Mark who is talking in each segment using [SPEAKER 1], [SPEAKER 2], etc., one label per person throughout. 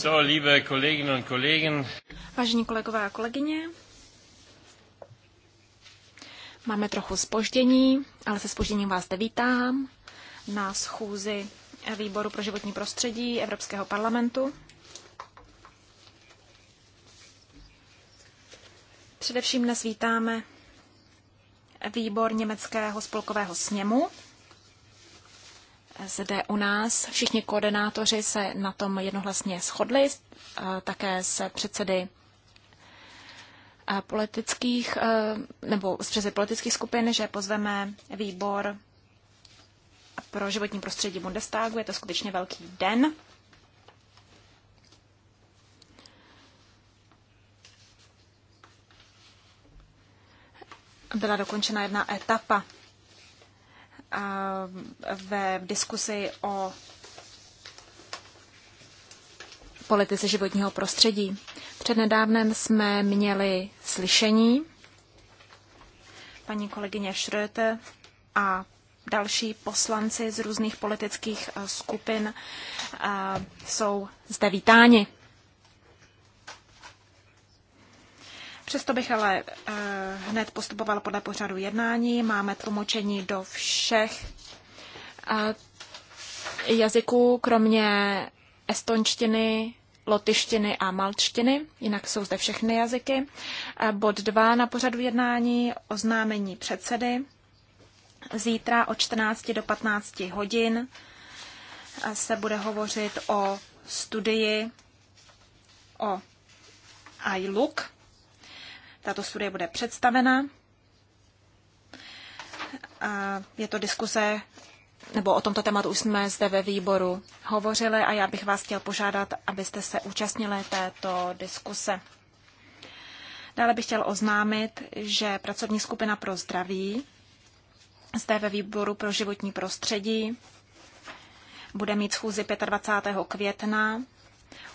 [SPEAKER 1] So, liebe Kolleginnen und Kollegen.
[SPEAKER 2] Vážení kolegové a kolegyně, máme trochu spoždění, ale se spožděním vás zde vítám na schůzi Výboru pro životní prostředí Evropského parlamentu. Především dnes vítáme výbor Německého spolkového sněmu, zde u nás. Všichni koordinátoři se na tom jednohlasně shodli, eh, také se předsedy eh, politických, eh, nebo z předsedy politických skupin, že pozveme výbor pro životní prostředí Bundestagu. Je to skutečně velký den. Byla dokončena jedna etapa v diskusi o politice životního prostředí. Přednedávnem jsme měli slyšení paní kolegyně Schröte a další poslanci z různých politických eh, skupin eh, jsou zde vítáni. Přesto bych ale eh, hned postupovala podle pořadu jednání. Máme tlumočení do všech eh, jazyků, kromě estonštiny, lotištiny a malčtiny, jinak jsou zde všechny jazyky. Eh, bod 2 na pořadu jednání, oznámení předsedy. Zítra od 14 do 15 hodin se bude hovořit o studii o iLook. Tato studie bude představena. A je to diskuze, nebo o tomto tématu už jsme zde ve výboru hovořili a já bych vás chtěl požádat, abyste se účastnili této diskuse. Dále bych chtěl oznámit, že pracovní skupina pro zdraví zde ve výboru pro životní prostředí bude mít schůzi 25. května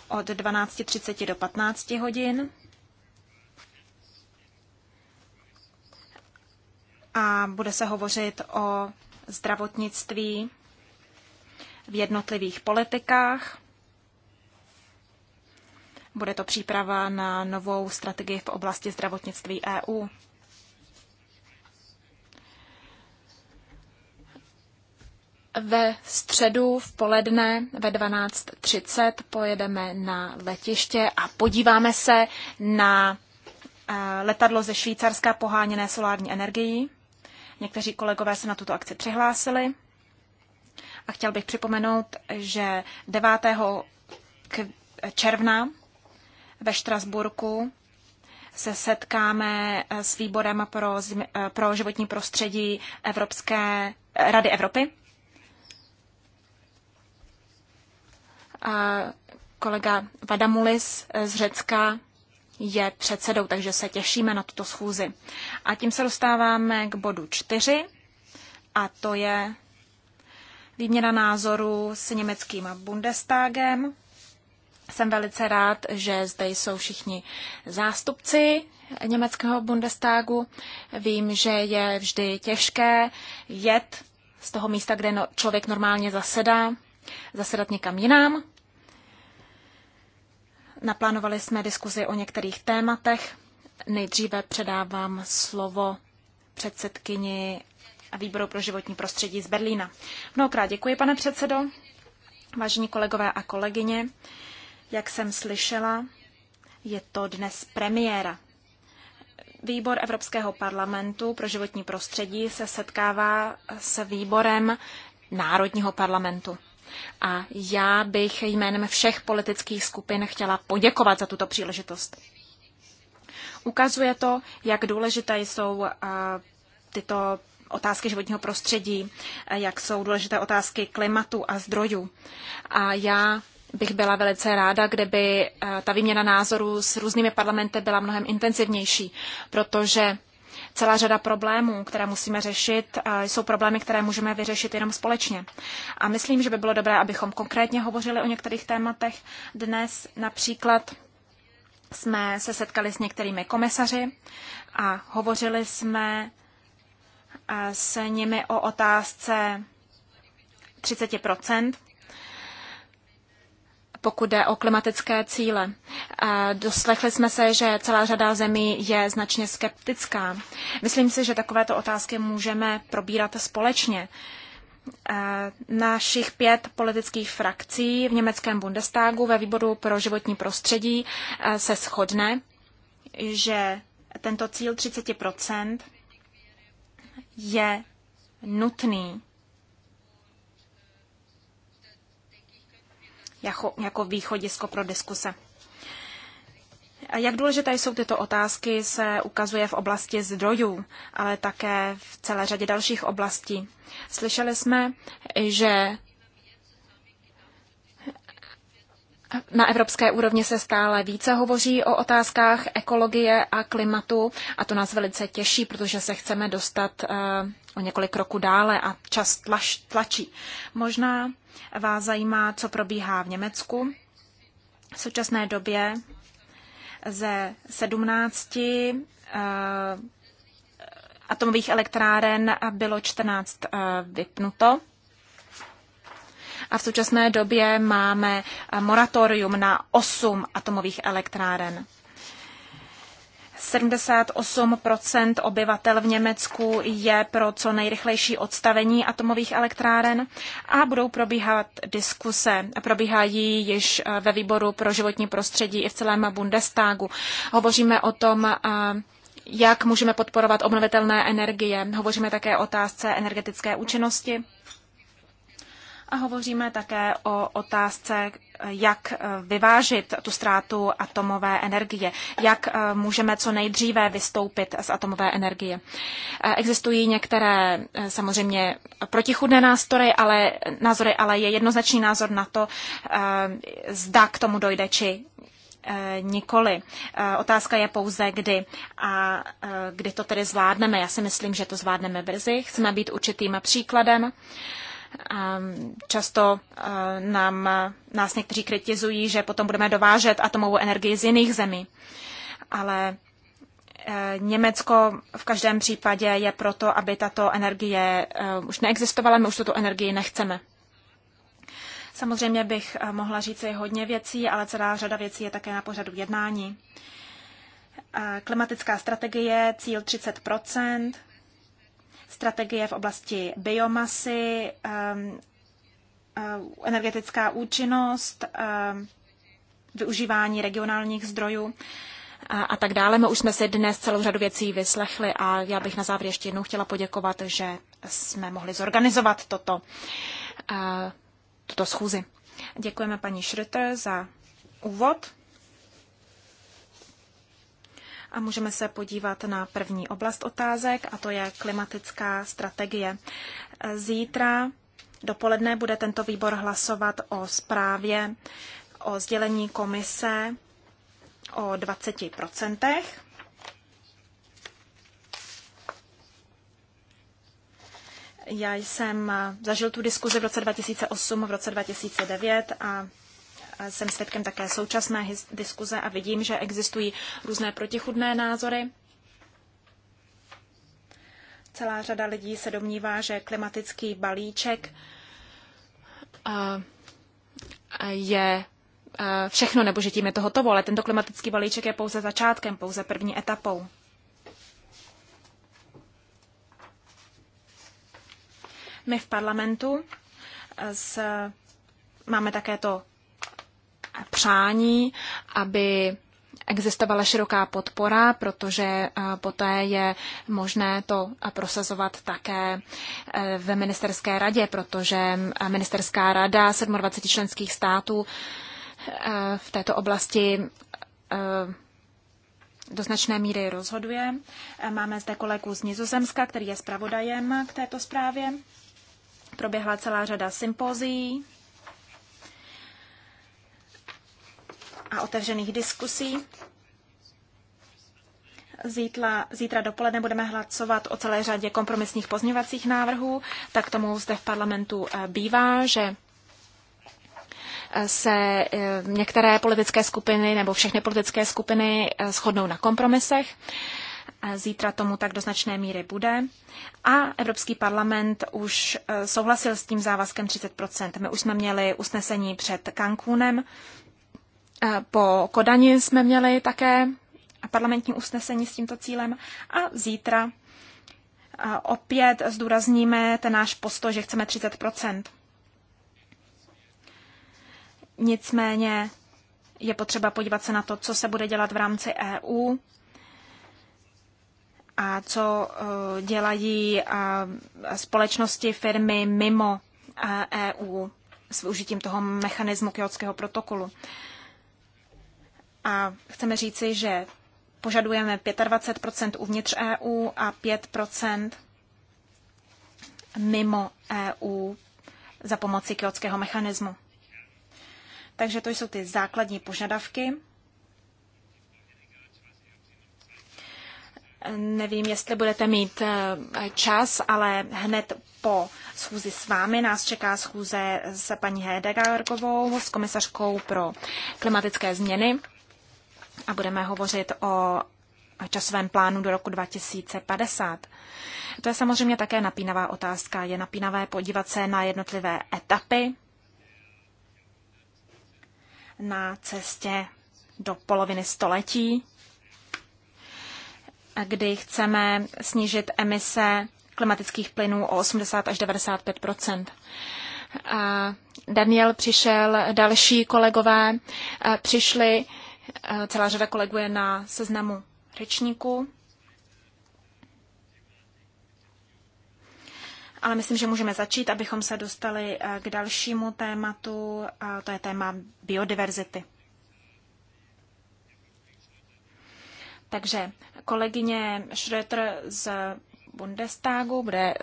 [SPEAKER 2] od 12.30 do 15 hodin a bude se hovořit o zdravotnictví v jednotlivých politikách. Bude to příprava na novou strategii v oblasti zdravotnictví EU. Ve středu v poledne ve 12.30 pojedeme na letiště a podíváme se na eh, letadlo ze Švýcarska poháněné solární energií. Někteří kolegové se na tuto akci přihlásili. A chtěl bych připomenout, že 9. června ve Štrasburku se setkáme s výborem pro, pro životní prostředí Evropské Rady Evropy. A kolega Vadamulis z Řecka je předsedou, takže se těšíme na tuto schůzi. A tím se dostáváme k bodu čtyři, a to je výměna názoru s německým Bundestagem. Jsem velice rád, že zde jsou všichni zástupci německého Bundestagu. Vím, že je vždy těžké jet z toho místa, kde no- člověk normálně zasedá, zasedat někam jinam. Naplánovali jsme diskuzi o některých tématech. Nejdříve předávám slovo předsedkyni výboru pro životní prostředí z Berlína. Mnohokrát děkuji, pane předsedo. Vážení kolegové a kolegyně, jak jsem slyšela, je to dnes premiéra. Výbor Evropského parlamentu pro životní prostředí se setkává s výborem Národního parlamentu. A já bych jménem všech politických skupin chtěla poděkovat za tuto příležitost. Ukazuje to, jak důležité jsou eh, tyto otázky životního prostředí, eh, jak jsou důležité otázky klimatu a zdrojů. A já bych byla velice ráda, kdyby eh, ta výměna názorů s různými parlamenty byla mnohem intenzivnější, protože celá řada problémů, které musíme řešit, jsou problémy, které můžeme vyřešit jenom společně. A myslím, že by bylo dobré, abychom konkrétně hovořili o některých tématech. Dnes například jsme se setkali s některými komisaři a hovořili jsme s nimi o otázce 30 pokud jde o klimatické cíle. Doslechli jsme se, že celá řada zemí je značně skeptická. Myslím si, že takovéto otázky můžeme probírat společně. Našich pět politických frakcí v německém Bundestagu ve výboru pro životní prostředí se shodne, že tento cíl 30 je nutný jako, jako východisko pro diskuse. Jak důležité jsou tyto otázky, se ukazuje v oblasti zdrojů, ale také v celé řadě dalších oblastí. Slyšeli jsme, že Na evropské úrovni se stále více hovoří o otázkách ekologie a klimatu a to nás velice těší, protože se chceme dostat eh, o několik kroků dále a čas tlač, tlačí. Možná vás zajímá, co probíhá v Německu. V současné době ze 17 eh, atomových elektráren bylo 14 eh, vypnuto a v současné době máme eh, moratorium na 8 atomových elektráren. 78 obyvatel v Německu je pro co nejrychlejší odstavení atomových elektráren a budou probíhat diskuse. Probíhají již eh, ve výboru pro životní prostředí i v celém Bundestagu. Hovoříme o tom, eh, jak můžeme podporovat obnovitelné energie. Hovoříme také o otázce energetické účinnosti a hovoříme také o otázce, jak eh, vyvážit tu ztrátu atomové energie, jak eh, můžeme co nejdříve vystoupit z atomové energie. Eh, existují některé samozřejmě protichudné nástory, ale, názory, ale je jednoznačný názor na to, zda k tomu dojde, či nikoli. Otázka je pouze, kdy a kdy to tedy zvládneme. Já si myslím, že to zvládneme brzy. Chceme být určitým příkladem Často eh, nám, nás někteří kritizují, že potom budeme dovážet atomovou energii z jiných zemí. Ale eh, Německo v každém případě je proto, aby tato energie eh, už neexistovala, my už tuto energii nechceme. Samozřejmě bych mohla říct i hodně věcí, ale celá řada věcí je také na pořadu jednání. Klimatická strategie, cíl 30 strategie v oblasti biomasy, um, uh, energetická účinnost, um, využívání regionálních zdrojů a tak dále. My už jsme si dnes celou řadu věcí vyslechli a já bych na závěr ještě jednou chtěla poděkovat, že jsme mohli zorganizovat toto, uh, tuto schůzi. Děkujeme paní Schröter za úvod a můžeme se podívat na první oblast otázek, a to je klimatická strategie. Zítra dopoledne bude tento výbor hlasovat o zprávě o sdělení komise o 20%. Já jsem zažil tu diskuzi v roce 2008, v roce 2009 a jsem svědkem také současné diskuze a vidím, že existují různé protichudné názory. Celá řada lidí se domnívá, že klimatický balíček je všechno, nebo že tím je to hotovo, ale tento klimatický balíček je pouze začátkem, pouze první etapou. My v parlamentu s, máme také to přání, aby existovala široká podpora, protože eh, poté je možné to prosazovat také eh, ve ministerské radě, protože eh, ministerská rada 27 členských států v této oblasti do značné míry rozhoduje. Máme zde kolegu z Nizozemska, který je zpravodajem k této zprávě. Proběhla celá řada sympozí. a otevřených diskusí. Zítla zítra dopoledne budeme hlasovat o celé řadě kompromisních pozměvacích návrhů, tak tomu zde v parlamentu eh, bývá, že eh, se eh, některé politické skupiny nebo všechny politické skupiny shodnou na kompromisech. Zítra tomu tak do značné míry bude. A Evropský parlament už souhlasil s tím závazkem 30 My už jsme měli usnesení před Cancúnem, E, po Kodani jsme měli také parlamentní usnesení s tímto cílem a zítra e, opět zdůrazníme ten náš postoj, že chceme 30 Nicméně je potřeba podívat se na to, co se bude dělat v rámci EU a co e, dělají společnosti, firmy mimo EU s využitím toho mechanismu Kyotského protokolu a chceme říci, že požadujeme 25 uvnitř EU a 5 mimo EU za pomoci kyotského mechanismu. Takže to jsou ty základní požadavky. Nevím, jestli budete mít eh, čas, ale hned po schůzi s vámi nás čeká schůze s paní Hedegaardovou, s komisařkou pro klimatické změny a budeme hovořit o časovém plánu do roku 2050. To je samozřejmě také napínavá otázka. Je napínavé podívat se na jednotlivé etapy na cestě do poloviny století, kdy chceme snížit emise klimatických plynů o 80 až 95 Daniel přišel, další kolegové přišli Eh, celá řada kolegů je na seznamu řečníků. Ale myslím, že můžeme začít, abychom se dostali eh, k dalšímu tématu, a eh, to je téma biodiverzity. Takže kolegyně Schröter z Bundestagu bude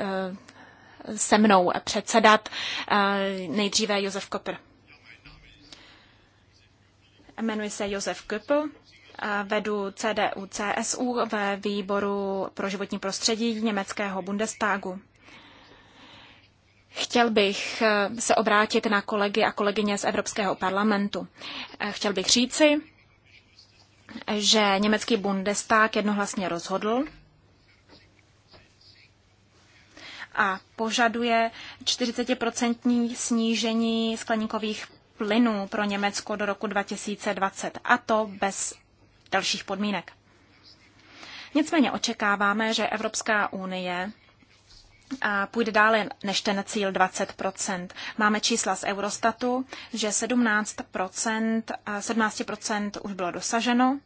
[SPEAKER 2] se mnou předsedat nejdříve Josef Kopr. Jmenuji se Josef Köppl, vedu CDU-CSU ve výboru pro životní prostředí německého Bundestagu. Chtěl bych eh, se obrátit na kolegy a kolegyně z Evropského parlamentu. Eh, chtěl bych říci, že německý Bundestag jednohlasně rozhodl a požaduje 40% snížení skleníkových plynu pro Německo do roku 2020, a to bez dalších podmínek. Nicméně očekáváme, že Evropská unie a půjde dále než ten cíl 20 Máme čísla z Eurostatu, že 17 17 už bylo dosaženo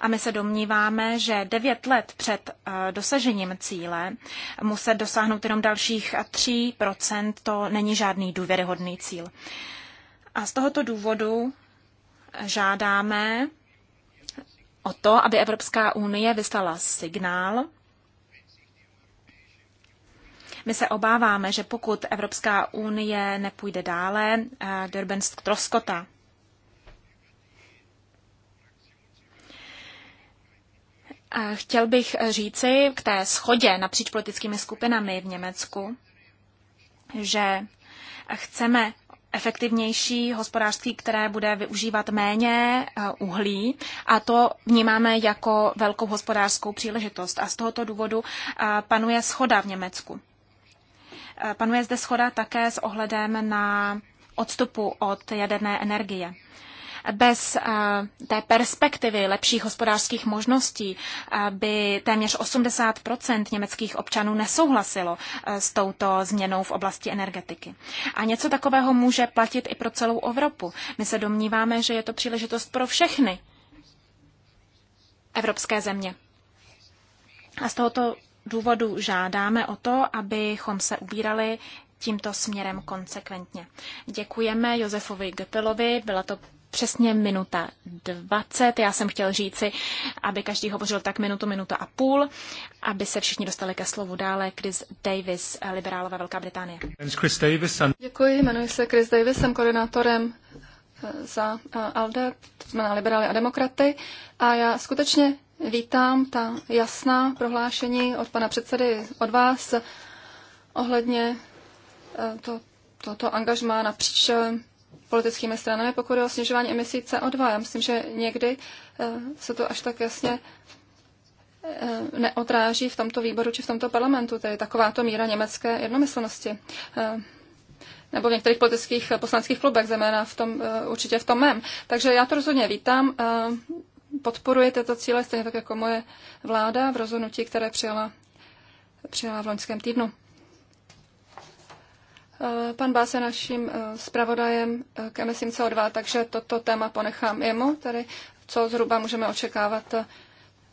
[SPEAKER 2] a my se domníváme, že 9 let před dosažením cíle muset dosáhnout jenom dalších 3 to není žádný důvěryhodný cíl. A z tohoto důvodu žádáme o to, aby Evropská unie vyslala signál. My se obáváme, že pokud Evropská unie nepůjde dále, eh, Durban troskota. Chtěl bych říci k té schodě napříč politickými skupinami v Německu, že chceme efektivnější hospodářství, které bude využívat méně eh, uhlí a to vnímáme jako velkou hospodářskou příležitost. A z tohoto důvodu eh, panuje schoda v Německu. Eh, panuje zde schoda také s ohledem na odstupu od jaderné energie. Bez eh, té perspektivy lepších hospodářských možností eh, by téměř 80 německých občanů nesouhlasilo eh, s touto změnou v oblasti energetiky. A něco takového může platit i pro celou Evropu. My se domníváme, že je to příležitost pro všechny evropské země. A z tohoto důvodu žádáme o to, abychom se ubírali tímto směrem konsekventně. Děkujeme Josefovi Göpelovi, byla to přesně minuta 20. Já jsem chtěl říci, aby každý hovořil tak minutu, minuta a půl, aby se všichni dostali ke slovu dále. Chris Davis, liberálové Velká Británie. Chris Davis Děkuji, jmenuji se Chris Davis, jsem koordinátorem eh, za eh, ALDE,
[SPEAKER 3] to znamená liberály a demokraty. A já skutečně vítám ta jasná prohlášení od pana předsedy, od vás, eh, ohledně to, toto angažmá napříč politickými stranami, pokud je o snižování emisí CO2. Já myslím, že někdy eh, se to až tak jasně eh, neodráží v tomto výboru či v tomto parlamentu, tedy takováto míra německé jednomyslnosti. Eh, nebo v některých politických poslanských klubech, zejména v tom, určitě v tom mém. Takže já to rozhodně vítám. Podporuji tyto cíle, stejně tak jako moje vláda v rozhodnutí, které přijala, přijala v loňském týdnu. Pan Bás je naším eh, zpravodajem eh, k emisím CO2, takže toto téma ponechám jemu, tedy co zhruba můžeme očekávat eh,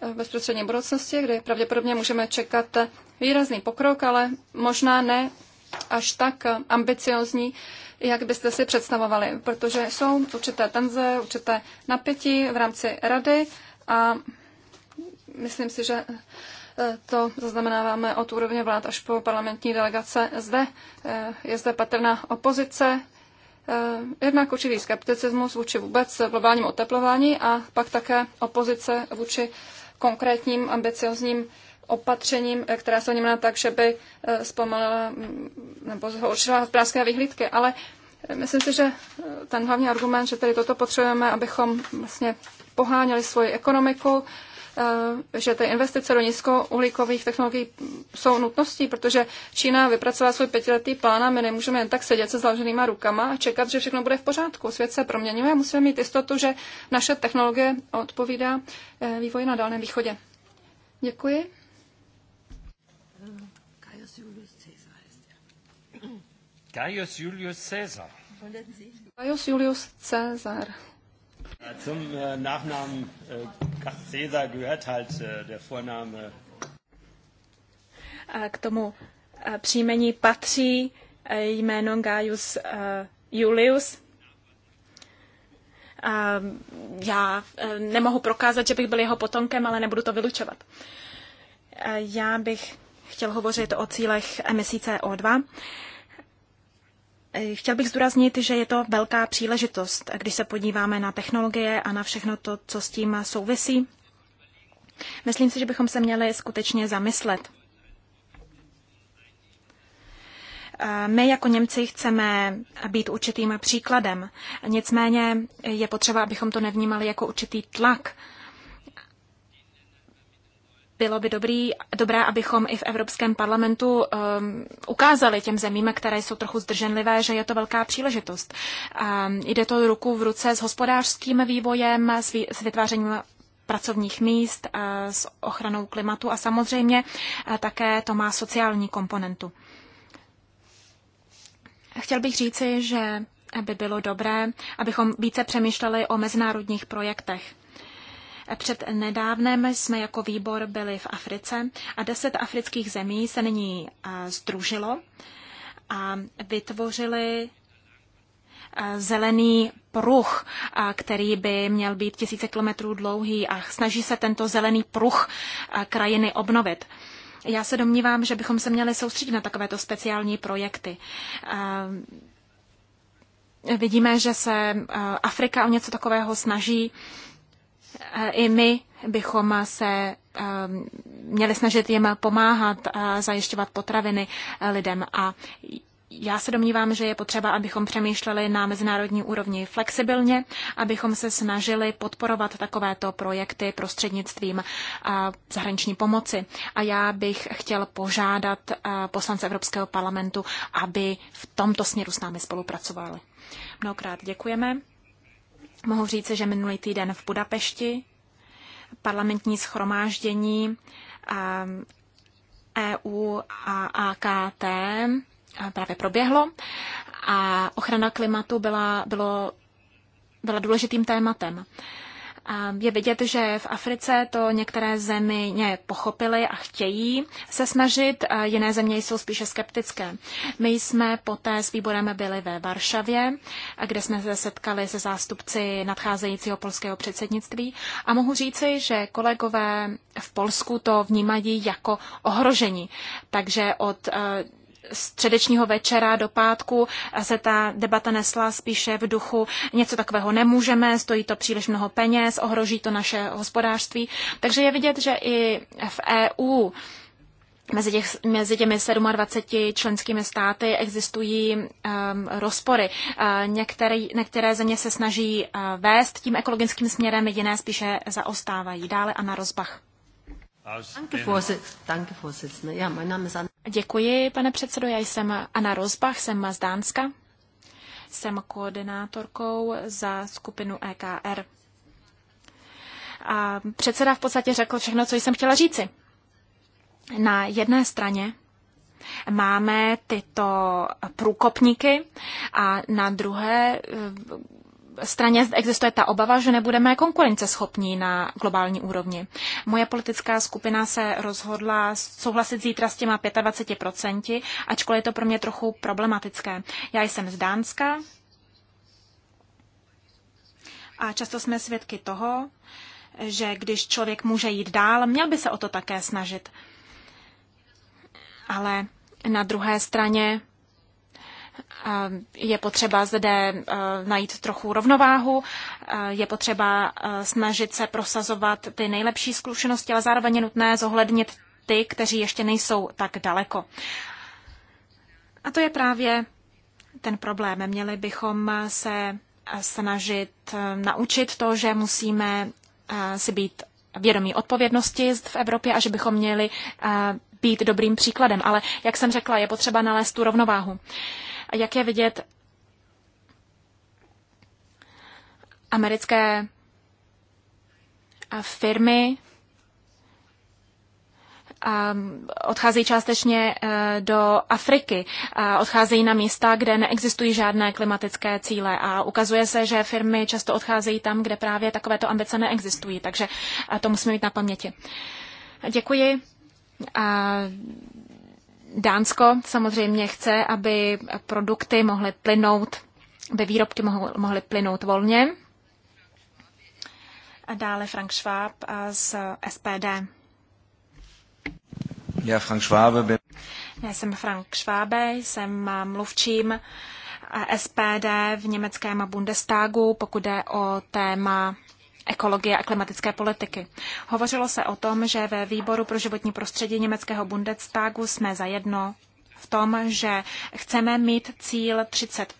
[SPEAKER 3] v bezprostřední budoucnosti, kdy pravděpodobně můžeme čekat výrazný pokrok, ale možná ne až tak ambiciozní, jak byste si představovali, protože jsou určité tenze, určité napětí v rámci rady a myslím si, že to zaznamenáváme od úrovně vlád až po parlamentní delegace zde. Eh, je zde patrná opozice, eh, jednak určitý skepticismus vůči vůbec globálním oteplování a pak také opozice vůči konkrétním ambiciozním opatřením, eh, která se vnímá tak, že by zpomalila mm, nebo zhoršila hospodářské vyhlídky, ale myslím si, že ten hlavní argument, že tady toto potřebujeme, abychom vlastně poháněli svoji ekonomiku, Eh, že ty investice do nízkouhlíkových technologií jsou nutností, protože Čína vypracovala svůj pětiletý plán a my nemůžeme jen tak sedět se založenýma rukama a čekat, že všechno bude v pořádku. Svět se proměňuje a musíme mít jistotu, že naše technologie odpovídá eh, vývoji na Dálném východě. Děkuji. Gaius Julius Caesar. Gaius Julius Caesar.
[SPEAKER 1] Äh, zum äh, Nachnamen äh, Cäsar gehört halt der Vorname.
[SPEAKER 2] K tomu příjmení patří jméno Gaius Julius. Mm, já nemohu prokázat, že bych byl jeho potomkem, ale nebudu to vylučovat. Já bych chtěl hovořit o cílech emisí CO2. Eh, chtěl bych zdůraznit, že je to velká příležitost, když se podíváme na technologie a na všechno to, co s tím souvisí. Myslím si, že bychom se měli skutečně zamyslet. Eh, my jako Němci chceme být určitým příkladem, nicméně je potřeba, abychom to nevnímali jako určitý tlak bylo by dobrý, dobré, abychom i v Evropském parlamentu um, ukázali těm zemím, které jsou trochu zdrženlivé, že je to velká příležitost. Um, jde to ruku v ruce s hospodářským vývojem, s, vý, s vytvářením pracovních míst, a s ochranou klimatu a samozřejmě a také to má sociální komponentu. Chtěl bych říci, že by bylo dobré, abychom více přemýšleli o mezinárodních projektech. Před nedávnem jsme jako výbor byli v Africe a deset afrických zemí se nyní združilo a vytvořili zelený pruh, který by měl být tisíce kilometrů dlouhý a snaží se tento zelený pruh krajiny obnovit. Já se domnívám, že bychom se měli soustředit na takovéto speciální projekty. Vidíme, že se Afrika o něco takového snaží Eh, i my bychom se eh, měli snažit jim pomáhat eh, zajišťovat potraviny lidem a já se domnívám, že je potřeba, abychom přemýšleli na mezinárodní úrovni flexibilně, abychom se snažili podporovat takovéto projekty prostřednictvím zahraniční pomoci. A já bych chtěl požádat poslance Evropského parlamentu, aby v tomto směru s námi spolupracovali. Mnohokrát děkujeme. Mohu říct, že minulý týden v Budapešti parlamentní schromáždění EU a e AKT právě proběhlo a ochrana klimatu byla, bylo, byla důležitým tématem. Je vidět, že v Africe to některé země pochopily a chtějí se snažit, jiné země jsou spíše skeptické. My jsme poté s výborem byli ve Varšavě, kde jsme se setkali se zástupci nadcházejícího polského předsednictví a mohu říci, že kolegové v Polsku to vnímají jako ohrožení. Takže od středečního večera do pátku se ta debata nesla spíše v duchu něco takového nemůžeme, stojí to příliš mnoho peněz, ohroží to naše hospodářství. Takže je vidět, že i v EU Mezi, těch, mezi těmi 27 členskými státy existují um, rozpory. Uh, některé, některé země se snaží uh, vést tím ekologickým směrem, jiné spíše zaostávají. Dále a na rozbach. Děkuji, pane předsedo. Já jsem Anna Rozbach, jsem z Dánska. Jsem koordinátorkou za skupinu EKR. A předseda v podstatě řekl všechno, co jsem chtěla říci. Na jedné straně máme tyto průkopníky a na druhé straně existuje ta obava, že nebudeme konkurenceschopní na globální úrovni. Moje politická skupina se rozhodla souhlasit zítra s těma 25%, ačkoliv je to pro mě trochu problematické. Já jsem z Dánska a často jsme svědky toho, že když člověk může jít dál, měl by se o to také snažit. Ale na druhé straně Eh, je potřeba zde eh, najít trochu rovnováhu, eh, je potřeba snažit se prosazovat ty nejlepší zkušenosti, ale zároveň je nutné zohlednit ty, kteří ještě nejsou tak daleko. A to je právě ten problém. Měli bychom se snažit naučit to, že musíme si být vědomí odpovědnosti v Evropě a že bychom měli být dobrým příkladem, ale jak jsem řekla, je potřeba nalézt tu rovnováhu. A jak je vidět, americké firmy mm, odcházejí částečně e, do Afriky, odcházejí na místa, kde neexistují žádné klimatické cíle a ukazuje se, že firmy často odcházejí tam, kde právě takovéto ambice neexistují, takže to musíme mít na paměti. Děkuji. Dánsko samozřejmě chce, aby produkty mohly plynout, aby výrobky mohly plynout volně. A dále Frank Schwab z SPD.
[SPEAKER 1] Já Frank Schwabe. by...
[SPEAKER 2] Já jsem Frank Schwabe, jsem mluvčím SPD v německém Bundestagu, pokud jde o téma ekologie a klimatické politiky. Hovořilo se o tom, že ve výboru pro životní prostředí německého Bundestagu jsme zajedno v tom, že chceme mít cíl 30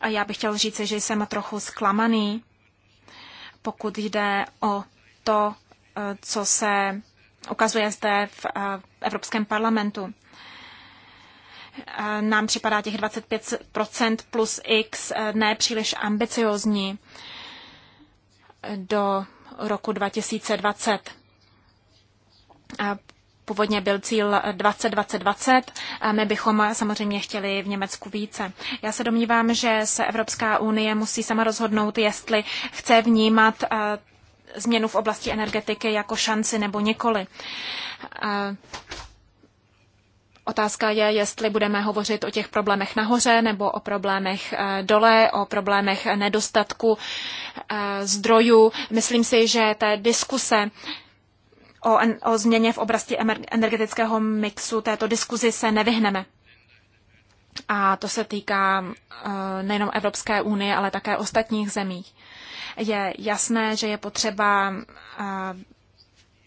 [SPEAKER 2] a já bych chtěl říct, že jsem trochu zklamaný, pokud jde o to, eh, co se ukazuje zde v eh, Evropském parlamentu. Eh, nám připadá těch 25% plus X nepříliš ambiciozní do roku 2020. Původně byl cíl 2020 a my bychom samozřejmě chtěli v Německu více. Já se domnívám, že se Evropská unie musí sama rozhodnout, jestli chce vnímat eh, změnu v oblasti energetiky jako šanci nebo nikoli. Eh, Otázka je, jestli budeme hovořit o těch problémech nahoře nebo o problémech eh, dole, o problémech nedostatku eh, zdrojů. Myslím si, že té diskuse o, o změně v oblasti energetického mixu této diskuzi se nevyhneme. A to se týká eh, nejenom Evropské unie, ale také ostatních zemí. Je jasné, že je potřeba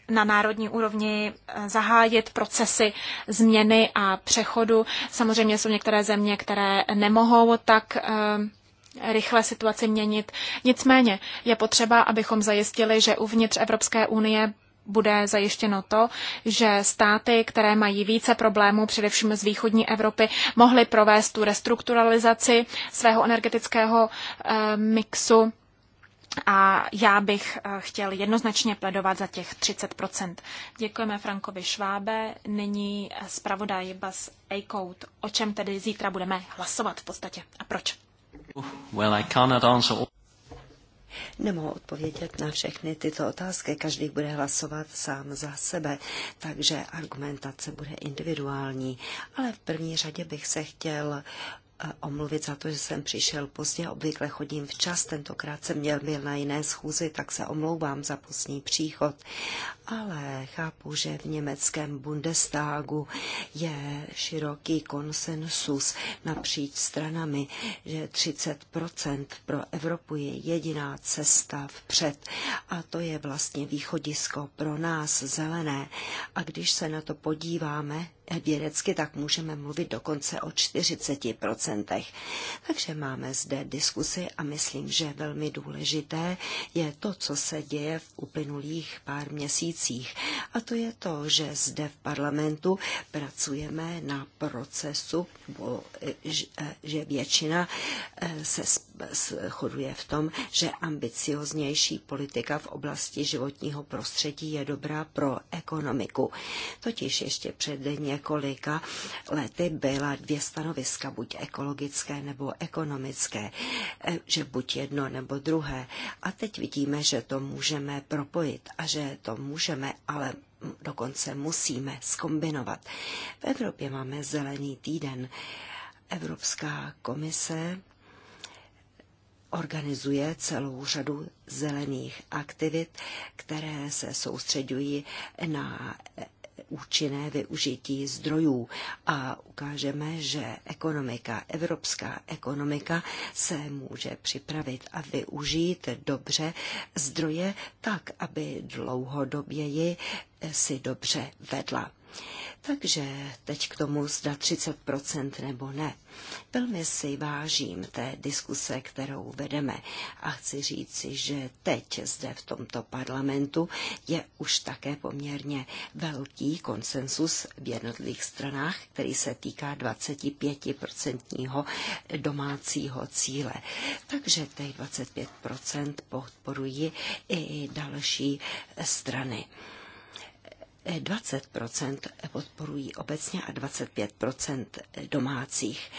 [SPEAKER 2] na národní úrovni eh, zahájit procesy změny a přechodu. Samozřejmě jsou některé země, které nemohou tak eh, rychle situaci měnit. Nicméně je potřeba, abychom zajistili, že uvnitř Evropské unie bude zajištěno to, že státy, které mají více problémů, především z východní Evropy, mohly provést tu restrukturalizaci svého energetického eh, mixu a já bych eh, chtěl jednoznačně pledovat za těch 30 Děkujeme Frankovi Švábe, nyní eh, zpravodaj Bas Eichhout. O čem tedy zítra budeme hlasovat v podstatě a proč?
[SPEAKER 1] Well, I cannot answer all... Nemohu odpovědět na všechny tyto otázky, každý bude hlasovat sám za sebe, takže argumentace bude individuální. Ale v první řadě bych se chtěl omluvit za to, že jsem přišel pozdě. Obvykle chodím včas, tentokrát jsem měl byl na jiné schůzi, tak se omlouvám za pozdní příchod. Ale chápu, že v německém Bundestagu je široký konsensus napříč stranami, že 30% pro Evropu je jediná cesta vpřed. A to je vlastně východisko pro nás zelené. A když se na to podíváme, vědecky, tak můžeme mluvit dokonce o 40%. Takže máme zde diskusy a myslím, že velmi důležité je to, co se děje v uplynulých pár měsících. A to je to, že zde v parlamentu pracujeme na procesu, že většina eh, se shoduje v tom, že ambicioznější politika v oblasti životního prostředí je dobrá pro ekonomiku. Totiž ještě před několika lety byla dvě stanoviska, buď ekologické nebo ekonomické, e, že buď jedno nebo druhé. A teď vidíme, že to můžeme propojit a že to můžeme, ale dokonce musíme skombinovat. V Evropě máme zelený týden. Evropská komise organizuje celou řadu zelených aktivit, které se soustředují na e, účinné využití zdrojů a ukážeme, že ekonomika, evropská ekonomika se může připravit a využít dobře zdroje tak, aby dlouhodoběji si dobře vedla. Takže teď k tomu zda 30% nebo ne. Velmi si vážím té diskuse, kterou vedeme a chci říci, že teď zde v tomto parlamentu je už také poměrně velký konsensus v jednotlivých stranách, který se týká 25% domácího cíle. Takže těch 25% podporují i další strany. 20 podporují obecně a 25 domácích.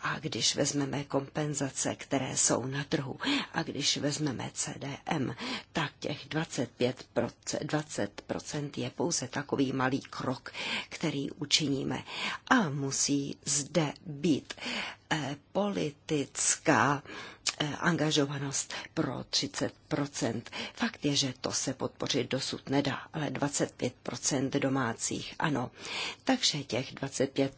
[SPEAKER 1] A když vezmeme kompenzace, které jsou na trhu, a když vezmeme CDM, tak těch 25 20 je pouze takový malý krok, který učiníme. A musí zde být Eh, politická eh, angažovanost pro 30 Fakt je, že to se podpořit dosud nedá, ale 25 domácích ano. Takže těch 25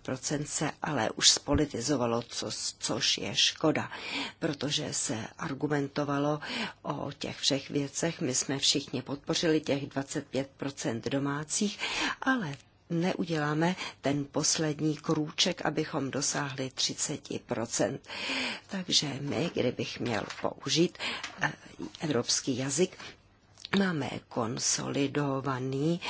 [SPEAKER 1] se ale už spolitizovalo, co, což je škoda, protože se argumentovalo o těch všech věcech. My jsme všichni podpořili těch 25 domácích, ale neuděláme ten poslední krůček, abychom dosáhli 30%. Takže my, kdybych měl použít eh, evropský jazyk, máme konsolidovaný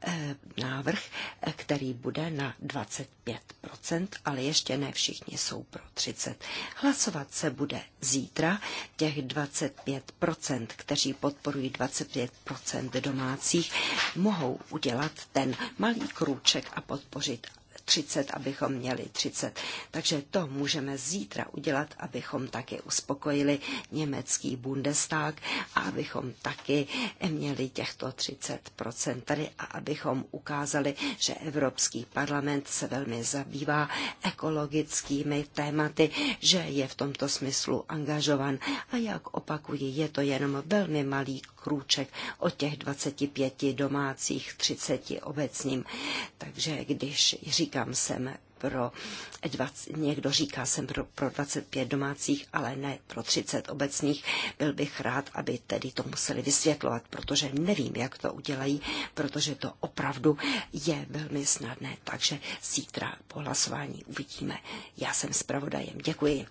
[SPEAKER 1] eh, návrh, eh, který bude na 25%, ale ještě ne všichni jsou pro 30%. Hlasovat se bude zítra těch 25%, kteří podporují 25% domácích, mohou udělat ten malý krůček a podpořit 30, abychom měli 30. Takže to můžeme zítra udělat, abychom taky uspokojili německý Bundestag a abychom taky měli těchto 30 tady a abychom ukázali, že Evropský parlament se velmi zabývá ekologickými tématy, že je v tomto smyslu angažovan a jak opakuji, je to jenom velmi malý krůček od těch 25 domácích 30 obecním. Takže když říkám, říkám, jsem pro 20, někdo říká, jsem pro, pro 25 domácích, ale ne pro 30 obecních. Byl bych rád, aby tedy to museli vysvětlovat, protože nevím, jak to udělají, protože to opravdu je velmi snadné. Takže zítra po hlasování uvidíme. Já jsem zpravodajem. Děkuji.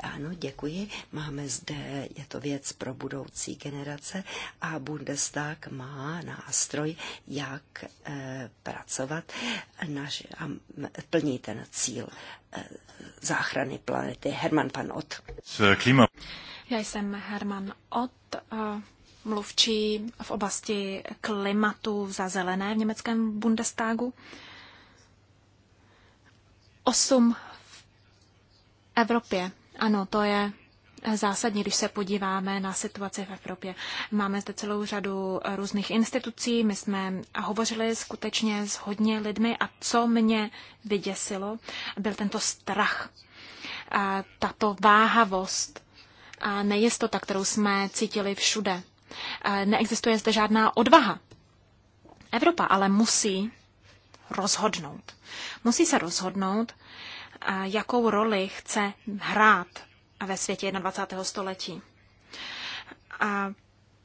[SPEAKER 1] Ano, děkuji. Máme zde, je to věc pro budoucí generace a Bundestag má nástroj, jak e, pracovat naš, a plní ten cíl e, záchrany planety. Herman Pan Ott.
[SPEAKER 2] Eh, klima. Já jsem Herman Ott. mluvčí v oblasti klimatu za zelené v německém Bundestagu. Osm v Evropě ano, to je zásadní, když se podíváme na situaci v Evropě. Máme zde celou řadu různých institucí, my jsme hovořili skutečně s hodně lidmi a co mě vyděsilo, byl tento strach, tato váhavost a nejistota, kterou jsme cítili všude. Neexistuje zde žádná odvaha. Evropa ale musí rozhodnout. Musí se rozhodnout, jakou roli chce hrát ve světě 21. století. A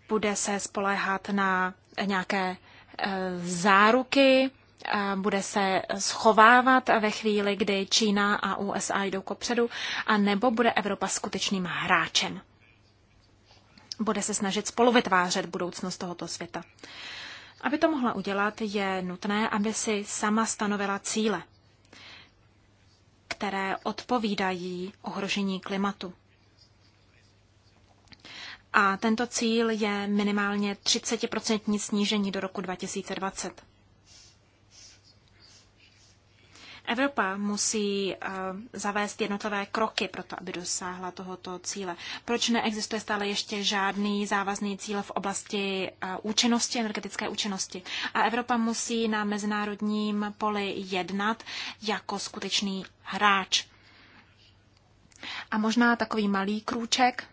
[SPEAKER 2] bude se spoléhat na nějaké e, záruky, e, bude se schovávat ve chvíli, kdy Čína a USA jdou kopředu, a nebo bude Evropa skutečným hráčem. Bude se snažit spolu vytvářet budoucnost tohoto světa. Aby to mohla udělat, je nutné, aby si sama stanovila cíle které odpovídají ohrožení klimatu. A tento cíl je minimálně 30% snížení do roku 2020. Evropa musí eh, zavést jednotlivé kroky pro to, aby dosáhla tohoto cíle. Proč neexistuje stále ještě žádný závazný cíl v oblasti eh, účinnosti, energetické účinnosti? A Evropa musí na mezinárodním poli jednat jako skutečný hráč. A možná takový malý krůček.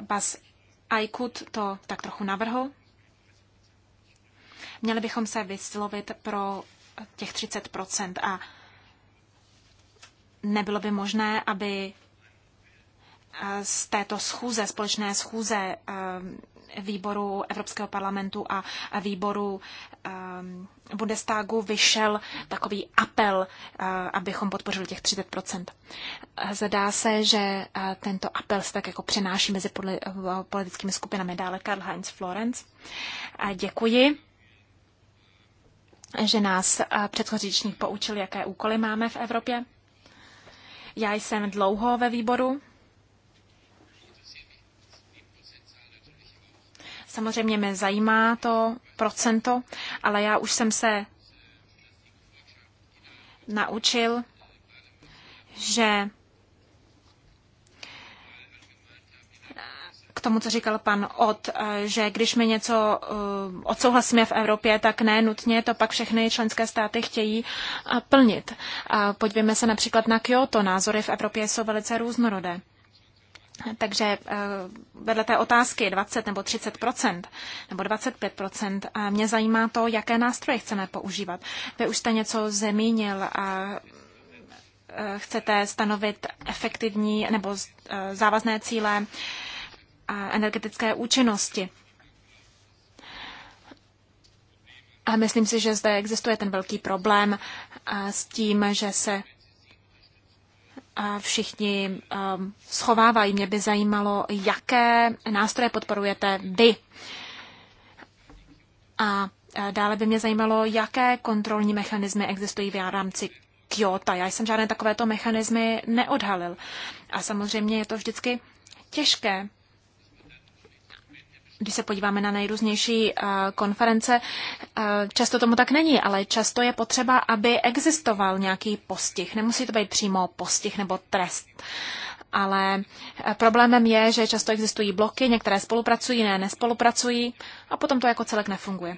[SPEAKER 2] Bas Aikut to tak trochu navrhl. Měli bychom se vyslovit pro těch 30 a nebylo by možné, aby eh, z této schůze, společné schůze eh, výboru Evropského parlamentu a výboru eh, Bundestagu vyšel takový apel, abychom podpořili těch 30 Zdá se, že tento apel se tak jako přenáší mezi politickými skupinami dále. Karl Heinz Florenz. Děkuji že nás eh, předchozí řečník poučil, jaké úkoly máme v Evropě. Já jsem dlouho ve výboru. Samozřejmě mě zajímá to procento, ale já už jsem se naučil, že k tomu, co říkal pan Od, eh, že když my něco eh, odsouhlasíme v Evropě, tak ne nutně to pak všechny členské státy chtějí eh, plnit. Podívejme se například na Kyoto. Názory v Evropě jsou velice různorodé. Takže vedle té otázky 20 nebo 30 nebo 25 mě zajímá to, jaké nástroje chceme používat. Vy už jste něco zmínil a chcete stanovit efektivní nebo závazné cíle energetické účinnosti. A myslím si, že zde existuje ten velký problém s tím, že se všichni schovávají. Mě by zajímalo, jaké nástroje podporujete vy. A dále by mě zajímalo, jaké kontrolní mechanismy existují v rámci Kyoto. Já jsem žádné takovéto mechanismy neodhalil. A samozřejmě je to vždycky těžké když se podíváme na nejrůznější eh, konference, eh, často tomu tak není, ale často je potřeba, aby existoval nějaký postih. Nemusí to být přímo postih nebo trest. Ale eh, problémem je, že často existují bloky, některé spolupracují, jiné nespolupracují a potom to jako celek nefunguje.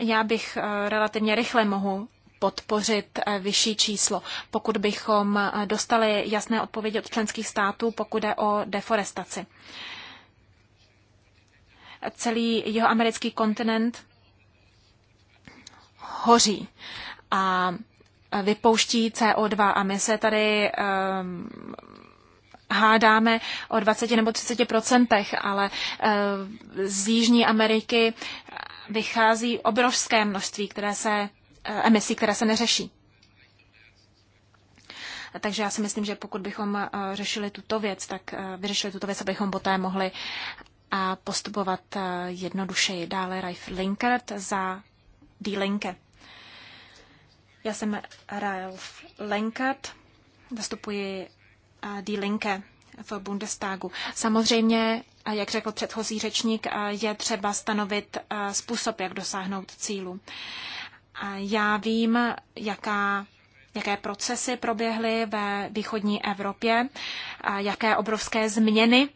[SPEAKER 2] Já bych relativně rychle mohu podpořit vyšší číslo, pokud bychom dostali jasné odpovědi od členských států, pokud jde o deforestaci celý jeho americký kontinent hoří a vypouští CO2 a my se tady um, hádáme o 20 nebo 30 procentech, ale uh, z Jižní Ameriky vychází obrovské množství které se, uh, emisí, které se neřeší. Takže já si myslím, že pokud bychom eh, řešili tuto věc, tak vyřešili tuto věc, abychom poté mohli a postupovat eh, jednodušeji. Dále Ralf Linkert za D. Linke. Já jsem Ralf Linkert, zastupuji eh, D. Linke v Bundestagu. Samozřejmě, eh, jak řekl předchozí řečník, je třeba stanovit způsob, jak dosáhnout cílu. Já vím, jaká jaké procesy proběhly ve východní Evropě, jaké obrovské změny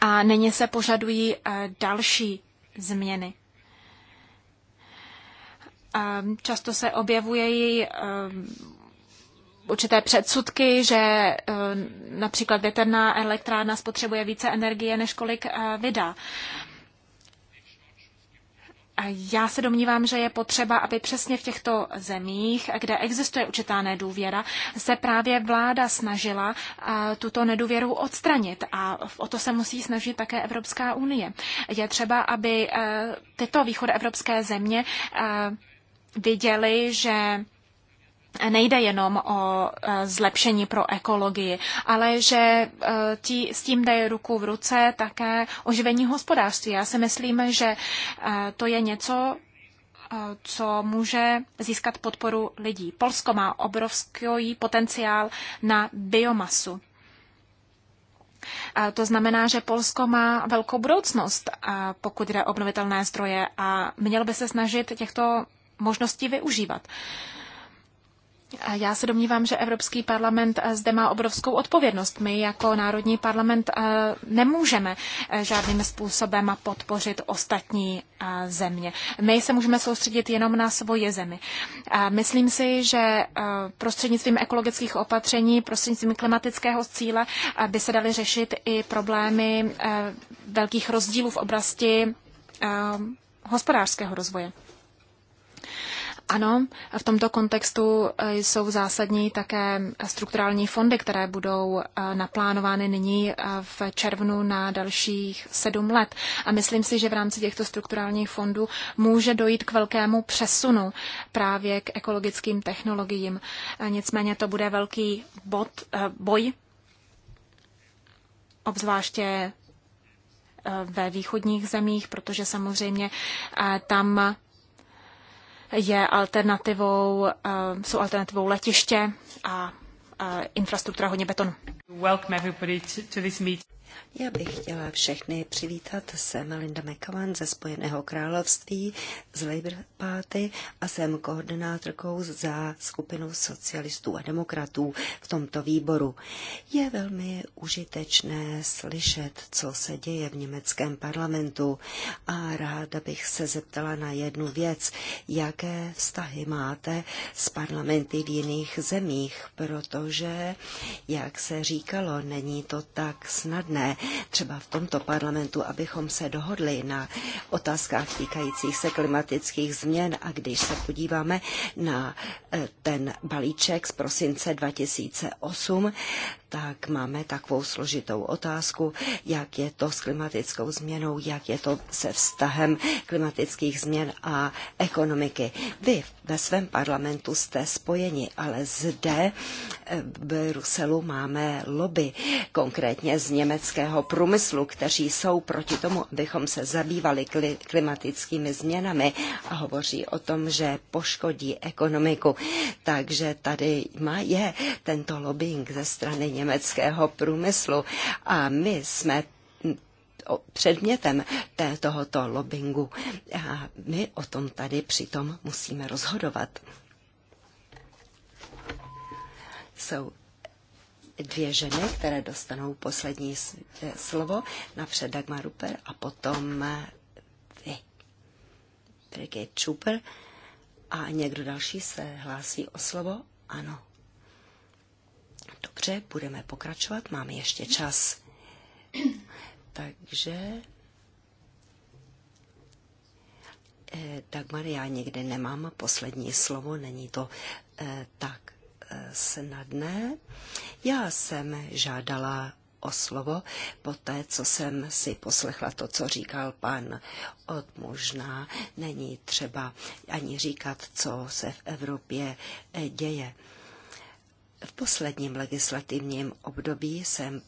[SPEAKER 2] a nyní se požadují eh, další změny. Eh, často se objevují eh, určité předsudky, že například větrná elektrárna spotřebuje více energie, než kolik vydá. Já se domnívám, že je potřeba, aby přesně v těchto zemích, kde existuje určitá nedůvěra, se právě vláda snažila tuto nedůvěru odstranit a o to se musí snažit také Evropská unie. Je třeba, aby e, tyto východoevropské země e, viděli, že nejde jenom o e, zlepšení pro ekologii, ale že e, tí, s tím jde ruku v ruce také oživení hospodářství. Já si myslím, že e, to je něco, co může získat podporu lidí. Polsko má obrovský potenciál na biomasu. A to znamená, že Polsko má velkou budoucnost, pokud jde o obnovitelné zdroje a mělo by se snažit těchto možností využívat. Uh, já se domnívám, že Evropský parlament eh, zde má obrovskou odpovědnost. My jako Národní parlament eh, nemůžeme eh, žádným způsobem podpořit ostatní země. My se můžeme soustředit jenom na svoje zemi. Myslím si, že prostřednictvím ekologických opatření, prostřednictvím klimatického cíle by se daly řešit i problémy velkých rozdílů v oblasti hospodářského rozvoje. Ano, v tomto kontextu eh, jsou zásadní také strukturální fondy, které budou eh, naplánovány nyní eh, v červnu na dalších sedm let. A myslím si, že v rámci těchto strukturálních fondů může dojít k velkému přesunu právě k ekologickým technologiím. Nicméně to bude velký bod, boj, obzvláště ve východních zemích, protože samozřejmě tam je alternativou, eh, jsou alternativou letiště a eh, infrastruktura hodně betonu.
[SPEAKER 1] Já bych chtěla všechny přivítat. Jsem Linda McCowan ze Spojeného království, z Labour Party a jsem koordinátorkou za skupinu socialistů a demokratů v tomto výboru. Je velmi užitečné slyšet, co se děje v německém parlamentu a ráda bych se zeptala na jednu věc. Jaké vztahy máte s parlamenty v jiných zemích? Protože, jak se říkalo, není to tak snadné možné třeba v tomto parlamentu, abychom se dohodli na otázkách týkajících se klimatických změn. A když se podíváme na eh, ten balíček z prosince 2008, tak máme takovou složitou otázku, jak je to s klimatickou změnou, jak je to se vztahem klimatických změn a ekonomiky. Vy ve svém parlamentu jste spojeni, ale zde eh, v Bruselu máme lobby, konkrétně z německého průmyslu, kteří jsou proti tomu, abychom se zabývali klimatickými změnami a hovoří o tom, že poškodí ekonomiku. Takže tady má je tento lobbying ze strany německého průmyslu. A my jsme předmětem tohoto lobbingu. A my o tom tady přitom musíme rozhodovat. Jsou dvě ženy, které dostanou poslední eh, slovo, napřed Dagmar Ruper a potom eh, vy. Brigitte Čuper. A někdo další se hlásí o slovo? Ano. Dobře, budeme pokračovat, máme ještě čas. Takže eh, Dagmar, já někde nemám poslední slovo, není to eh, tak eh, snadné. Já jsem žádala o slovo po té, co jsem si poslechla to, co říkal pan od možná. Není třeba ani říkat, co se v Evropě děje. V posledním legislativním období jsem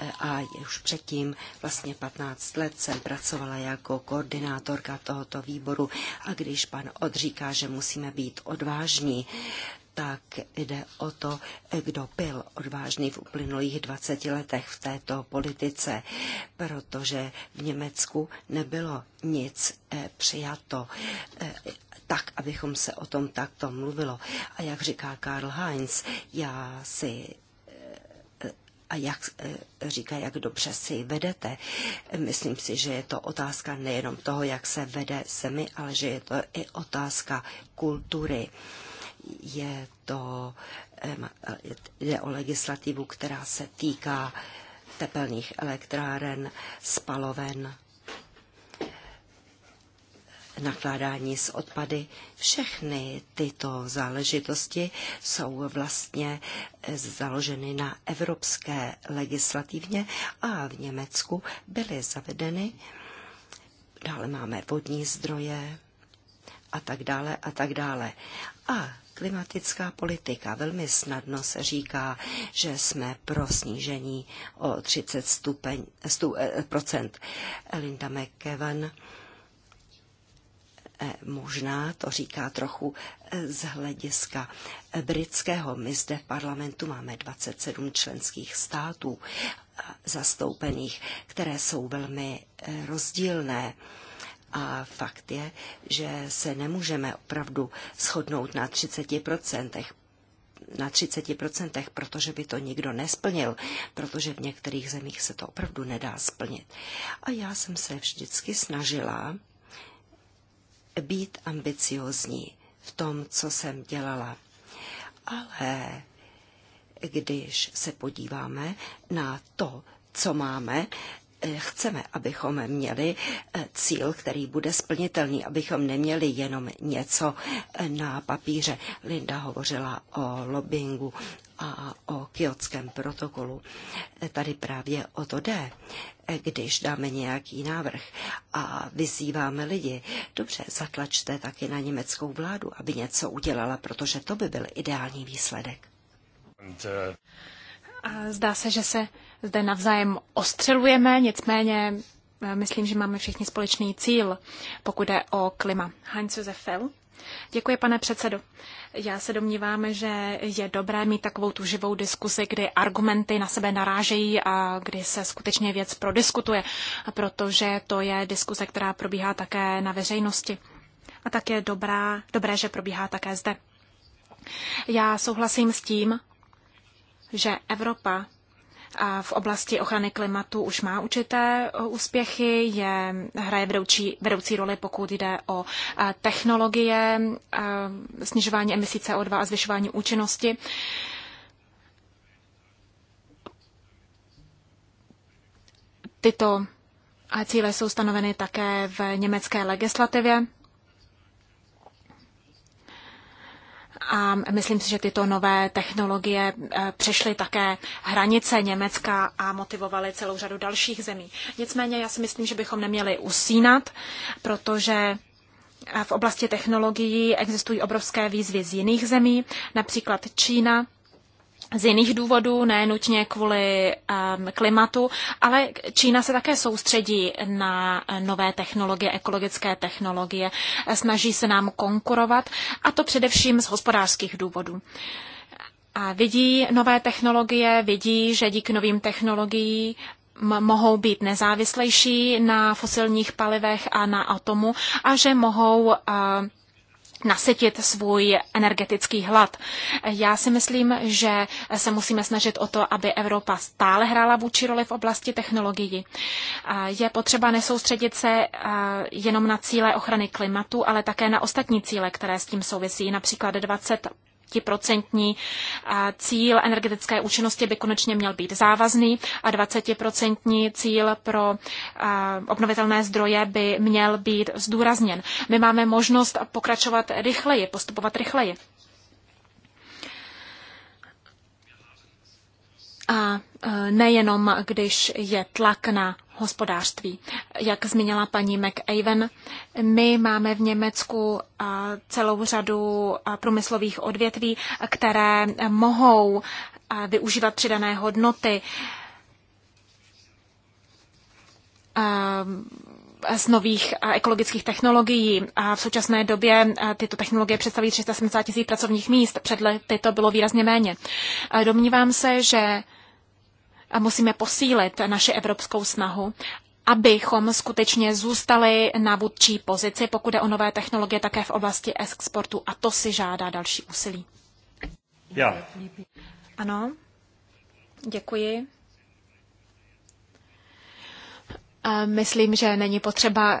[SPEAKER 1] eh, a už předtím, vlastně 15 let, jsem pracovala jako koordinátorka tohoto výboru a když pan odříká, že musíme být odvážní, tak jde o to, eh, kdo byl odvážný v uplynulých 20 letech v této politice, protože v Německu nebylo nic eh, přijato tak, abychom se o tom takto mluvilo. A jak říká Karl Heinz, já si eh, a jak eh, říká, jak dobře si vedete. Myslím si, že je to otázka nejenom toho, jak se vede zemi, ale že je to i otázka kultury. Je to, eh, jde o legislativu, která se týká tepelných elektráren, spaloven, nakládání s odpady. Všechny tyto záležitosti jsou vlastně založeny na evropské legislativně a v Německu byly zavedeny. Dále máme vodní zdroje a tak dále a tak dále. A klimatická politika. Velmi snadno se říká, že jsme pro snížení o 30 stupeň, stu, eh, procent. Linda eh, Eh, možná to říká trochu eh, z hlediska eh, britského. My zde v parlamentu máme 27 členských států zastoupených, které jsou velmi rozdílné. A fakt je, že se nemůžeme opravdu shodnout na 30%, na 30%, protože by to nikdo nesplnil, protože v některých zemích se to opravdu nedá splnit. A já jsem se vždycky snažila být ambiciozní v tom, co jsem dělala. Ale když se podíváme na to, co máme, eh, chceme, abychom měli eh, cíl, který bude splnitelný, abychom neměli jenom něco eh, na papíře. Linda hovořila o lobbyingu a o kiotském protokolu. Tady právě o to jde když dáme nějaký návrh a vyzýváme lidi, dobře, zatlačte taky na německou vládu, aby něco udělala, protože to by byl ideální výsledek.
[SPEAKER 2] A zdá se, že se zde navzájem ostřelujeme, nicméně e, myslím, že máme všichni společný cíl, pokud jde o klima. Heinz Josef Fell. Děkuji, pane předsedo. Já se domnívám, že je dobré mít takovou tu živou diskusi, kdy argumenty na sebe narážejí a kdy se skutečně věc prodiskutuje, protože to je diskuse, která probíhá také na veřejnosti. A tak je dobrá, dobré, že probíhá také zde. Já souhlasím s tím, že Evropa v oblasti ochrany klimatu už má určité eh, úspěchy, je, hraje vedoucí, vedoucí roli, pokud jde o eh, technologie, eh, snižování emisí CO2 a zvyšování účinnosti. Tyto cíle jsou stanoveny také v německé legislativě. A myslím si, že tyto nové technologie eh, přešly také hranice Německa a motivovaly celou řadu dalších zemí. Nicméně já si myslím, že bychom neměli usínat, protože eh, v oblasti technologií existují obrovské výzvy z jiných zemí, například Čína z jiných důvodů, ne nutně kvůli um, klimatu, ale Čína se také soustředí na eh, nové technologie, ekologické technologie, snaží se nám konkurovat, a to především z hospodářských důvodů. A vidí nové technologie, vidí, že díky novým technologiím mohou být nezávislejší na fosilních palivech a na atomu a že mohou uh, nasytit svůj energetický hlad. Já si myslím, že se musíme snažit o to, aby Evropa stále hrála vůči roli v oblasti technologií. Je potřeba nesoustředit se jenom na cíle ochrany klimatu, ale také na ostatní cíle, které s tím souvisí, například 20 20% cíl energetické účinnosti by konečně měl být závazný a 20% cíl pro obnovitelné zdroje by měl být zdůrazněn. My máme možnost pokračovat rychleji, postupovat rychleji. A e, nejenom, když je tlak na hospodářství. Jak zmínila paní McAven, my máme v Německu celou řadu průmyslových odvětví, které mohou využívat přidané hodnoty z nových ekologických technologií. A v současné době tyto technologie představují 370 tisíc pracovních míst, před lety to bylo výrazně méně. Domnívám se, že a musíme posílit naše evropskou snahu, abychom skutečně zůstali na vůdčí pozici, pokud je o nové technologie také v oblasti exportu a to si žádá další úsilí. Já. Ano, děkuji. Myslím, že není potřeba e,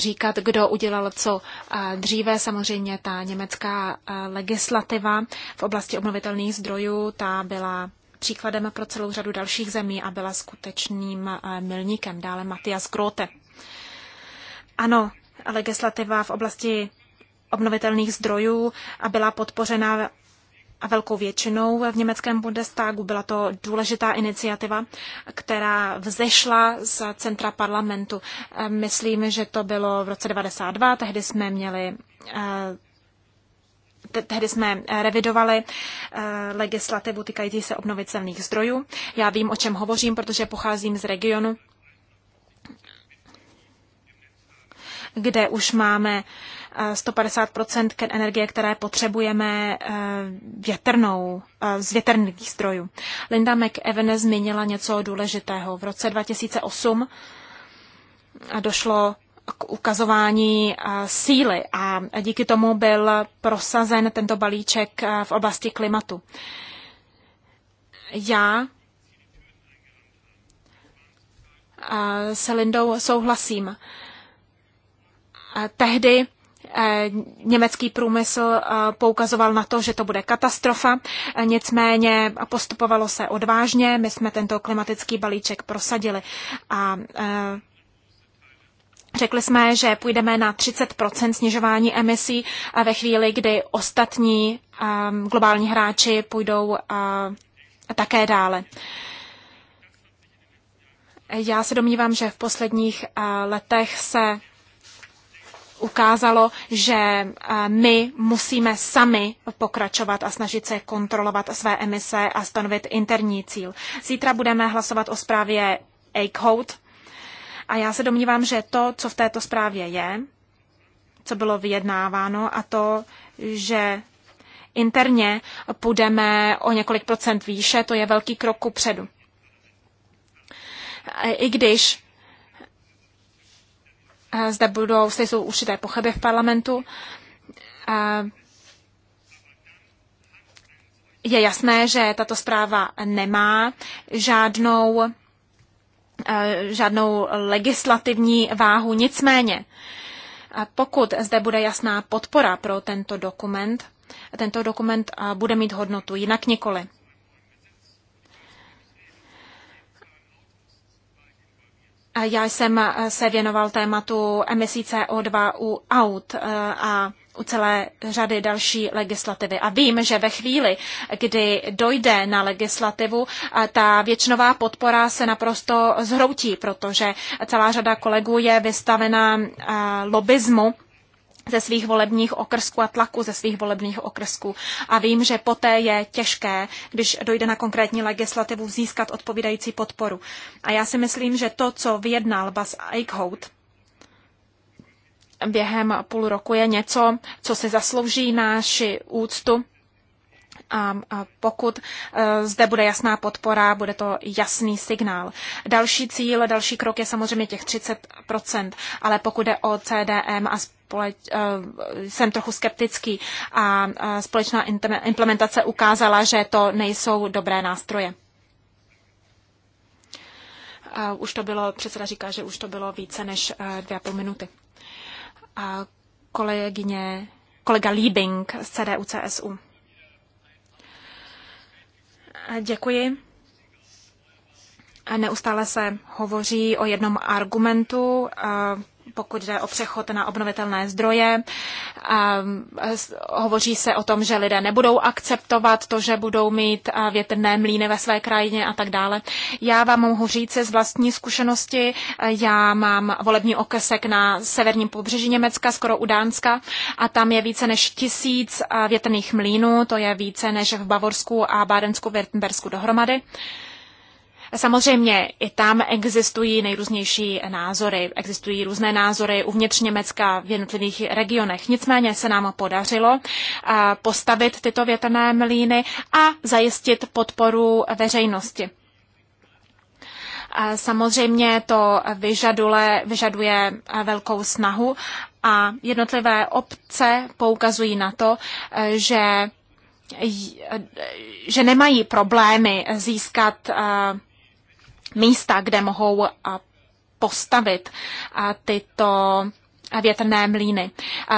[SPEAKER 2] říkat, kdo udělal co e, dříve. Samozřejmě ta německá e, legislativa v oblasti obnovitelných zdrojů, ta byla příkladem pro celou řadu dalších zemí a byla skutečným eh, milníkem. Dále Matias Grote. Ano, legislativa v oblasti obnovitelných zdrojů a byla podpořena a velkou většinou v německém Bundestagu. Byla to důležitá iniciativa, která vzešla z centra parlamentu. Eh, myslím, že to bylo v roce 92, tehdy jsme měli eh, tehdy jsme eh, revidovali eh, legislativu týkající se obnovitelných zdrojů. Já vím, o čem hovořím, protože pocházím z regionu, kde už máme 150 eh, energie, které potřebujeme větrnou, z větrných zdrojů. Linda McEwen zmínila něco důležitého. V roce 2008 došlo k ukazování eh, síly a díky tomu byl prosazen tento balíček eh, v oblasti klimatu. Já eh, se Lindou souhlasím. Tehdy německý průmysl poukazoval na to, že to bude katastrofa, nicméně postupovalo se odvážně, my jsme tento klimatický balíček prosadili a Řekli jsme, že půjdeme na 30 snižování emisí a ve chvíli, kdy ostatní um, globální hráči půjdou uh, také dále. Já se domnívám, že v posledních uh, letech se ukázalo, že eh, my musíme sami pokračovat a snažit se kontrolovat své emise a stanovit interní cíl. Zítra budeme hlasovat o zprávě a a já se domnívám, že to, co v této zprávě je, co bylo vyjednáváno a to, že interně půjdeme o několik procent výše, to je velký krok ku předu. I když eh, zde budou, zde jsou určité pochyby v parlamentu, eh, je jasné, že tato zpráva nemá žádnou Eh, žádnou legislativní váhu. Nicméně, eh, pokud zde bude jasná podpora pro tento dokument, tento dokument eh, bude mít hodnotu, jinak nikoli. Já jsem se věnoval tématu emisí CO2 u aut a u celé řady další legislativy. A vím, že ve chvíli, kdy dojde na legislativu, ta většinová podpora se naprosto zhroutí, protože celá řada kolegů je vystavena lobismu ze svých volebních okrsků a tlaku ze svých volebních okrsků. A vím, že poté je těžké, když dojde na konkrétní legislativu, získat odpovídající podporu. A já si myslím, že to, co vyjednal Bas Eichhout, během půl roku je něco, co si zaslouží náši úctu. A pokud e, zde bude jasná podpora, bude to jasný signál. Další cíl, další krok je samozřejmě těch 30%, ale pokud jde o CDM a společ, e, jsem trochu skeptický a společná implementace ukázala, že to nejsou dobré nástroje. už to bylo, předseda říká, že už to bylo více než e, dvě a půl minuty a kolegyně, kolega Liebing z CDU CSU. Děkuji. Neustále se hovoří o jednom argumentu, pokud jde o přechod na obnovitelné zdroje. Hovoří se o tom, že lidé nebudou akceptovat to, že budou mít větrné mlíny ve své krajině a tak dále. Já vám mohu říct z vlastní zkušenosti, já mám volební okesek na severním pobřeží Německa, skoro u Dánska, a tam je více než tisíc větrných mlínů, to je více než v Bavorsku a Bádensku-Württembersku dohromady. Samozřejmě i tam existují nejrůznější názory, existují různé názory uvnitř Německa v jednotlivých regionech. Nicméně se nám podařilo eh, postavit tyto větrné mlýny a zajistit podporu veřejnosti. Eh, samozřejmě to vyžaduje, vyžaduje velkou snahu a jednotlivé obce poukazují na to, eh, že že nemají problémy získat místa, kde mohou postavit tyto větrné mlíny,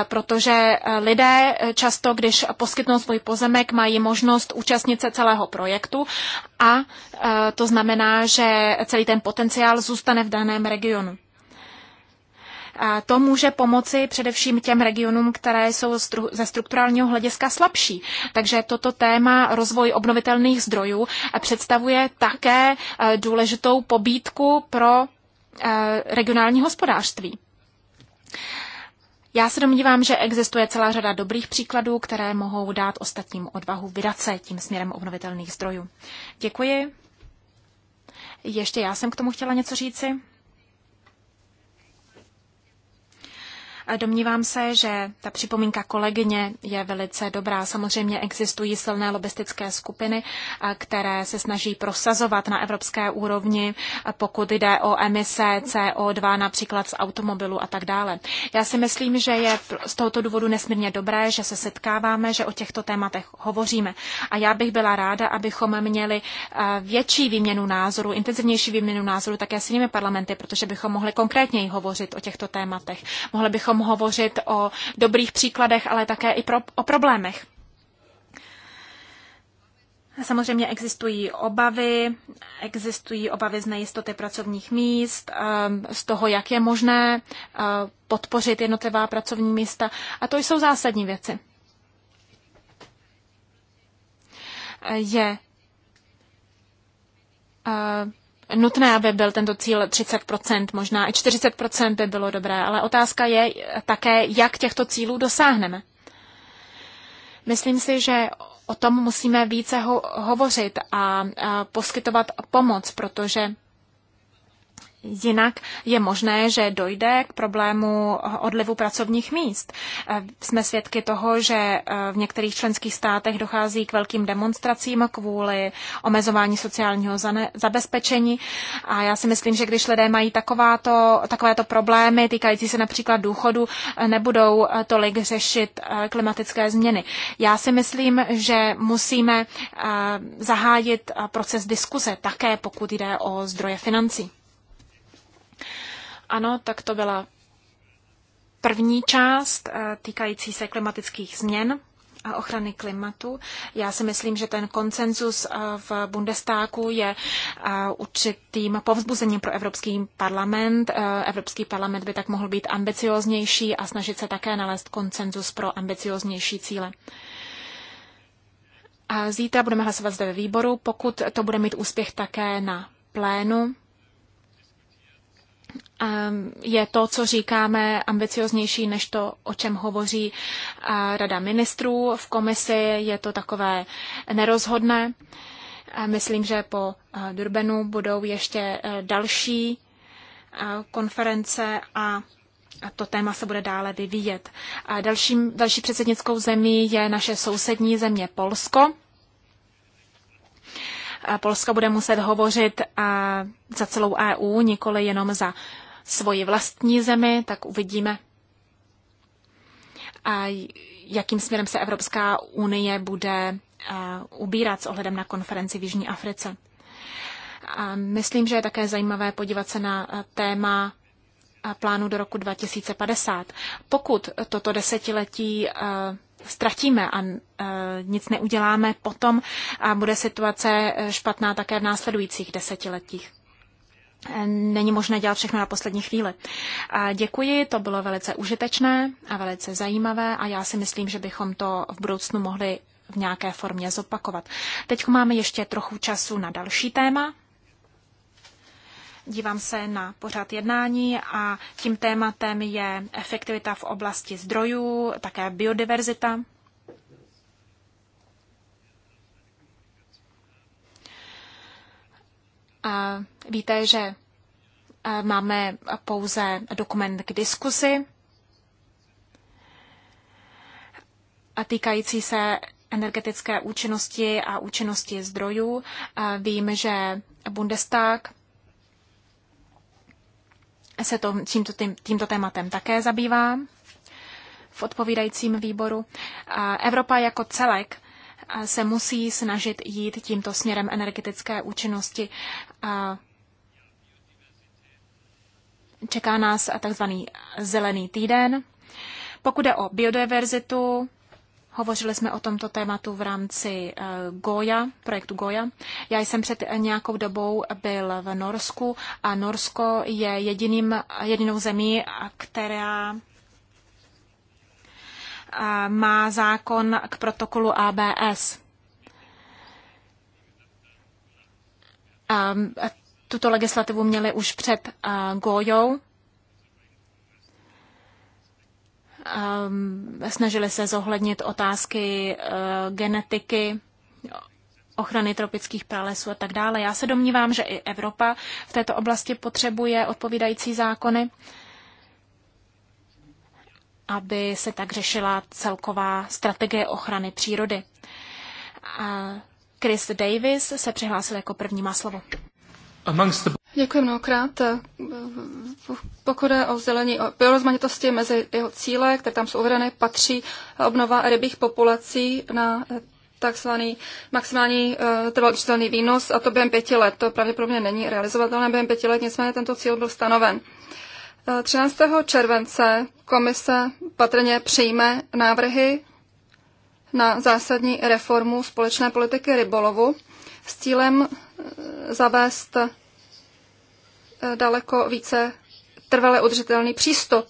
[SPEAKER 2] Protože e, lidé e, často, když poskytnou svůj pozemek, mají možnost účastnit se celého projektu a e, to znamená, že celý ten potenciál zůstane v daném regionu. To může pomoci především těm regionům, které jsou ze strukturálního hlediska slabší. Takže toto téma rozvoj obnovitelných zdrojů eh, představuje také eh, důležitou pobídku pro eh, regionální hospodářství. Já se domnívám, že existuje celá řada dobrých příkladů, které mohou dát ostatním odvahu vydat se tím směrem obnovitelných zdrojů. Děkuji. Ještě já jsem k tomu chtěla něco říci. Domnívám se, že ta připomínka kolegyně je velice dobrá. Samozřejmě existují silné lobistické skupiny, které se snaží prosazovat na evropské úrovni, pokud jde o emise CO2 například z automobilu a tak dále. Já si myslím, že je z tohoto důvodu nesmírně dobré, že se setkáváme, že o těchto tématech hovoříme. A já bych byla ráda, abychom měli větší výměnu názoru, intenzivnější výměnu názoru také s jinými parlamenty, protože bychom mohli konkrétněji hovořit o těchto tématech. Mohli bychom bychom hovořit o dobrých příkladech, ale také i pro, o problémech. Samozřejmě existují obavy, existují obavy z nejistoty pracovních míst, eh, z toho, jak je možné eh, podpořit jednotlivá pracovní místa. A to jsou zásadní věci. Eh, je nutné, aby byl tento cíl 30%, možná i 40% by bylo dobré, ale otázka je také, jak těchto cílů dosáhneme. Myslím si, že o tom musíme více ho- hovořit a, a poskytovat pomoc, protože Jinak je možné, že dojde k problému odlivu pracovních míst. Jsme svědky toho, že v některých členských státech dochází k velkým demonstracím kvůli omezování sociálního zabezpečení. A já si myslím, že když lidé mají takováto, takovéto problémy týkající se například důchodu, nebudou tolik řešit eh, klimatické změny. Já si myslím, že musíme eh, zahájit eh, proces diskuze také, pokud jde o zdroje financí. Ano, tak to byla první část eh, týkající se klimatických změn a ochrany klimatu. Já si myslím, že ten konsenzus eh, v Bundestáku je eh, určitým povzbuzením pro Evropský parlament. Evropský parlament by tak mohl být ambicioznější a snažit se také nalézt konsenzus pro ambicioznější cíle. A zítra budeme hlasovat zde ve výboru, pokud to bude mít úspěch také na plénu Ehm, je to, co říkáme, ambicioznější než to, o čem hovoří eh, Rada ministrů. V komisi je to takové nerozhodné. Myslím, že po eh, Durbenu budou ještě eh, další konference a to téma se bude dále vyvíjet. Dalším, další předsednickou zemí je naše sousední země Polsko. Polska bude muset hovořit za celou EU, nikoli jenom za svoji vlastní zemi, tak uvidíme, a jakým směrem se Evropská unie bude ubírat s ohledem na konferenci v Jižní Africe. A myslím, že je také zajímavé podívat se na téma plánu do roku 2050. Pokud toto desetiletí ztratíme a e, nic neuděláme potom, a bude situace e, špatná také v následujících desetiletích. E, není možné dělat všechno na poslední chvíli. A děkuji, to bylo velice užitečné a velice zajímavé a já si myslím, že bychom to v budoucnu mohli v nějaké formě zopakovat. Teď máme ještě trochu času na další téma. Dívám se na pořád jednání a tím tématem je efektivita v oblasti zdrojů, také biodiverzita. A víte, že máme pouze dokument k diskusi a týkající se energetické účinnosti a účinnosti zdrojů. Vím, že Bundestag se to, tímto, tím, tímto tématem také zabývá v odpovídajícím výboru. Evropa jako celek se musí snažit jít tímto směrem energetické účinnosti. Čeká nás takzvaný zelený týden. Pokud je o biodiverzitu, Hovořili jsme o tomto tématu v rámci eh, Goja, projektu Goja. Já jsem před nějakou dobou byl v Norsku a Norsko je jediným, jedinou zemí, která eh, má zákon k protokolu ABS. Ehm, tuto legislativu měli už před eh, Gojou Ehm, snažili se zohlednit otázky eh, genetiky, ochrany tropických pralesů a tak dále. Já se domnívám, že i Evropa v této oblasti potřebuje odpovídající zákony, aby se tak řešila celková strategie ochrany přírody. A Chris Davis se přihlásil jako první má slovo. Děkuji mnohokrát.
[SPEAKER 3] Pokud je o zelení o biorozmanitosti mezi jeho cíle, které tam jsou uvedeny, patří obnova rybích populací na takzvaný maximální uh, eh, trvalý výnos a to během pěti let. To pravděpodobně není realizovatelné během pěti let, nicméně tento cíl byl stanoven. 13. Eh, července komise patrně přijme návrhy na zásadní reformu společné politiky rybolovu s cílem zavést eh, daleko více trvale udržitelný přístup.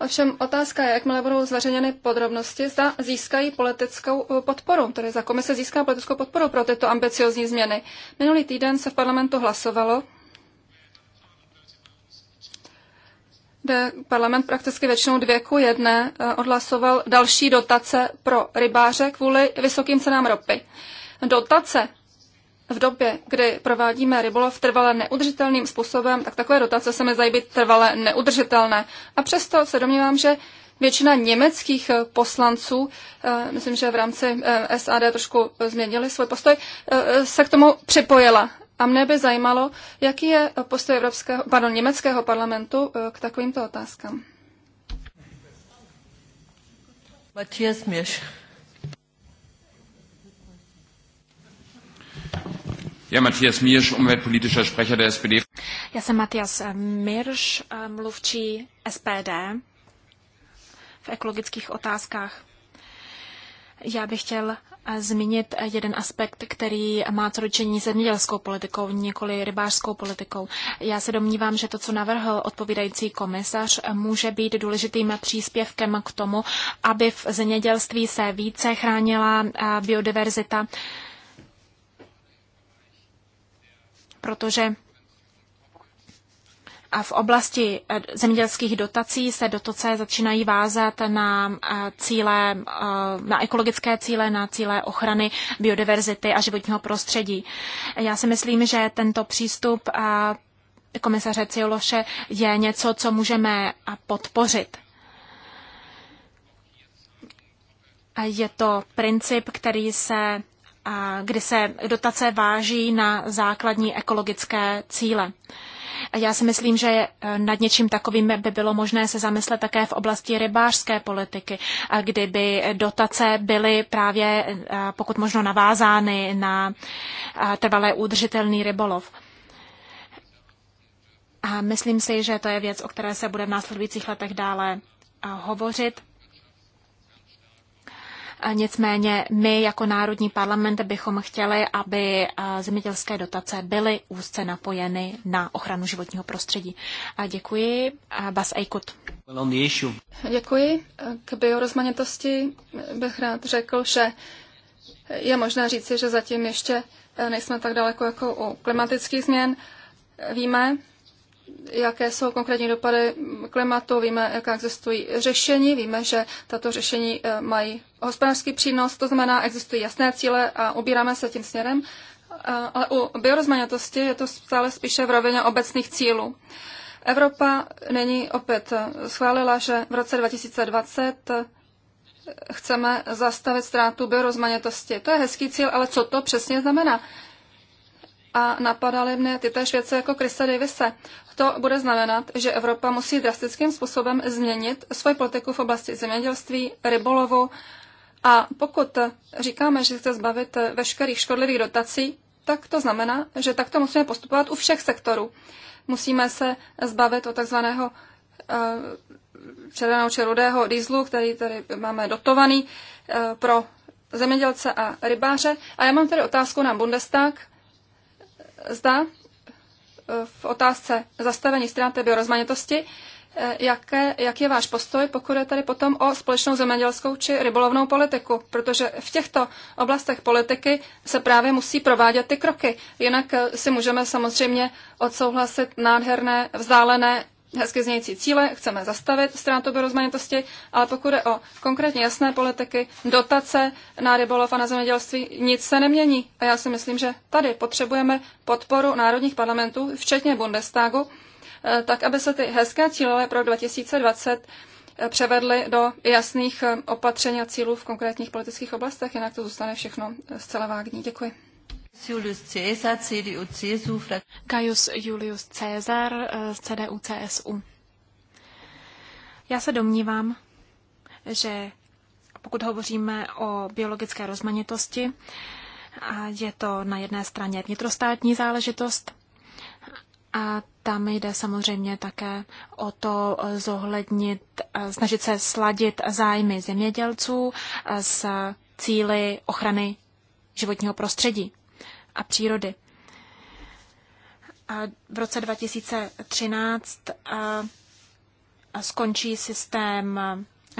[SPEAKER 3] Ovšem otázka je, jakmile budou zveřejněny podrobnosti, zda získají politickou eh, podporu, tedy za komise získá politickou podporu pro tyto ambiciozní změny. Minulý týden se v parlamentu hlasovalo, kde parlament prakticky většinou dvěku jedné eh, odhlasoval další dotace pro rybáře kvůli vysokým cenám ropy. Dotace v době, kdy provádíme rybolov trvale neudržitelným způsobem, tak takové dotace se mi zdají být trvale neudržitelné. A přesto se domnívám, že většina německých eh, poslanců, eh, myslím, že v rámci eh, SAD trošku změnili svůj postoj, se k tomu připojila. A mne by zajímalo, jaký je postoj Evropského, pardon, německého parlamentu k takovýmto otázkám.
[SPEAKER 1] Matthias Mirsch.
[SPEAKER 2] Ja, Matthias Miersch, umweltpolitischer Sprecher der SPD. Já jsem Matthias eh, Mirsch, eh, mluvčí SPD v ekologických otázkách. Já bych chtěl eh, zmínit jeden aspekt, který má co dočení zemědělskou politikou, nikoli rybářskou politikou. Já se domnívám, že to, co navrhl odpovídající komisař, může být důležitým příspěvkem k tomu, aby v zemědělství se více chránila biodiverzita protože v oblasti eh, zemědělských dotací se dotace začínají vázat na eh, cíle, eh, na ekologické cíle, na cíle ochrany biodiverzity a životního prostředí. Já si myslím, že tento přístup komisaře Ciološe je něco, co můžeme podpořit. Je to princip, který se kdy se dotace váží na základní ekologické cíle. Já si myslím, že eh, nad něčím takovým by bylo možné se zamyslet také v oblasti rybářské politiky, kdyby dotace byly právě eh, pokud možno navázány na eh, trvalé udržitelný rybolov. A myslím si, že to je věc, o které se bude v následujících letech dále hovořit. Nicméně my jako Národní parlament bychom chtěli, aby zemědělské dotace byly úzce napojeny na ochranu životního prostředí. Děkuji. Bas Eikut. Děkuji. K biorozmanitosti
[SPEAKER 3] bych rád řekl, že je možné říci, že zatím ještě nejsme tak daleko jako u klimatických změn. Víme, jaké jsou konkrétní dopady klimatu, víme, jaká existují řešení, víme, že tato řešení eh, mají hospodářský přínos, to znamená, existují jasné cíle a ubíráme se tím směrem, eh, ale u biorozmanitosti je to stále spíše v rovině obecných cílů. Evropa nyní opět eh, schválila, že v roce 2020 chceme zastavit ztrátu biorozmanitosti. To je hezký cíl, ale co to přesně znamená? a napadaly mne ty též věci jako Krista Davise. To bude znamenat, že Evropa musí drastickým způsobem změnit svoji politiku v oblasti zemědělství, rybolovu a pokud říkáme, že chce zbavit veškerých škodlivých dotací, tak to znamená, že takto musíme postupovat u všech sektorů. Musíme se zbavit o takzvaného eh, červeného či rudého dýzlu, který tady máme dotovaný eh, pro zemědělce a rybáře. A já mám tady otázku na Bundestag, zda eh, v otázce zastavení ztráty té biorozmanitosti, eh, jaké, jak je váš postoj, pokud je tady potom o společnou zemědělskou či rybolovnou politiku, protože v těchto oblastech politiky se právě musí provádět ty kroky. Jinak eh, si můžeme samozřejmě odsouhlasit nádherné, vzdálené hezky znějící cíle, chceme zastavit ztrátu rozmanitosti, ale pokud je o konkrétně jasné politiky, dotace na rybolov a na zemědělství, nic se nemění. A já si myslím, že tady potřebujeme podporu národních parlamentů, včetně Bundestagu, eh, tak aby se ty hezké cíle pro 2020 eh, převedly do jasných eh, opatření a cílů v konkrétních politických oblastech, jinak to zůstane všechno zcela vágní. Děkuji. Julius
[SPEAKER 2] CDU, CSU. Gaius Julius Caesar eh, z CDU, CSU. Já se domnívám, že pokud hovoříme o biologické rozmanitosti, je to na jedné straně vnitrostátní záležitost, a tam jde samozřejmě také o to zohlednit, eh, snažit se sladit zájmy zemědělců eh, s cíly ochrany životního prostředí a přírody. V roce 2013 skončí systém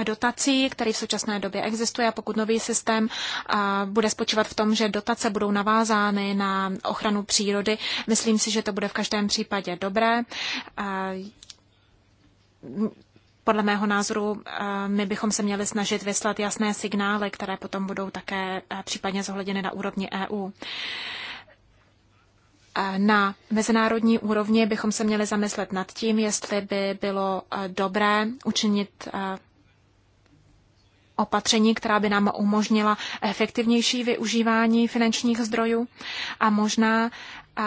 [SPEAKER 2] dotací, který v současné době existuje. A pokud nový systém bude spočívat v tom, že dotace budou navázány na ochranu přírody, myslím si, že to bude v každém případě dobré. Podle mého názoru my bychom se měli snažit vyslat jasné signály, které potom budou také případně zohledněny na úrovni EU. Na mezinárodní úrovni bychom se měli zamyslet nad tím, jestli by bylo dobré učinit opatření, která by nám umožnila efektivnější využívání finančních zdrojů a možná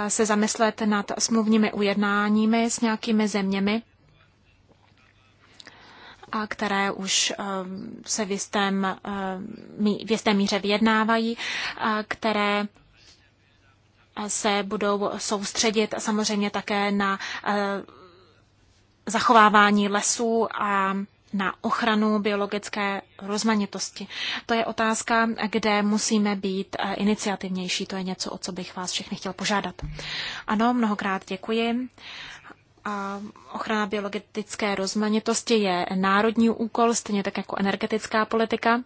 [SPEAKER 2] se zamyslet nad smluvními ujednáními s nějakými zeměmi, a které už se v, jisté míře vyjednávají, které se budou soustředit samozřejmě také na eh, zachovávání lesů a na ochranu biologické rozmanitosti. To je otázka, kde musíme být eh, iniciativnější. To je něco, o co bych vás všechny chtěl požádat. Ano, mnohokrát děkuji. A ochrana biologické rozmanitosti je národní úkol, stejně tak jako energetická politika.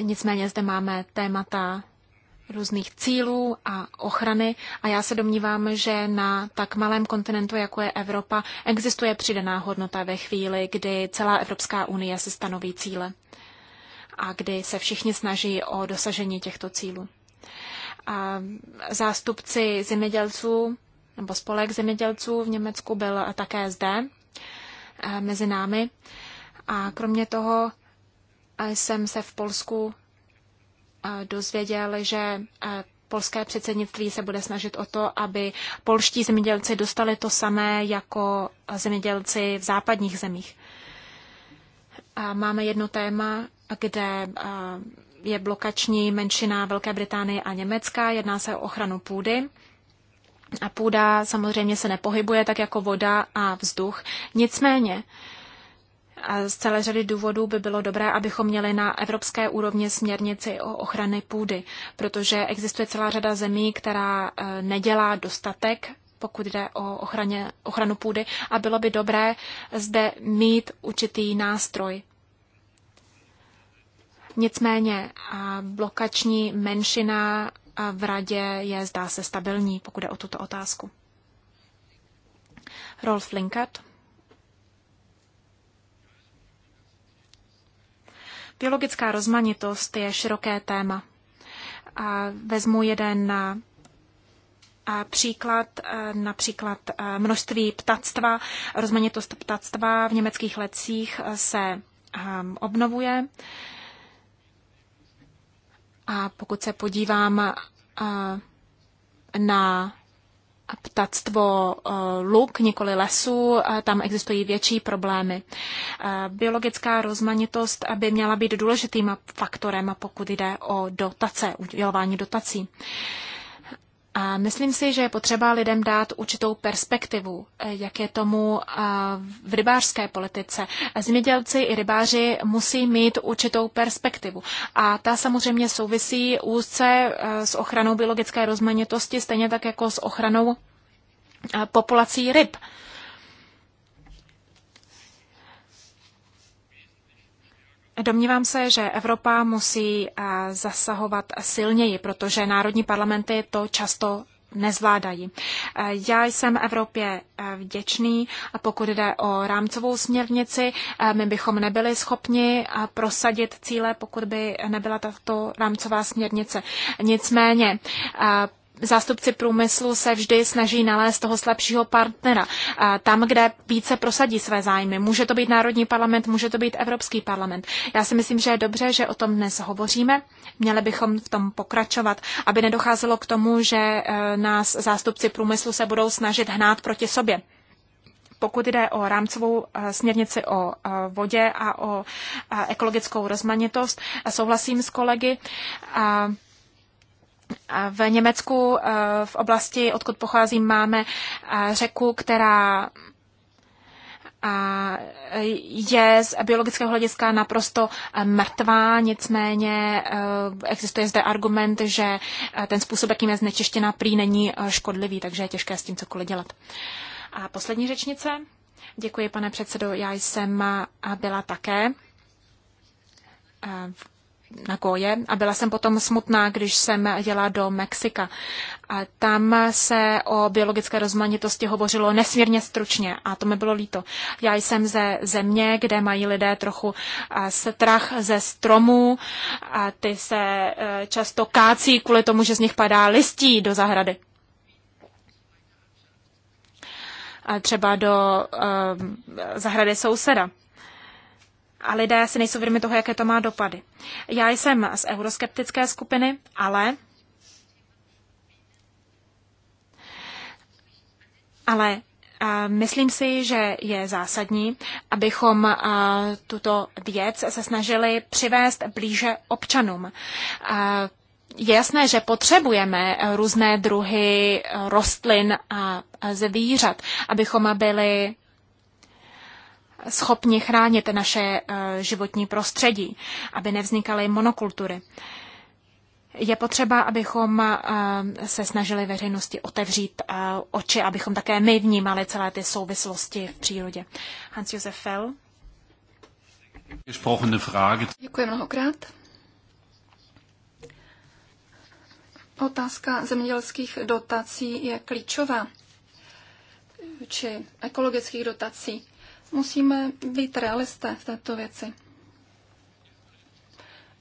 [SPEAKER 2] Nicméně zde máme témata různých cílů a ochrany a já se domnívám, že na tak malém kontinentu, jako je Evropa, existuje přidaná hodnota ve chvíli, kdy celá Evropská unie se stanoví cíle a kdy se všichni snaží o dosažení těchto cílů. A zástupci zemědělců nebo spolek zemědělců v Německu byl také zde eh, mezi námi. A kromě toho jsem se v Polsku dozvěděl, že polské předsednictví se bude snažit o to, aby polští zemědělci dostali to samé jako zemědělci v západních zemích. A máme jedno téma, kde je blokační menšina Velké Británie a Německa. Jedná se o ochranu půdy. A půda samozřejmě se nepohybuje tak jako voda a vzduch. Nicméně, z celé řady důvodů by bylo dobré, abychom měli na evropské úrovni směrnici o ochrany půdy, protože existuje celá řada zemí, která eh, nedělá dostatek pokud jde o ochraně, ochranu půdy a bylo by dobré zde mít určitý nástroj. Nicméně blokační menšina v radě je zdá se stabilní, pokud jde o tuto otázku. Rolf Linkert. Biologická rozmanitost je široké téma. A vezmu jeden na a příklad, například množství ptactva, rozmanitost ptactva v německých lecích se obnovuje. A pokud se podívám na ptactvo eh, luk, nikoli lesů, tam existují větší problémy. Eh, biologická rozmanitost by měla být důležitým faktorem, pokud jde o dotace, udělování dotací. A myslím si, že je potřeba lidem dát určitou perspektivu, eh, jak je tomu eh, v rybářské politice. Zemědělci i rybáři musí mít určitou perspektivu. A ta samozřejmě souvisí úzce eh, s ochranou biologické rozmanitosti, stejně tak jako s ochranou populací ryb. Domnívám se, že Evropa musí eh, zasahovat silněji, protože národní parlamenty to často nezvládají. Eh, já jsem Evropě eh, vděčný a pokud jde o rámcovou směrnici, my bychom nebyli schopni prosadit cíle, pokud by nebyla tato rámcová směrnice. Nicméně zástupci průmyslu se vždy snaží nalézt toho slabšího partnera. Tam, kde více prosadí své zájmy. Může to být Národní parlament, může to být Evropský parlament. Já si myslím, že je dobře, že o tom dnes hovoříme. Měli bychom v tom pokračovat, aby nedocházelo k tomu, že e, nás zástupci průmyslu se budou snažit hnát proti sobě pokud jde o rámcovou e, směrnici o e, vodě a o ekologickou rozmanitost. Souhlasím s kolegy. V Německu, eh, v oblasti, odkud pocházím, máme eh, řeku, která eh, je z biologického hlediska naprosto mrtvá, nicméně existuje zde argument, že ten způsob, jakým je znečištěna prý, není škodlivý, takže je těžké s tím cokoliv dělat. A poslední řečnice. Děkuji, pane předsedo. Já jsem byla také Nagoje a byla jsem potom smutná, když jsem jela do Mexika. A tam se o biologické rozmanitosti hovořilo nesmírně stručně a to mi bylo líto. Já jsem ze země, kde mají lidé trochu strach ze stromů a ty se e, často kácí kvůli tomu, že z nich padá listí do zahrady. A třeba do um, zahrady souseda a lidé si nejsou vědomi toho, jaké to má dopady. Já jsem z euroskeptické skupiny, ale ale Myslím si, že je zásadní, abychom tuto věc se snažili přivést blíže občanům. Je jasné, že potřebujeme různé druhy rostlin a zvířat, abychom byli schopni chránit naše eh, životní prostředí, aby nevznikaly monokultury. Je potřeba, abychom eh, se snažili veřejnosti otevřít eh, oči, abychom také my vnímali celé ty souvislosti v přírodě. Hans-Josef Fell. Děkuji mnohokrát.
[SPEAKER 3] Otázka zemědělských dotací je klíčová, či ekologických dotací. Musíme být realisté v této věci.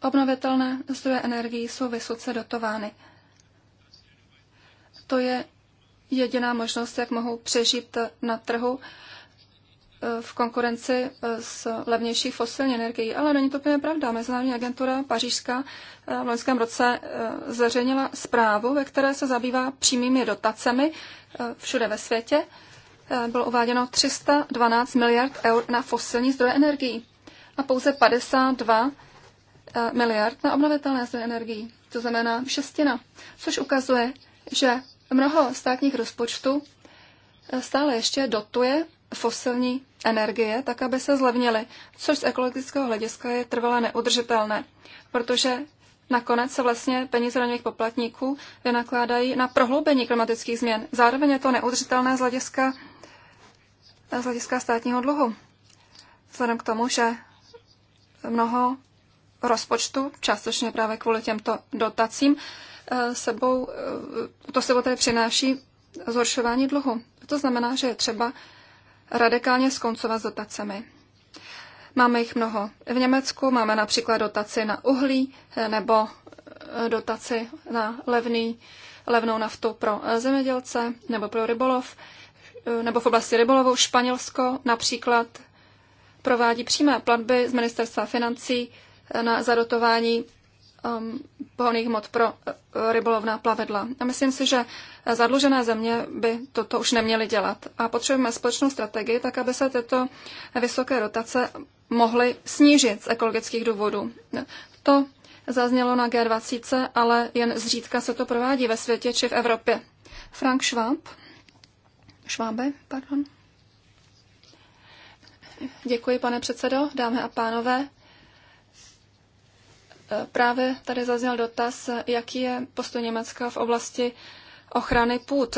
[SPEAKER 3] Obnovitelné zdroje energií jsou vysoce dotovány. To je jediná možnost, jak mohou přežít na trhu eh, v konkurenci eh, s levnější fosilní energií. Ale není to úplně pravda. Mezinárodní agentura Pařížská eh, v loňském roce zveřejnila zprávu, ve které se zabývá přímými dotacemi všude ve světě Eh, bylo uváděno 312 miliard eur na fosilní zdroje energií a pouze 52 eh, miliard na obnovitelné zdroje energií, to znamená šestina, což ukazuje, že mnoho státních rozpočtů eh, stále ještě dotuje fosilní energie, tak aby se zlevnily, což z ekologického hlediska je trvale neudržitelné, protože nakonec se vlastně peníze daňových poplatníků vynakládají na prohloubení klimatických změn. Zároveň je to neudržitelné z hlediska z hlediska státního dluhu. Vzhledem k tomu, že mnoho rozpočtu, částečně právě kvůli těmto dotacím, eh, sebou, eh, to sebou tedy přináší zhoršování dluhu. To znamená, že je třeba radikálně skoncovat s dotacemi. Máme jich mnoho. V Německu máme například dotaci na uhlí eh, nebo dotaci na levný, levnou naftu pro zemědělce nebo pro rybolov. Eh, nebo v oblasti rybolovou Španělsko například provádí přímé platby z ministerstva financí eh, na zadotování um, pohonných hmot pro uh, rybolovná plavedla. A myslím si, že zadlužené země by toto už neměly dělat. A potřebujeme společnou strategii, tak aby se tyto vysoké rotace mohly snížit z ekologických důvodů. To zaznělo na G20, ale jen zřídka se to provádí ve světě či v Evropě. Frank Schwab. Švábe, pardon. Děkuji, pane předsedo, dámy a pánové. Právě tady zazněl dotaz, jaký je postoj Německa v oblasti ochrany půd.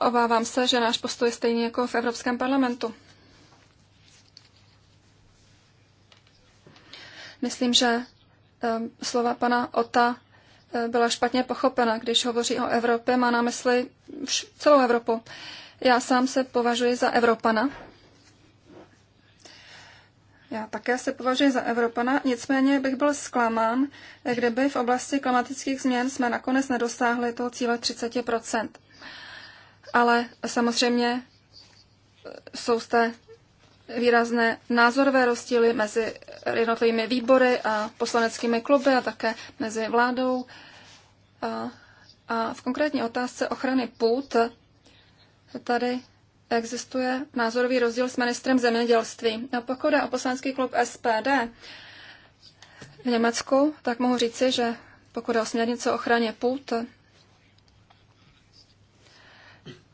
[SPEAKER 3] Obávám se, že náš postoj je stejný jako v Evropském parlamentu. Myslím, že eh, slova pana Ota byla špatně pochopena. Když hovoří o Evropě, má na mysli celou Evropu. Já sám se považuji za Evropana. Já také se považuji za Evropana, nicméně bych byl zklamán, kdyby v oblasti klimatických změn jsme nakonec nedosáhli toho cíle 30 ale samozřejmě jsou zde výrazné názorové rozdíly mezi jednotlivými výbory a poslaneckými kluby a také mezi vládou. A, a v konkrétní otázce ochrany půd tady existuje názorový rozdíl s ministrem zemědělství. A pokud jde o poslanecký klub SPD v Německu, tak mohu říci, že pokud jde o směrnice o ochraně půd,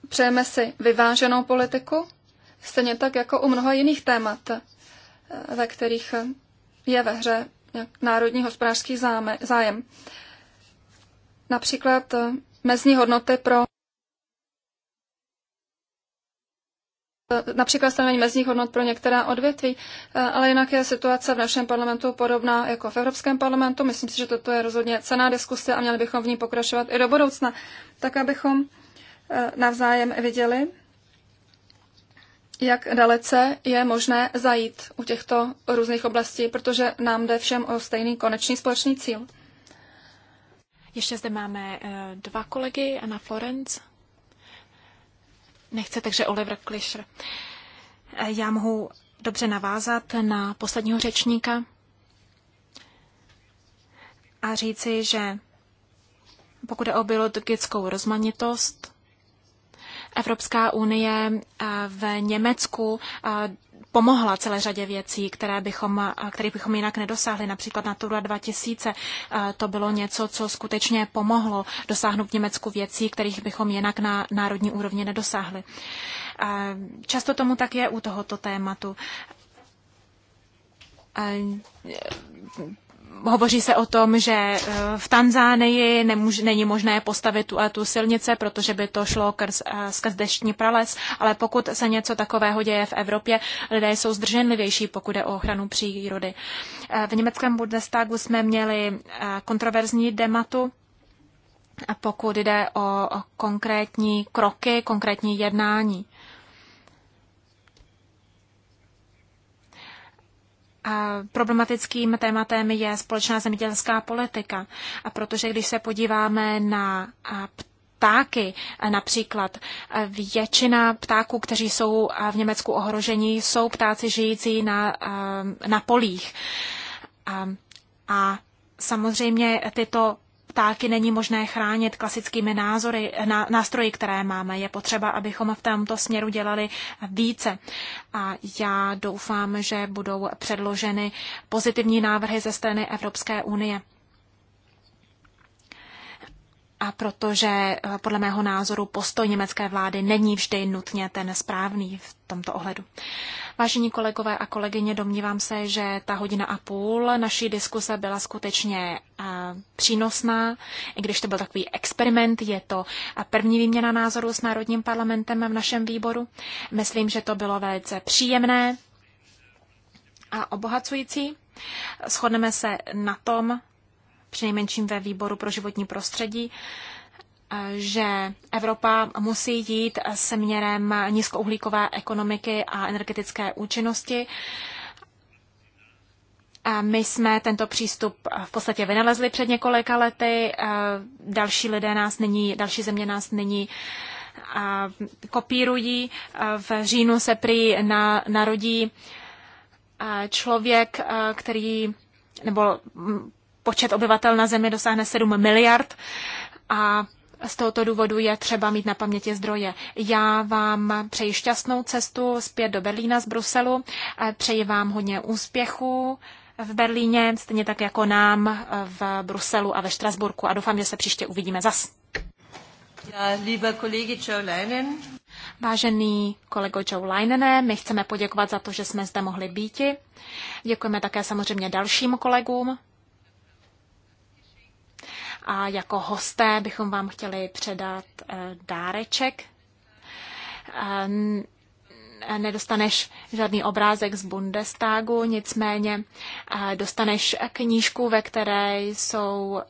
[SPEAKER 3] přejeme si vyváženou politiku, stejně tak jako u mnoha jiných témat, eh, ve kterých je ve hře národní hospodářský zájem. Například eh, mezní hodnoty pro eh, například stanovení mezních hodnot pro některá odvětví, ale jinak je situace v našem parlamentu podobná jako v Evropském parlamentu. Myslím si, že toto je rozhodně cená diskuse a měli bychom v ní pokračovat i do budoucna, tak abychom navzájem viděli, jak dalece je možné zajít u těchto různých oblastí, protože nám jde všem o stejný konečný společný cíl. Ještě zde máme
[SPEAKER 2] eh, dva kolegy, Anna Florence. Nechce, takže Oliver Klischer. Eh, já mohu dobře navázat na posledního řečníka a říci, že pokud je o biologickou rozmanitost, Evropská unie eh, v Německu eh, pomohla celé řadě věcí, které bychom, eh, které bychom jinak nedosáhli. Například Natura 2000 to bylo něco, co skutečně pomohlo dosáhnout v Německu věcí, kterých bychom jinak na národní úrovni nedosáhli. Často tomu tak je u tohoto tématu Hovoří se o tom, že eh, v Tanzánii nemůž, není možné postavit tu eh, tu silnice, protože by to šlo krz, eh, skrz deštní prales, ale pokud se něco takového děje v Evropě, lidé jsou zdrženlivější, pokud je o ochranu přírody. V německém Bundestagu jsme měli kontroverzní dematu, pokud jde o konkrétní kroky, konkrétní jednání. problematickým tématem je společná zemědělská politika. A protože když se podíváme na ptáky například. Většina ptáků, kteří jsou v Německu ohroženi, jsou ptáci žijící na, na polích. A, a samozřejmě tyto ptáky není možné chránit klasickými názory, ná, nástroji, které máme. Je potřeba, abychom v tomto směru dělali více. A já doufám, že budou předloženy pozitivní návrhy ze strany Evropské unie a protože eh, podle mého názoru postoj německé vlády není vždy nutně ten správný v tomto ohledu. Vážení kolegové a kolegyně, domnívám se, že ta hodina a půl naší diskuse byla skutečně eh, přínosná, i když to byl takový experiment, je to eh, první výměna názorů s Národním parlamentem v našem výboru. Myslím, že to bylo velice příjemné a obohacující. Shodneme se na tom, přinejmenším ve výboru pro životní prostředí, eh, že Evropa musí jít směrem nízkouhlíkové ekonomiky a energetické účinnosti. My jsme tento přístup v podstatě vynalezli před několika lety. Eh, další lidé nás nyní, další země nás nyní eh, kopírují. V říjnu se prý na, narodí člověk, který nebo mm, počet obyvatel na Zemi dosáhne 7 miliard a z tohoto důvodu je třeba mít na paměti zdroje. Já vám přeji šťastnou cestu zpět do Berlína z Bruselu, přeji vám hodně úspěchů v Berlíně, stejně tak jako nám v Bruselu a ve Štrasburku a doufám, že se příště uvidíme zas. Ja, lieber Kollege Joe Leinen. Vážený kolego Joe Leinene, my chceme poděkovat za to, že jsme zde mohli býti. Děkujeme také samozřejmě dalším kolegům a jako hosté bychom vám chtěli předat eh, dáreček. Eh, nedostaneš žádný obrázek z Bundestagu, nicméně eh, dostaneš knížku, ve které jsou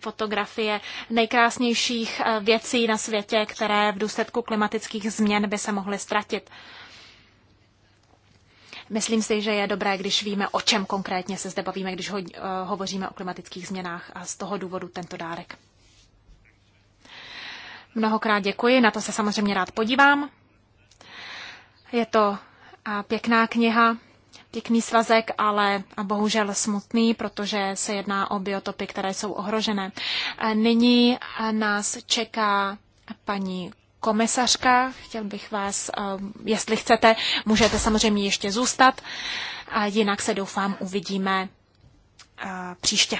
[SPEAKER 2] fotografie nejkrásnějších věcí na světě, které v důsledku klimatických změn by se mohly ztratit. Myslím si, že je dobré, když víme, o čem konkrétně se zde bavíme, když ho, eh, hovoříme o klimatických změnách a z toho důvodu tento dárek. Mnohokrát děkuji, na to se samozřejmě rád podívám. Je to eh, pěkná kniha, pěkný svazek, ale a bohužel smutný, protože se jedná o biotopy, které jsou ohrožené. Eh, nyní nás čeká paní komisařka, chtěl bych vás, um, jestli chcete, můžete samozřejmě ještě zůstat, a jinak se doufám uvidíme uh, příště.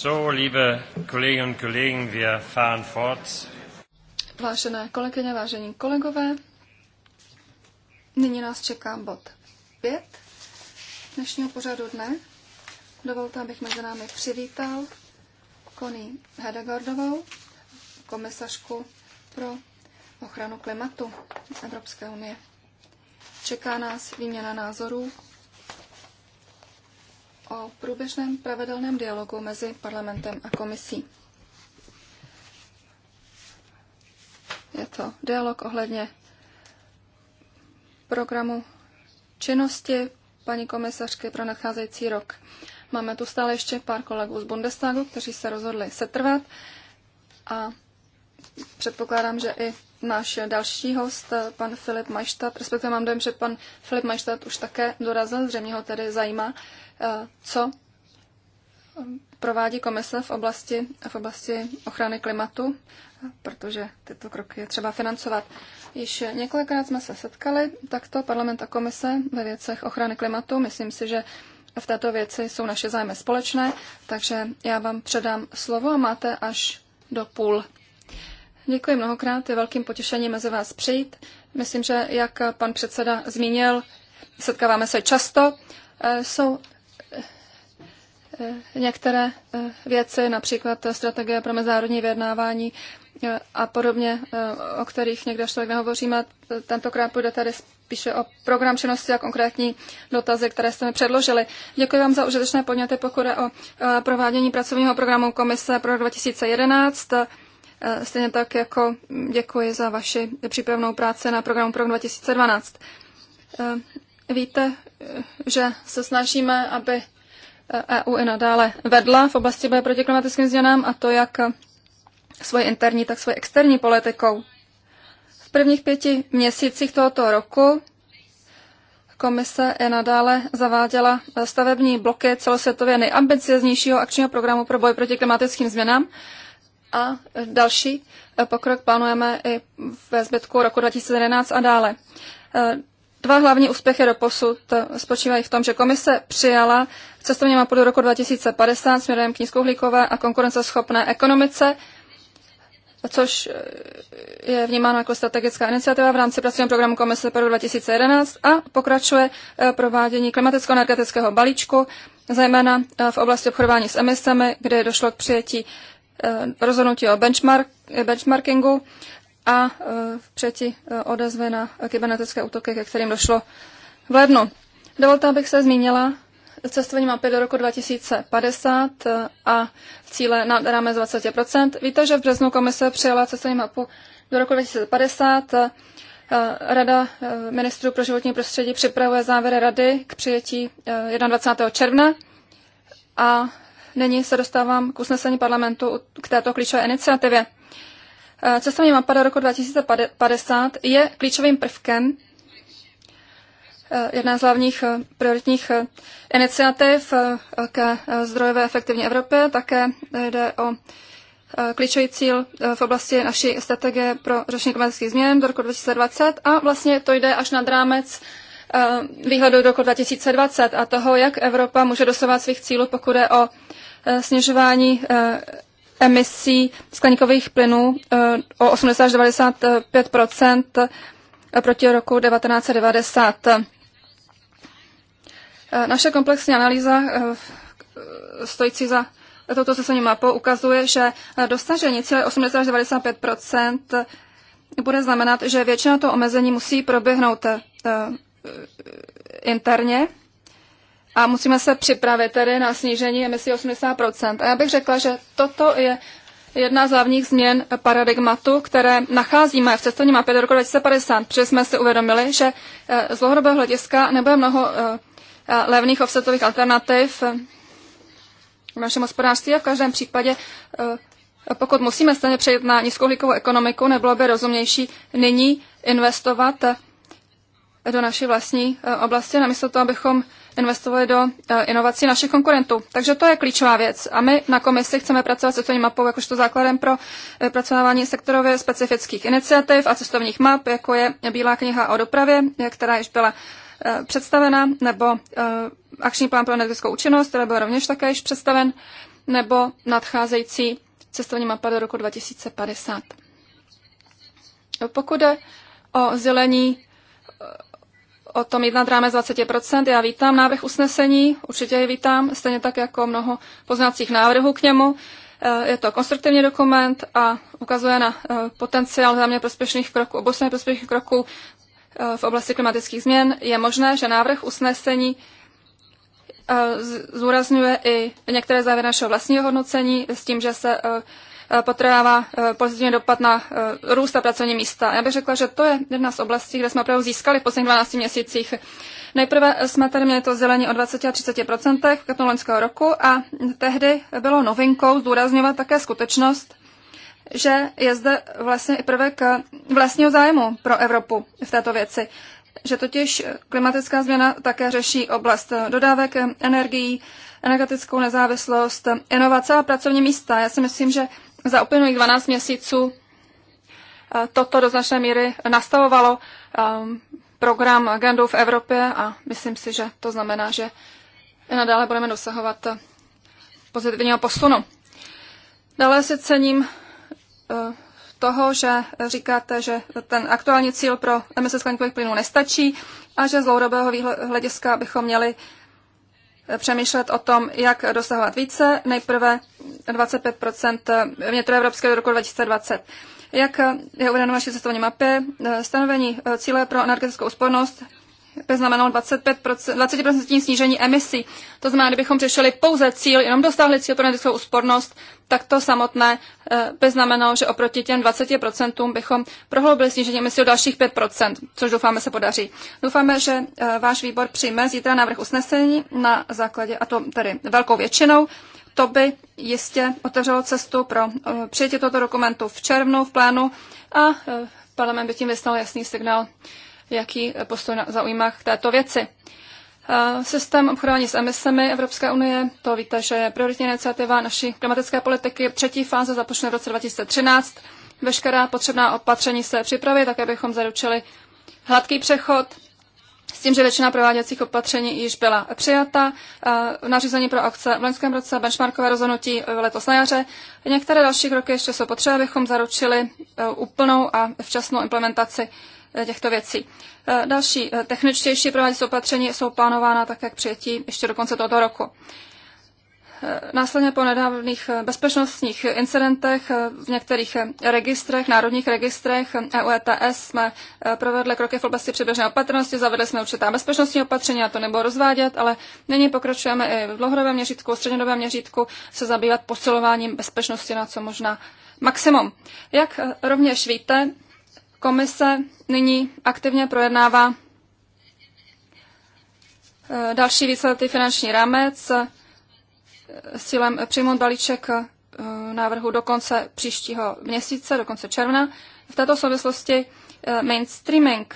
[SPEAKER 1] So, liebe Kolleginnen und Kollegen, wir fahren fort.
[SPEAKER 3] Vážené kolegyně, vážení kolegové, nyní nás čeká bod 5 dnešního pořadu dne. Dovolte, abych mezi námi přivítal Kony Hedegardovou, komisařku pro ochranu klimatu Evropské unie. Čeká nás výměna názorů průběžném pravidelném dialogu mezi parlamentem a komisí. Je to dialog ohledně programu činnosti paní komisařky pro nadcházející rok. Máme tu stále ještě pár kolegů z Bundestagu, kteří se rozhodli setrvat a Předpokládám, že i náš další host, pan Filip Majštat, respektive mám dojem, že pan Filip Majštat už také dorazil, zřejmě ho tedy zajímá, eh, co eh, provádí komise v oblasti, v oblasti ochrany klimatu, protože tyto kroky je třeba financovat. Již několikrát jsme se setkali takto parlament a komise ve věcech ochrany klimatu. Myslím si, že v této věci jsou naše zájmy společné, takže já vám předám slovo a máte až do půl Děkuji mnohokrát, je velkým potěšením mezi vás přijít. Myslím, že jak pan předseda zmínil, setkáváme se často. Eh, jsou eh, některé eh, věci, například strategie pro mezinárodní vyjednávání a podobně, o kterých někde až tolik nehovoříme. Tentokrát půjde tady spíše o program činnosti a konkrétní dotazy, které jste mi předložili. Děkuji vám za užitečné podněty, pokud je o provádění pracovního programu Komise pro 2011 Eh, stejně tak jako mm, děkuji za vaši přípravnou práci na programu PROG 2012. Eh, víte, eh, že se snažíme, aby EU e i nadále vedla v oblasti boje proti klimatickým změnám a to jak svoji interní, tak svoji externí politikou. V prvních pěti měsících tohoto roku komise i nadále zaváděla stavební bloky celosvětově nejambicioznějšího akčního programu pro boj proti klimatickým změnám a další eh, pokrok plánujeme i ve zbytku roku 2011 a dále. Eh, dva hlavní úspěchy do posud eh, spočívají v tom, že komise přijala cestovní mapu do roku 2050 směrem k nízkouhlíkové a konkurenceschopné ekonomice, což je vnímáno jako strategická iniciativa v rámci pracovního programu Komise pro 2011 a pokračuje provádění klimaticko-energetického balíčku, zejména v oblasti obchodování s emisemi, kde došlo k přijetí Eh, rozhodnutí o benchmark, benchmarkingu a přeti eh, eh, odezvy na kybernetické útoky, ke kterým došlo v lednu. Dovolte, abych se zmínila cestovní mapy do roku 2050 a cíle na rámec 20%. Víte, že v březnu komise přijala cestovní mapu do roku 2050. Rada ministrů pro životní prostředí připravuje závěry rady k přijetí 21. června a nyní se dostávám k usnesení parlamentu k této klíčové iniciativě. Eh, cestovní mapa do roku 2050 je klíčovým prvkem eh, jedné z hlavních eh, prioritních iniciativ ke zdrojové efektivní Evropě. Také jde o klíčový cíl v oblasti naší strategie pro řešení klimatických změn do roku 2020 a vlastně to jde až nad rámec výhledu do roku 2020 a toho, jak Evropa může dosovat svých cílů, pokud je o Eh, snižování eh, emisí skleníkových plynů eh, o 80 až 95 proti roku 1990. Naše komplexní analýza stojící za touto cestovní mapou ukazuje, že dosažení cíle 80 až 95 bude znamenat, že většina toho omezení musí proběhnout interně a musíme se připravit tedy na snížení emisí 80%. A já bych řekla, že toto je jedna z hlavních změn paradigmatu, které nacházíme v cestovní mapě do roku 2050, protože jsme si uvědomili, že eh, z dlouhodobého hlediska nebude mnoho eh, eh, levných offsetových alternativ v našem hospodářství a v každém případě pokud musíme stejně přejít na nízkouhlíkovou ekonomiku, nebylo by rozumnější nyní investovat do naší vlastní oblasti, namísto toho, abychom investovali do eh, inovací našich konkurentů. Takže to je klíčová věc. A my na komisi chceme pracovat s cestovní mapou jakožto základem pro eh, pracování sektorově specifických iniciativ a cestovních map, jako je Bílá kniha o dopravě, která již byla eh, představena, nebo akční plán pro energetickou účinnost, který byl rovněž také již představen, nebo nadcházející cestovní mapa do roku 2050. Pokud jde o zelení o tom jednat z 20%. Já vítám návrh usnesení, určitě je vítám, stejně tak jako mnoho poznacích návrhů k němu. Eh, je to konstruktivní dokument a ukazuje na eh, potenciál zámě prospěšných kroků, oboustranně prospěšných kroků eh, v oblasti klimatických změn. Je možné, že návrh usnesení zúrazňuje i některé závěry našeho vlastního hodnocení s tím, že se Eh, potrává eh, pozitivní dopad na eh, růst a pracovní místa. Já bych řekla, že to je jedna z oblastí, kde jsme opravdu získali v posledních 12 měsících. Nejprve jsme tady měli to zelení o 20 a 30 v květnu loňského roku a tehdy bylo novinkou zdůrazňovat také skutečnost, že je zde vlastně i prvek vlastního zájmu pro Evropu v této věci že totiž klimatická změna také řeší oblast dodávek energií, energetickou nezávislost, inovace a pracovní místa. Já si myslím, že za uplynulých 12 měsíců eh, toto do značné míry nastavovalo ehm, program agendou v Evropě a myslím si, že to znamená, že nadále budeme dosahovat eh, pozitivního posunu. Dále si cením eh, toho, že říkáte, že ten aktuální cíl pro emise skleníkových plynů nestačí a že z dlouhodobého hlediska bychom měli přemýšlet o tom, jak dosahovat více. Nejprve 25 vnitroevropského do roku 2020. Jak je uvedeno v naší cestovní mapě, stanovení cíle pro energetickou úspornost by znamenalo 25%, 20% snížení emisí. To znamená, kdybychom řešili pouze cíl, jenom dosáhli cíl pro energetickou úspornost, tak to samotné eh, by znamenalo, že oproti těm 20% bychom prohloubili snížení emisí o dalších 5%, což doufáme se podaří. Doufáme, že eh, váš výbor přijme zítra návrh usnesení na základě, a to tedy velkou většinou, to by jistě otevřelo cestu pro eh, přijetí tohoto dokumentu v červnu v plénu a parlament by tím vyslal jasný signál jaký postoj zaujímá k této věci. Systém obchodování s emisemi Evropské unie, to víte, že je prioritní iniciativa naší klimatické politiky. Třetí fáze započne v roce 2013. Veškerá potřebná opatření se připravuje tak abychom zaručili hladký přechod s tím, že většina prováděcích opatření již byla přijata. Nařízení pro akce v loňském roce, benchmarkové rozhodnutí e, letos na jaře. Některé další kroky ještě jsou potřeba, abychom zaručili e, úplnou a včasnou implementaci Eh, těchto věcí. Eh, další eh, techničtější prováděcí opatření jsou plánována také k přijetí ještě do konce tohoto roku. Následně po nedávných bezpečnostních incidentech v některých registrech, národních registrech EU e ETS jsme provedli kroky v oblasti přibližné opatrnosti, zavedli jsme určitá bezpečnostní opatření, a to nebylo rozvádět, ale nyní pokračujeme i v dlouhodobém měřítku, v střednědobém měřítku se zabývat posilováním bezpečnosti na co možná maximum. Jak rovněž víte, Komise nyní aktivně projednává eh, další výsledky finanční rámec eh, s cílem přijmout balíček eh, návrhu do konce příštího měsíce, do konce června. V této souvislosti mainstreaming,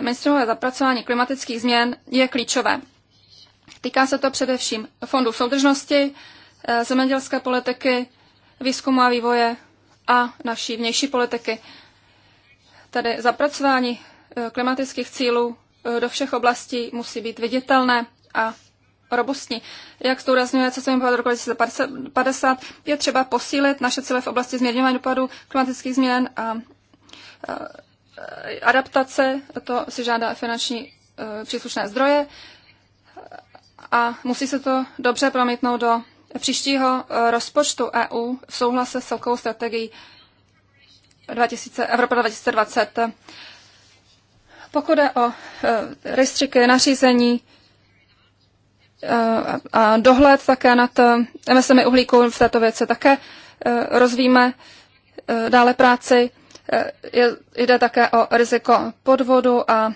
[SPEAKER 3] mainstreamové zapracování klimatických změn je klíčové. Týká se to především fondů soudržnosti, zemědělské politiky, výzkumu a vývoje a naší vnější politiky tedy zapracování eh, klimatických cílů eh, do všech oblastí musí být viditelné a robustní. Jak zdůrazňuje cestovní plán roku 2050, je třeba posílit naše cíle v oblasti změňování dopadů klimatických změn a, eh, adaptace, to si žádá finanční příslušné zdroje a musí se to dobře promítnout do příštího rozpočtu EU v souhlase s celkovou strategií 2000, Evropa 2020. Pokud je o eh, rejstříky, nařízení eh, a dohled také nad eh, emisemi uhlíku v této věci, také rozvíjíme dále práci. Je, jde také o riziko podvodu a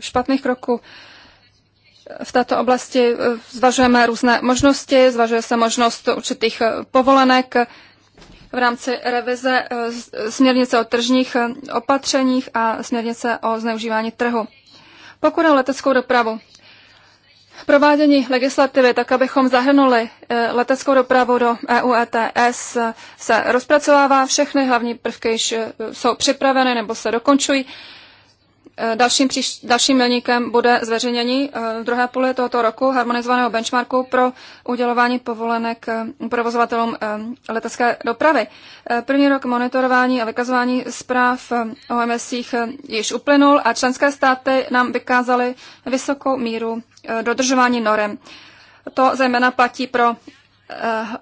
[SPEAKER 3] špatných kroků. V této oblasti zvažujeme různé možnosti, zvažuje se možnost určitých povolenek, v rámci revize eh, směrnice o tržních eh, opatřeních a směrnice o zneužívání trhu. Pokud o leteckou dopravu, Provádění legislativy, tak abychom zahrnuli eh, leteckou dopravu do EU ETS, se rozpracovává. Všechny hlavní prvky již jsou připraveny nebo se dokončují. Eh, dalším, příš, dalším milníkem bude zveřejnění v eh, druhé půli tohoto roku harmonizovaného benchmarku pro udělování povolenek eh, provozovatelům letecké dopravy. První rok monitorování a vykazování zpráv o emisích již uplynul a členské státy nám vykázaly vysokou míru dodržování norem. To zejména platí pro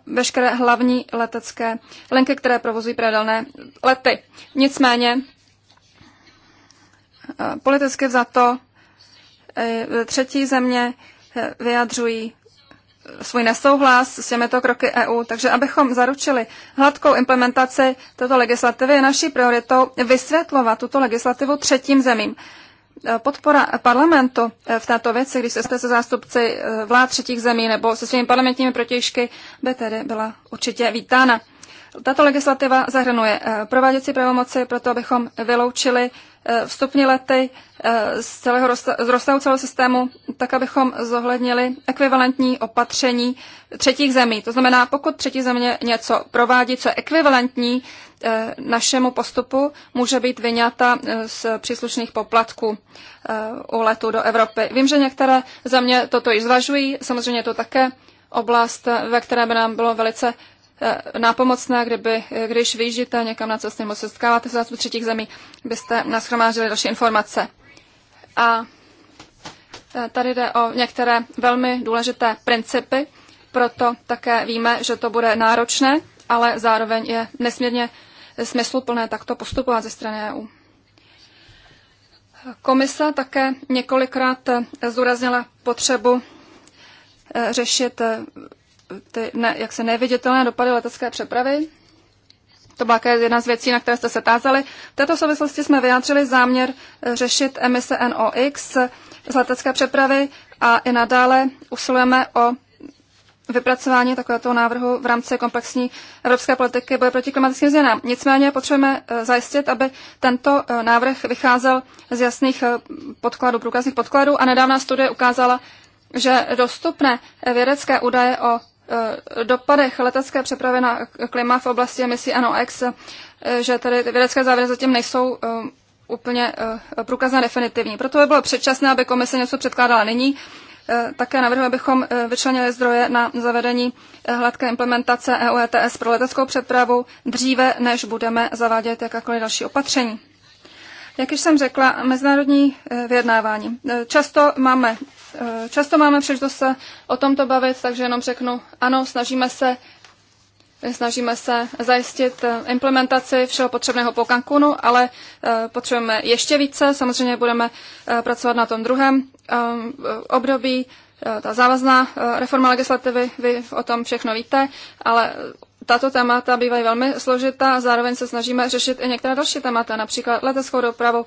[SPEAKER 3] veškeré hlavní letecké linky, které provozují pravidelné lety. Nicméně politicky to eh, třetí země eh, vyjadřují svůj nesouhlas s těmito kroky EU. Takže abychom zaručili hladkou implementaci této legislativy, je naší prioritou vysvětlovat tuto legislativu třetím zemím. Eh, podpora parlamentu v této věci, když jste se zástupci vlád třetích zemí nebo se svými parlamentními protěžky, by tedy byla určitě vítána. Tato legislativa zahrnuje prováděcí pravomoci, proto abychom vyloučili vstupní lety eh, z, celého, z rozsahu celého systému, tak abychom zohlednili ekvivalentní opatření třetích zemí. To znamená, pokud třetí země něco provádí, co je ekvivalentní eh, našemu postupu, může být vyňata eh, z příslušných poplatků u letu do Evropy. Vím, že některé země toto i zvažují, samozřejmě je to také oblast, ve které by nám bylo velice Eh, nápomocné, kdyby, eh, když vyjíždíte někam na cestu nebo se setkáváte se zástupci třetích zemí, byste nashromáždili další informace. A eh, tady jde o některé velmi důležité principy, proto také víme, že to bude náročné, ale zároveň je nesmírně smysluplné takto postupovat ze strany EU. Komise také několikrát zdůraznila potřebu řešit ty ne, jak se neviditelné dopady letecké přepravy. To byla jedna z věcí, na které jste se tázali. V této souvislosti jsme vyjádřili záměr eh, řešit emise NOx z letecké přepravy a i nadále usilujeme o vypracování takovéto návrhu v rámci komplexní evropské politiky boje proti klimatickým změnám. Nicméně potřebujeme eh, zajistit, aby tento eh, návrh vycházel z jasných podkladů, průkazných podkladů a nedávná studie ukázala, že dostupné vědecké údaje o Eh, dopadech letecké přepravy na klima v oblasti emisí NOx, eh, že tady ty vědecké závěry zatím nejsou eh, úplně průkazně definitivní. Proto by bylo předčasné, aby komise něco předkládala nyní. Také navrhuji, abychom vyčlenili zdroje na zavedení hladké implementace EU ETS pro leteckou přepravu dříve, než budeme zavádět jakákoliv další opatření. Jak již jsem řekla, mezinárodní eh, vyjednávání. Eh, často máme, eh, často máme příležitost se o tomto bavit, takže jenom řeknu, ano, snažíme se snažíme se zajistit implementaci všeho potřebného po Cancunu, ale potřebujeme ještě více. Samozřejmě budeme pracovat na tom druhém období. Ta závazná reforma legislativy, vy o tom všechno víte, ale tato témata bývají velmi složitá, zároveň se snažíme řešit i některá další témata, například leteckou dopravu,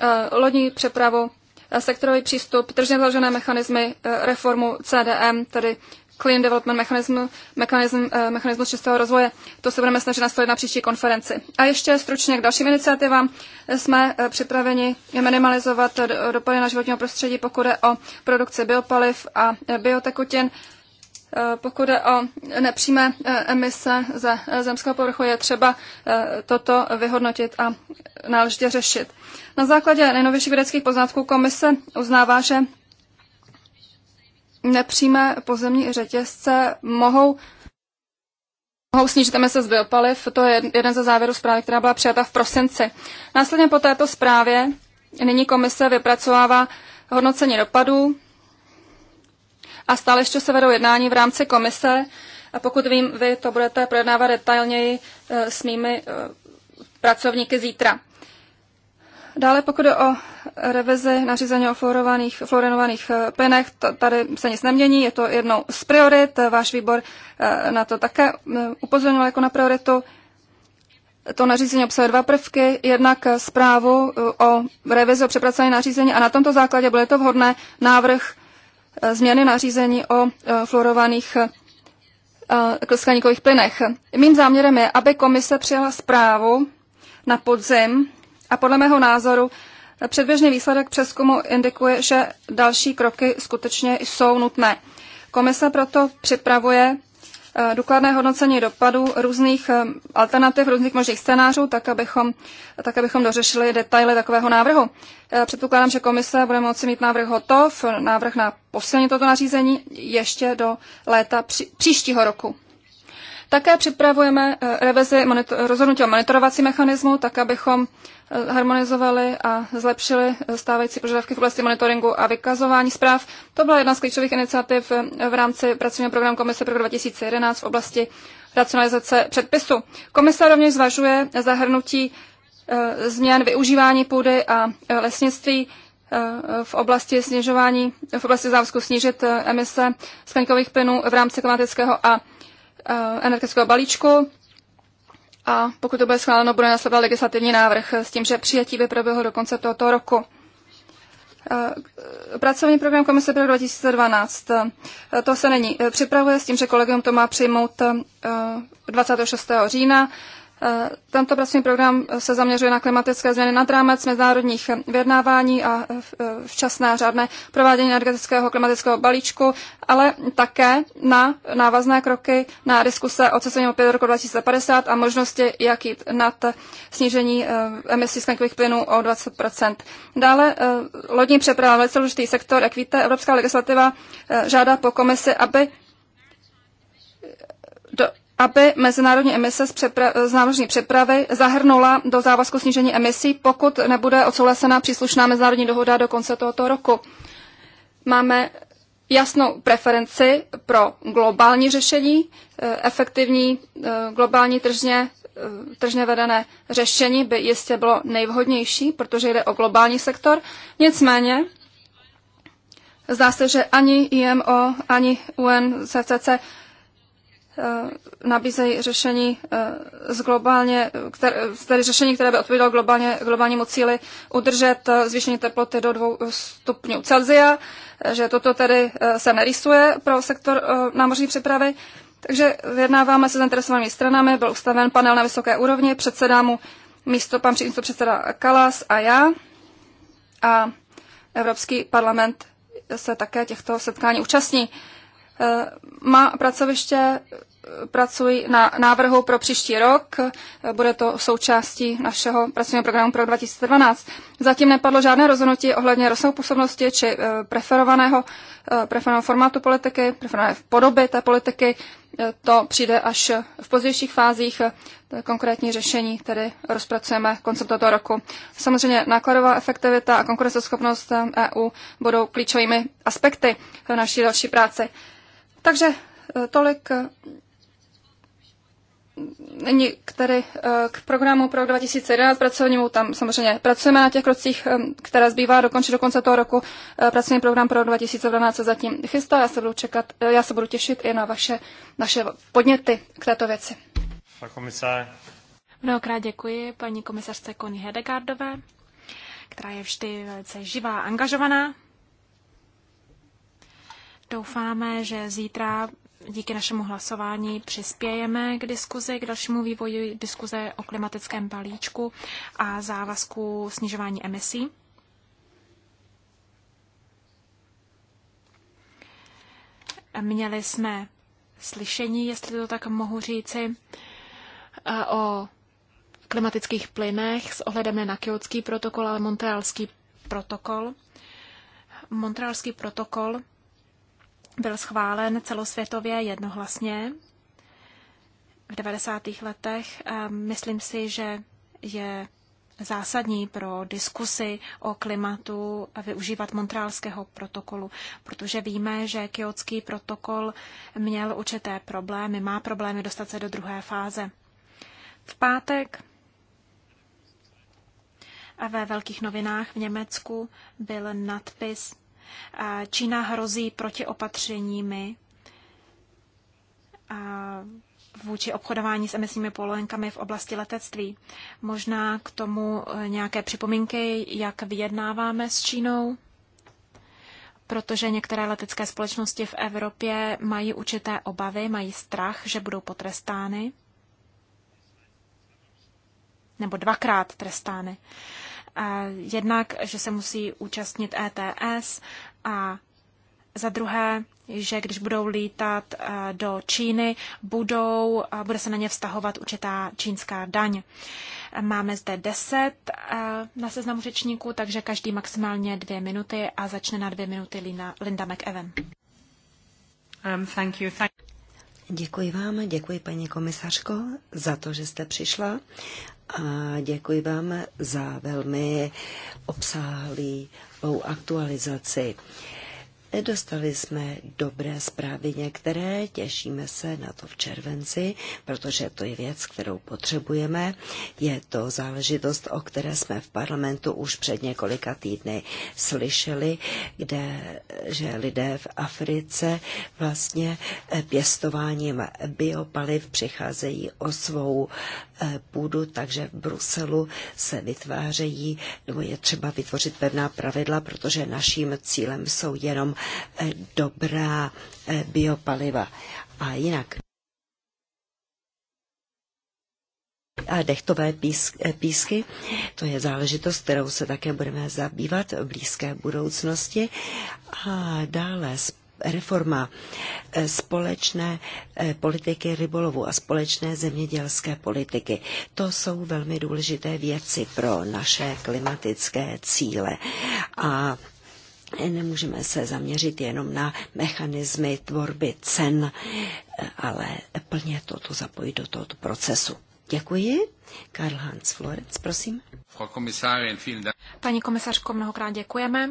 [SPEAKER 3] eh, lodní přepravu, eh, sektorový přístup, tržně založené mechanismy, eh, reformu CDM, tedy Clean Development Mechanism, mechanism, mechanismus čistého rozvoje. To se budeme snažit nastavit na příští konferenci. A ještě stručně k dalším iniciativám. Jsme připraveni minimalizovat dopady na životního prostředí, pokud je o produkci biopaliv a biotekutin. Eh, pokud je o nepřímé eh, emise ze eh, zemského povrchu, je třeba toto vyhodnotit a náležitě řešit. Na základě nejnovějších vědeckých poznatků komise uznává, že nepřímé pozemní řetězce mohou mohou snížit emise z biopaliv. To je jeden ze závěrů zprávy, která byla přijata v prosinci. Následně po této zprávě nyní komise vypracovává hodnocení dopadů a stále ještě se vedou jednání v rámci komise. A pokud vím, vy to budete projednávat detailněji eh, s mými eh, pracovníky zítra. Dále pokud je o revizi nařízení o fluorovaných, fluorinovaných eh, penech, tady se nic nemění, je to jednou z priorit, váš výbor na to také upozornil jako na prioritu. To nařízení obsahuje dva prvky, jednak zprávu o revizi o přepracování nařízení a na tomto základě bude to vhodné návrh Eh, změny nařízení o eh, fluorovaných eh, skleníkových plynech. Mým záměrem je, aby komise přijala zprávu na podzim a podle mého názoru předběžný výsledek přeskumu indikuje, že další kroky skutečně jsou nutné. Komise proto připravuje Eh, důkladné hodnocení dopadu různých eh, alternativ, různých možných scénářů, tak abychom, tak abychom dořešili detaily takového návrhu. Eh, předpokládám, že komise bude moci mít návrh hotov, návrh na posílení toto nařízení ještě do léta pří, příštího roku. Také připravujeme revizi monitor, rozhodnutí o monitorovacím mechanismu, tak abychom harmonizovali a zlepšili stávající požadavky v oblasti monitoringu a vykazování zpráv. To byla jedna z klíčových iniciativ v rámci pracovního programu Komise pro 2011 v oblasti racionalizace předpisu. Komise rovněž zvažuje zahrnutí eh, změn využívání půdy a lesnictví eh, v oblasti snižování, v oblasti závazku snížit eh, emise skleníkových plynů v rámci klimatického a energetického balíčku a pokud to bude schváleno, bude následovat legislativní návrh s tím, že přijetí by proběhlo do konce tohoto roku. E, pracovní program Komise pro 2012. E, to se není e, připravuje s tím, že kolegium to má přijmout 26. října. Tento pracovní program se zaměřuje na klimatické změny nad rámec mezinárodních vyjednávání a e, včasné a řádné provádění energetického klimatického balíčku, ale také na návazné kroky na diskuse o cestovním opět roku 2050 a možnosti, jak jít nad snížení e, emisí skleníkových plynů o 20 Dále e, lodní přeprava, velice důležitý sektor, jak víte, evropská legislativa žádá po komisi, aby do, aby mezinárodní emise z, přepra- z námořní přepravy zahrnula do závazku snížení emisí, pokud nebude odsouhlasena příslušná mezinárodní dohoda do konce tohoto roku. Máme jasnou preferenci pro globální řešení, eh, efektivní eh, globální tržně, eh, tržně vedené řešení by jistě bylo nejvhodnější, protože jde o globální sektor. Nicméně zdá se, že ani IMO, ani UNCCC Eh, nabízejí řešení eh, z globálně, které, tedy řešení, které by odpovídalo globálně, globálnímu cíli udržet eh, zvýšení teploty do 2 stupňů Celzia, že toto tedy se nerýsuje pro sektor námořní přepravy. Takže vyjednáváme se zainteresovanými stranami, byl ustaven panel na vysoké úrovni, předsedá mu místo, pan místo předseda Kalas a já. A Evropský parlament se také těchto setkání účastní. Má pracoviště pracuji na návrhu pro příští rok. Bude to součástí našeho pracovního programu pro 2012. Zatím nepadlo žádné rozhodnutí ohledně rozsahu působnosti či eh, preferovaného, eh, preferovaného formátu politiky, preferované podoby té politiky. Eh, to přijde až v pozdějších fázích. Konkrétní řešení tedy rozpracujeme koncem tohoto roku. Samozřejmě nákladová efektivita a konkurenceschopnost EU e budou klíčovými aspekty naší další práce. Takže tolik nyní eh, k programu pro 2011 pracovnímu, tam samozřejmě pracujeme na těch krocích, eh, které zbývá dokončit do konce toho roku. Eh, pracovní program pro 2012 se zatím chystá, já se budu, čekat, já se budu těšit i na vaše, naše podněty k této věci.
[SPEAKER 1] Pan komisár.
[SPEAKER 2] Mnohokrát děkuji paní komisařce Koni Hedegardové, která je vždy velice živá a angažovaná. Doufáme, že zítra díky našemu hlasování přispějeme k diskuzi, k dalšímu vývoji diskuze o klimatickém balíčku a závazku snižování emisí. Měli jsme slyšení, jestli to tak mohu říci, eh, o klimatických plynech s ohledem na Kyotský protokol a Montrealský protokol. Montrealský protokol byl schválen celosvětově jednohlasně v 90. letech. Myslím si, že je zásadní pro diskusy o klimatu využívat Montrealského protokolu, protože víme, že Kyotský protokol měl určité problémy, má problémy dostat se do druhé fáze. V pátek a ve velkých novinách v Německu byl nadpis Čína hrozí protiopatřeními vůči obchodování s emisními povolenkami v oblasti letectví. Možná k tomu e, nějaké připomínky, jak vyjednáváme s Čínou, protože některé letecké společnosti v Evropě mají určité obavy, mají strach, že budou potrestány nebo dvakrát trestány jednak, že se musí účastnit ETS a za druhé, že když budou lítat eh, do Číny, budou, eh, bude se na ně vztahovat určitá čínská daň. Máme zde deset eh, na seznamu řečníků, takže každý maximálně dvě minuty a začne na dvě minuty Linda, Linda McEwen.
[SPEAKER 1] Um, thank you. Thank Děkuji vám, děkuji paní komisařko za to, že jste přišla a děkuji vám za velmi obsáhlý aktualizaci. Dostali jsme dobré zprávy některé, těšíme se na to v červenci, protože to je věc, kterou potřebujeme. Je to záležitost, o které jsme v parlamentu už před několika týdny slyšeli, kde, že lidé v Africe vlastně eh, pěstováním biopaliv přicházejí o svou eh, půdu, takže v Bruselu se vytvářejí, nebo je třeba vytvořit pevná pravidla, protože naším cílem jsou jenom Eh, dobrá eh, biopaliva. A jinak a dechtové eh, písky. To je záležitost, kterou se také budeme zabývat v blízké budoucnosti. A dále reforma společné politiky rybolovu a společné zemědělské politiky. To jsou velmi důležité věci pro naše klimatické cíle. A nemůžeme se zaměřit jenom na mechanismy tvorby cen, ale plně toto zapojit do tohoto procesu. Děkuji. Karl Hans Florec, prosím.
[SPEAKER 2] Paní komisařko, mnohokrát děkujeme.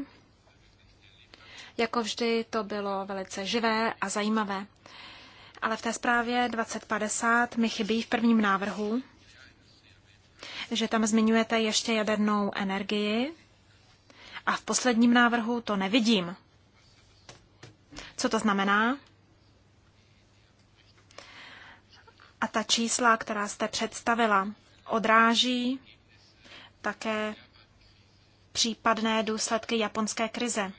[SPEAKER 2] Jako vždy to bylo velice živé a zajímavé. Ale v té zprávě 2050 mi chybí v prvním návrhu, že tam zmiňujete ještě jadernou energii, a v posledním návrhu to nevidím. Co to znamená? A ta čísla, která jste představila, odráží také případné důsledky japonské krize.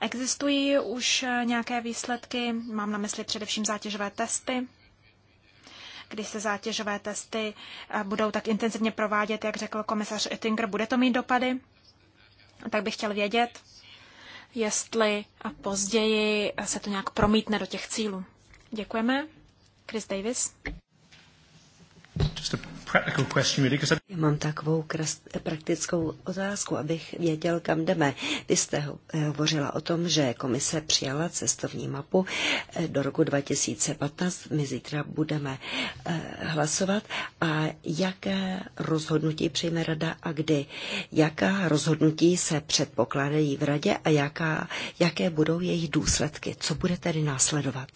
[SPEAKER 2] Existují už nějaké výsledky, mám na mysli především zátěžové testy, když se zátěžové testy eh, budou tak intenzivně provádět, jak řekl komisař Ettinger, bude to mít dopady tak bych chtěl vědět, jestli a později se to nějak promítne do těch cílů. Děkujeme. Chris Davis.
[SPEAKER 1] Mám takovou praktickou otázku, abych věděl, kam jdeme. Vy jste eh, hovořila o tom, že komise přijala cestovní mapu eh, do roku 2015. My zítra budeme eh, hlasovat. A jaké rozhodnutí přijme rada a kdy? Jaká rozhodnutí se předpokládají v radě a jaká, jaké budou jejich důsledky? Co bude tedy následovat?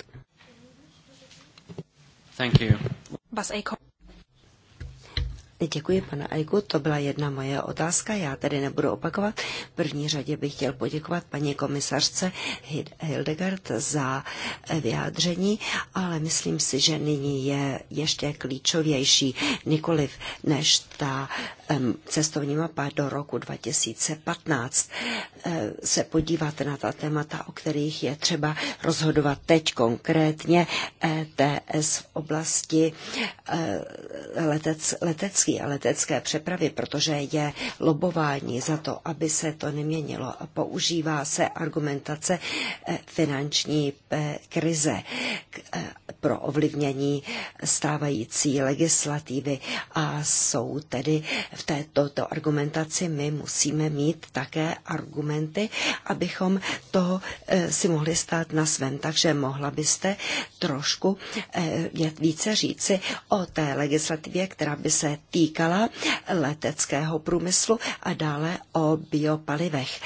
[SPEAKER 1] Thank you. Děkuji, pane Ajku. To byla jedna moje otázka. Já tedy nebudu opakovat. V první řadě bych chtěl poděkovat paní komisařce Hildegard za eh, vyjádření, ale myslím si, že nyní je ještě klíčovější nikoliv než ta cestovní mapa do roku 2015 se podívat na ta témata, o kterých je třeba rozhodovat teď konkrétně ETS v oblasti e, letec, letecký a letecké přepravy, protože je lobování za to, aby se to neměnilo a používá se argumentace e, finanční e, krize pro ovlivnění stávající legislativy a jsou tedy v této argumentaci my musíme mít také argumenty, abychom to eh, si mohli stát na svém. Takže mohla byste trošku eh, více říci o té legislativě, která by se týkala leteckého průmyslu a dále o biopalivech.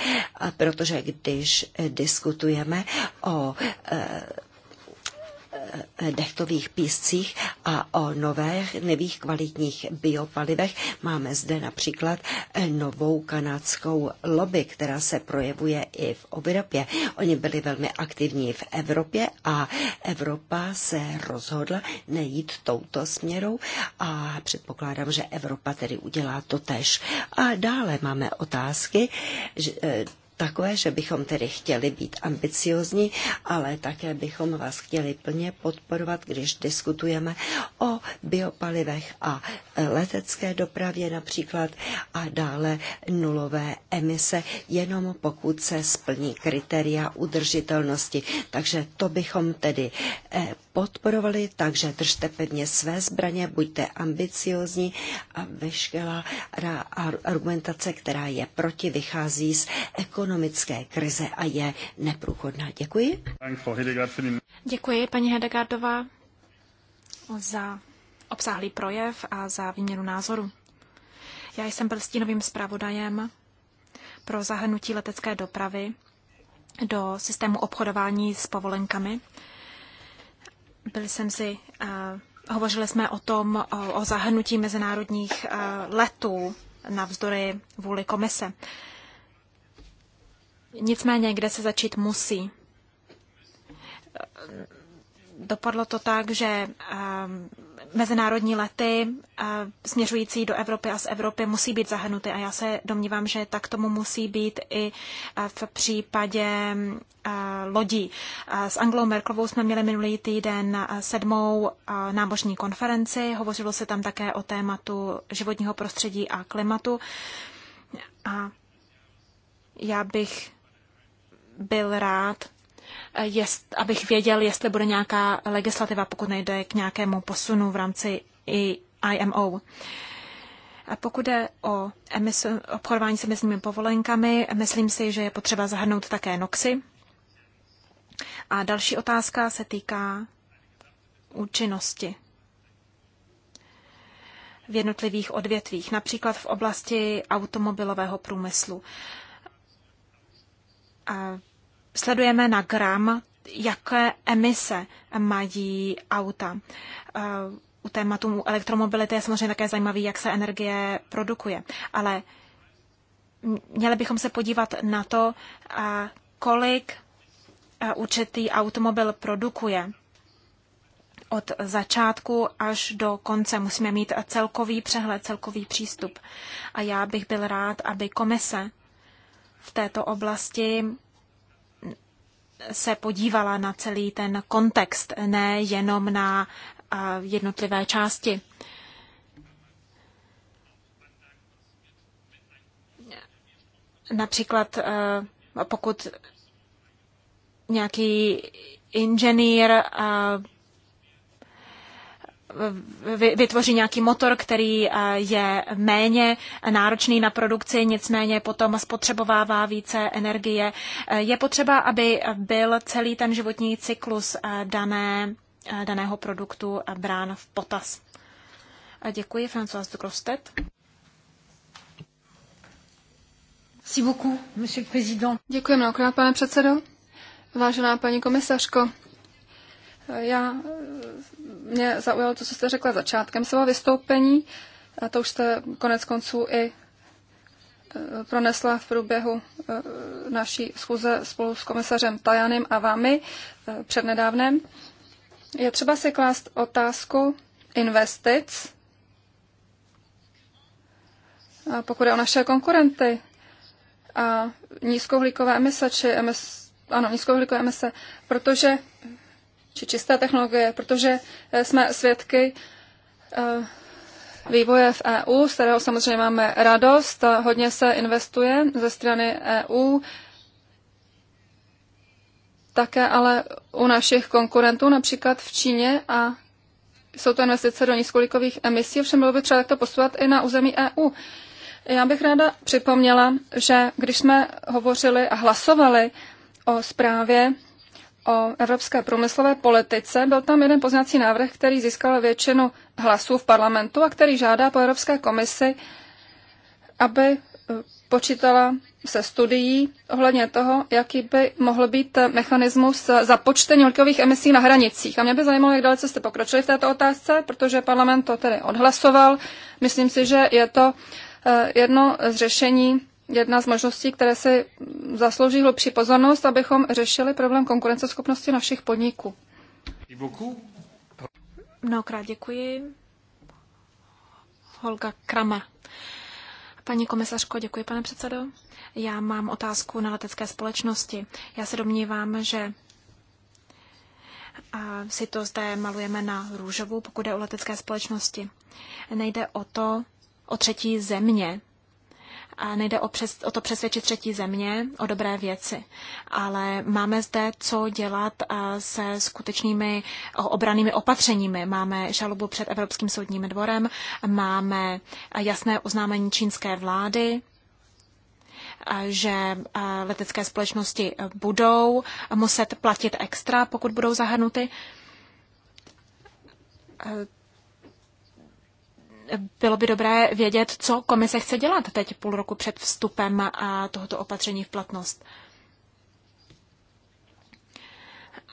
[SPEAKER 1] Protože když eh, diskutujeme o Eh, dechtových píscích a o nových, nových kvalitních biopalivech. Máme zde například eh, novou kanadskou lobby, která se projevuje i v Evropě. Oni byli velmi aktivní v Evropě a Evropa se rozhodla nejít touto směrou a předpokládám, že Evropa tedy udělá to tež. A dále máme otázky, že, eh, takové, že bychom tedy chtěli být ambiciozní, ale také bychom vás chtěli plně podporovat, když diskutujeme o biopalivech a letecké dopravě například a dále nulové emise, jenom pokud se splní kritéria udržitelnosti. Takže to bychom tedy eh, podporovali, takže držte pevně své zbraně, buďte ambiciozní a veškerá argumentace, která je proti, vychází z ekonomického ekonomické krize a je neprůchodná. Děkuji.
[SPEAKER 2] Děkuji, paní Hedegardová, za obsáhlý projev a za výměnu názoru. Já jsem byl stínovým zpravodajem pro zahrnutí letecké dopravy do systému obchodování s povolenkami. Byl jsem si, uh, hovořili jsme o tom, o, o zahrnutí mezinárodních uh, letů navzdory vůli komise. Uh, Nicméně, kde se začít musí. Dopadlo to tak, že ehm, mezinárodní lety ehm, směřující do Evropy a z Evropy musí být zahrnuty a já se domnívám, že tak tomu musí být i eh, v případě eh, lodí. Eh, s Anglou Merklovou jsme měli minulý týden sedmou námořní konferenci, hovořilo se tam také o tématu životního prostředí a klimatu a já bych byl rád, eh, jest, abych věděl, jestli bude nějaká legislativa, pokud nejde k nějakému posunu v rámci i IMO. A pokud jde o emis- obchodování s emisními povolenkami, myslím si, že je potřeba zahrnout také NOXy. A další otázka se týká účinnosti v jednotlivých odvětvích, například v oblasti automobilového průmyslu. A sledujeme na gram, jaké emise mají auta. Eh, u tématu elektromobility je samozřejmě také zajímavý, jak se energie produkuje, ale měli bychom se podívat na to, eh, kolik eh, určitý automobil produkuje. Od začátku až do konce musíme mít celkový přehled, celkový přístup. A já bych byl rád, aby komise v této oblasti se podívala na celý ten kontext, ne jenom na eh, jednotlivé části. Například eh, pokud nějaký inženýr eh, vytvoří nějaký motor, který eh, je méně náročný na produkci, nicméně potom spotřebovává více energie. Eh, je potřeba, aby byl celý ten životní cyklus eh, dané, daného produktu brán v potaz. děkuji, François Grostet.
[SPEAKER 3] Děkuji mnohokrát, pane předsedo. Vážená paní komisařko, já mě zaujalo to, co jste řekla začátkem svého vystoupení, a to už jste konec konců i e, pronesla v průběhu e, naší schůze spolu s komisařem Tajanem a vámi e, přednedávnem. Je třeba si klást otázku investic, pokud je o naše konkurenty a nízkouhlíkové emise, či emis, ano, nízkouhlíkové emise, protože či čisté technologie, protože eh, jsme svědky eh, vývoje v EU, z kterého samozřejmě máme radost. Hodně se investuje ze strany EU, také ale u našich konkurentů, například v Číně a jsou to investice do nízkolikových emisí, ovšem bylo by třeba takto postupovat i na území EU. Já bych ráda připomněla, že když jsme hovořili a hlasovali o zprávě o evropské průmyslové politice, byl tam jeden poznací návrh, který získal většinu hlasů v parlamentu a který žádá po Evropské komisi, aby eh, počítala se studií ohledně toho, jaký by mohl být eh, mechanismus eh, započtení uhlíkových emisí na hranicích. A mě by zajímalo, jak dalece jste pokročili v této otázce, protože parlament to tedy odhlasoval. Myslím si, že je to jedno z řešení jedna z možností, které si zaslouží hlubší pozornost, abychom řešili problém konkurenceschopnosti našich
[SPEAKER 2] podniků. Mnohokrát děkuji. Holga Krama. Paní komisařko, děkuji, pane předsedo. Já mám otázku na letecké společnosti. Já se domnívám, že si to zde malujeme na růžovou, pokud je o letecké společnosti. Nejde o to, o třetí země, a nejde o, přes, o to přesvědčit třetí země o dobré věci, ale máme zde co dělat eh, se skutečnými obranými opatřeními. Máme žalobu před Evropským soudním dvorem, máme eh, jasné oznámení čínské vlády, eh, že letecké společnosti budou muset platit extra, pokud budou zahrnuty bylo by dobré vědět, co komise chce dělat teď půl roku před vstupem a tohoto opatření v platnost.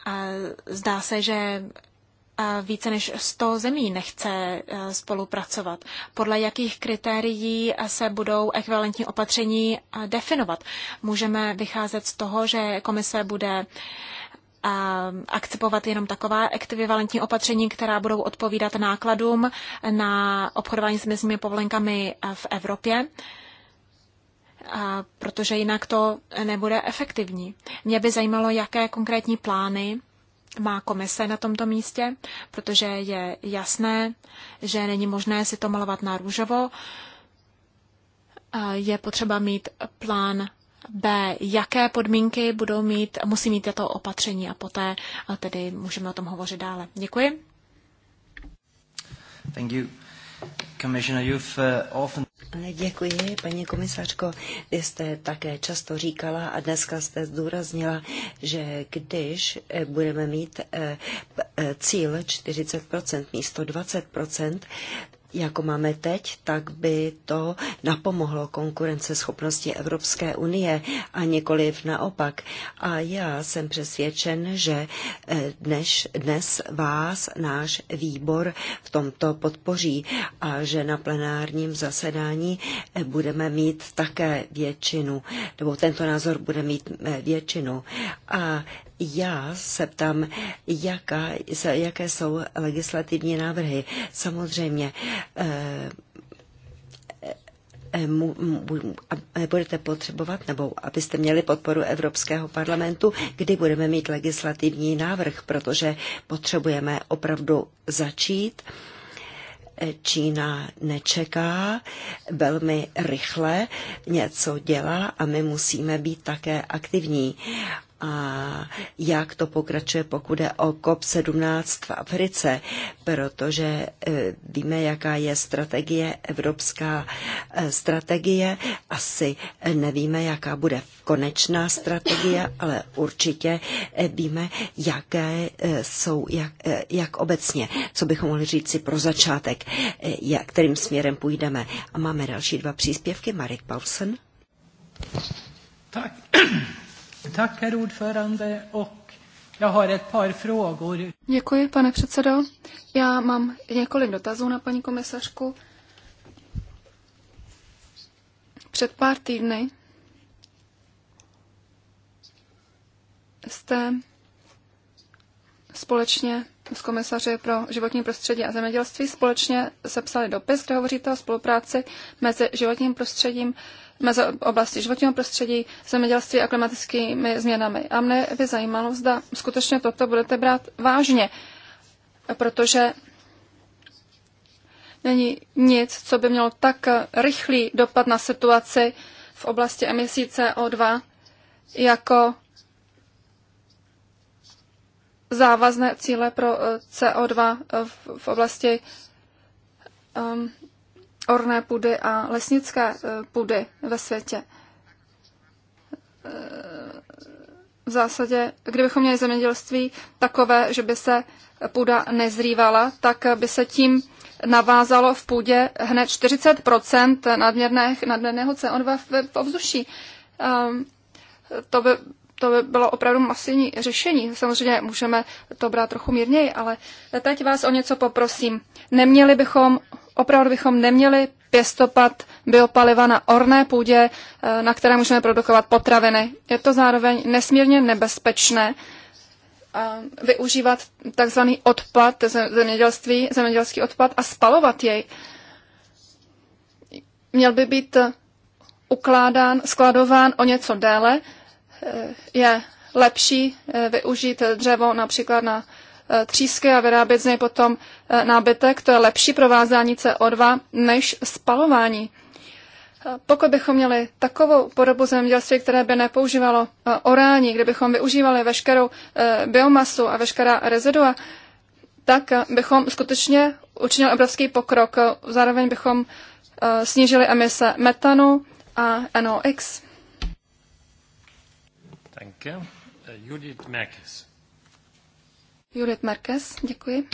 [SPEAKER 2] A zdá se, že více než 100 zemí nechce e, spolupracovat. Podle jakých kritérií se budou ekvivalentní opatření definovat? Můžeme vycházet z toho, že komise bude Eh, akceptovat jenom taková ekvivalentní opatření, která budou odpovídat nákladům na obchodování s mezními povolenkami eh, v Evropě, eh, protože jinak to nebude efektivní. Mě by zajímalo, jaké konkrétní plány má komise na tomto místě, protože je jasné, že není možné si to malovat na růžovo. Je potřeba mít plán B, jaké podmínky budou mít, musí mít tato opatření a poté a eh, tedy můžeme o tom hovořit dále. Děkuji.
[SPEAKER 1] Thank you. Commissioner, you've eh, often... Děkuji, paní komisařko. Vy jste také často říkala a dneska jste zdůraznila, že když eh, budeme mít cíl 40 místo 20 jako máme teď, tak by to napomohlo konkurenceschopnosti Evropské unie a nikoliv naopak. A já jsem přesvědčen, že eh, dnes, dnes vás náš výbor v tomto podpoří a že na plenárním zasedání eh, budeme mít také většinu, nebo tento názor bude mít eh, většinu. A já se ptám, jaká, jaké jsou legislativní návrhy. Samozřejmě eh, eh, budete potřebovat, nebo abyste měli podporu Evropského parlamentu, kdy budeme mít legislativní návrh, protože potřebujeme opravdu začít. Eh, Čína nečeká, velmi rychle něco dělá a my musíme být také aktivní a jak to pokračuje, pokud je o COP17 v Africe, protože eh, víme, jaká je strategie, evropská eh, strategie. Asi eh, nevíme, jaká bude konečná strategie, ale určitě víme, jaké jsou, jak, jak obecně, co bychom mohli říct si pro začátek, kterým směrem půjdeme. A máme další dva příspěvky. Marek Paulsen. Tak. Tak, herr ordförande, och jag har ett par frågor.
[SPEAKER 3] Děkuji, pane předsedo. Já mám několik dotazů na paní komisařku. Před pár týdny jste společně s komisaři pro životní prostředí a zemědělství společně sepsali dopis, kde hovoříte o spolupráci mezi životním prostředím, mezi oblasti životního prostředí, zemědělství a klimatickými změnami. A mne by zajímalo, zda skutečně toto budete brát vážně, protože není nic, co by mělo tak rychlý dopad na situaci v oblasti emisí CO2, jako závazné cíle pro eh, CO2 v, v oblasti um, orné půdy a lesnické eh, půdy ve světě. Eh, v zásadě, kdybychom měli zemědělství takové, že by se půda nezrývala, tak by se tím navázalo v půdě hned 40 nadměrného CO2 v ovzduší. Ehm, to by to by bylo opravdu masivní řešení. Samozřejmě můžeme to brát trochu mírněji, ale teď vás o něco poprosím. Neměli bychom, opravdu bychom neměli pěstopat biopaliva na orné půdě, eh, na které můžeme produkovat potraviny. Je to zároveň nesmírně nebezpečné eh, využívat takzvaný odpad zemědělství, zemědělský odpad a spalovat jej. Měl by být eh, ukládán, skladován o něco déle, Eh, je lepší eh, využít dřevo například na eh, třísky a vyrábět z něj potom nábytek. To je lepší provázání CO2 než spalování. Pokud bychom měli takovou podobu zemědělství, které by nepoužívalo orání, kdybychom využívali veškerou biomasu a veškerá rezidua, tak bychom skutečně učinili obrovský pokrok. Zároveň bychom snížili emise metanu a NOx.
[SPEAKER 1] Danke. Judith Merkes.
[SPEAKER 3] Judith Merkes, děkuji.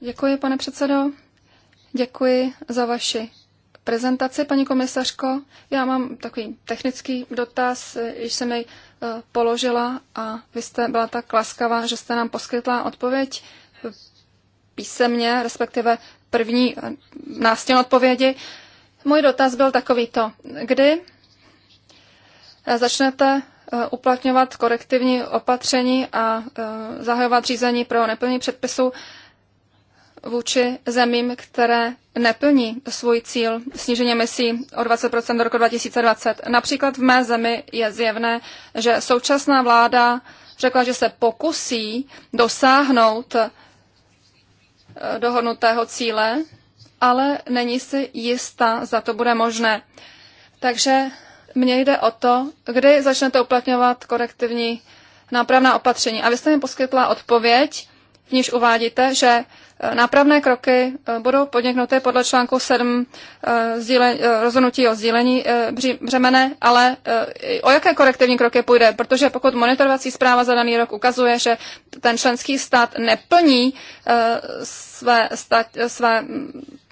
[SPEAKER 3] Děkuji, pane předsedo. Děkuji za vaši prezentaci, paní komisařko. Já mám takový technický dotaz, již jsem jej e, položila a vy jste byla tak laskavá, že jste nám poskytla odpověď písemně, respektive první e, nástěn odpovědi. Můj dotaz byl takovýto. Kdy e, začnete Eh, uplatňovat korektivní opatření a eh, zahajovat řízení pro neplnění předpisů vůči zemím, které neplní svůj cíl snížení emisí o 20 do roku 2020. Například v mé zemi je zjevné, že současná vláda řekla, že se pokusí dosáhnout eh, dohodnutého cíle, ale není si jistá, za to bude možné. Takže mně jde o to, kdy začnete uplatňovat korektivní nápravná opatření. A vy jste mi poskytla odpověď, v níž uvádíte, že e, nápravné kroky e, budou podniknuty podle článku 7 e, rozhodnutí o sdílení břemene, ale o jaké korektivní kroky půjde? Protože pokud monitorovací zpráva za daný rok ukazuje, že ten členský stát neplní své, své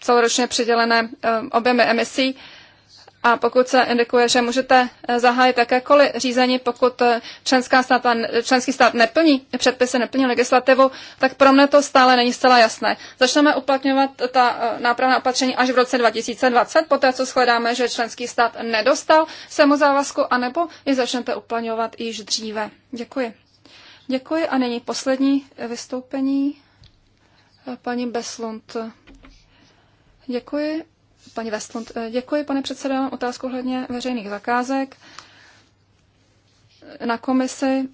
[SPEAKER 3] celoročně přidělené objemy emisí, a pokud se indikuje, že můžete eh, zahájit jakékoliv řízení, pokud eh, členská stát, členský stát neplní předpisy, neplní legislativu, tak pro mne to stále není zcela jasné. Začneme uplatňovat ta eh, nápravná opatření až v roce 2020, poté co shledáme, že členský stát nedostal svému závazku, anebo je začnete uplatňovat již dříve. Děkuji. Děkuji a nyní poslední vystoupení paní Beslund. Děkuji paní Westlund. Eh, děkuji, pane předsedo. Mám otázku ohledně veřejných zakázek. Na komisi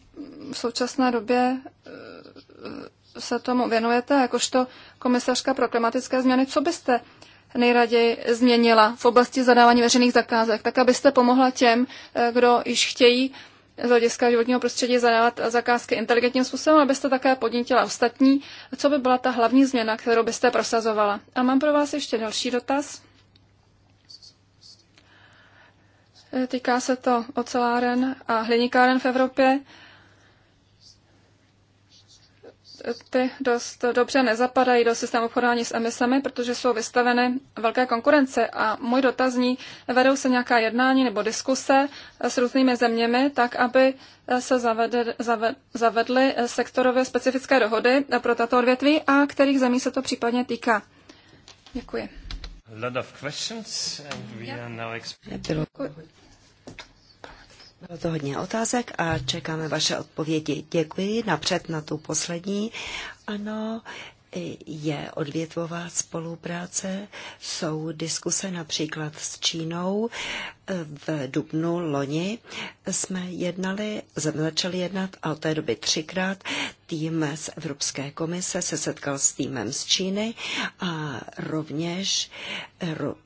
[SPEAKER 3] v současné době eh, se tomu věnujete, jakožto komisařka pro klimatické změny. Co byste nejraději změnila v oblasti zadávání veřejných zakázek, tak abyste pomohla těm, eh, kdo již chtějí z hlediska životního prostředí zadávat zakázky inteligentním způsobem, abyste také podnítila ostatní. Co by byla ta hlavní změna, kterou byste prosazovala? A mám pro vás ještě další dotaz. Eh, týká se to oceláren a hliníkáren v Evropě. Ty dost dobře nezapadají do systému obchodování s emisemi, protože jsou vystaveny velké konkurence. A můj dotazní, vedou se nějaká jednání nebo diskuse eh, s různými zeměmi, tak aby eh, se zavede, zavedly sektorově specifické dohody pro tato odvětví a kterých zemí se to případně týká. Děkuji. A lot of questions and we are now
[SPEAKER 1] bylo to hodně otázek a čekáme vaše odpovědi. Děkuji napřed na tu poslední. Ano, je odvětvová spolupráce, jsou diskuse například s Čínou. V dubnu loni jsme jednali, začali jednat a od té doby třikrát. Tým z Evropské komise se setkal s týmem z Číny a rovněž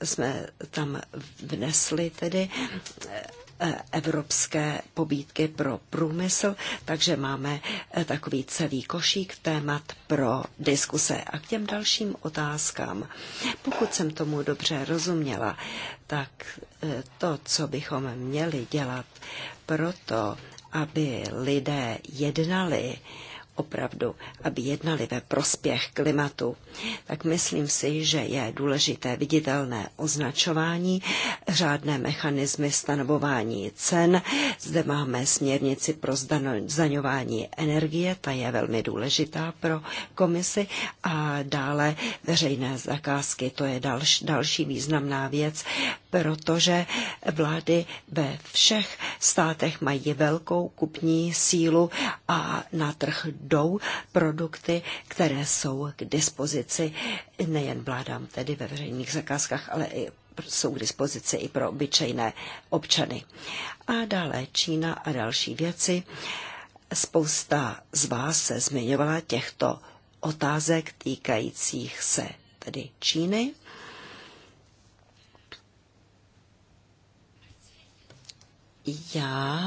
[SPEAKER 1] jsme tam vnesli tedy E, evropské pobídky pro průmysl, takže máme e, takový celý košík témat pro diskuse. A k těm dalším otázkám, pokud jsem tomu dobře rozuměla, tak e, to, co bychom měli dělat proto, aby lidé jednali, opravdu, aby jednali ve prospěch klimatu, tak myslím si, že je důležité viditelné označování, řádné mechanismy stanovování cen. Zde máme směrnici pro zdaňování energie, ta je velmi důležitá pro komisi a dále veřejné zakázky, to je další, další významná věc protože vlády ve všech státech mají velkou kupní sílu a na trh jdou produkty, které jsou k dispozici nejen vládám, tedy ve veřejných zakázkách, ale i jsou k dispozici i pro obyčejné občany. A dále Čína a další věci. Spousta z vás se zmiňovala těchto otázek týkajících se tedy Číny. Já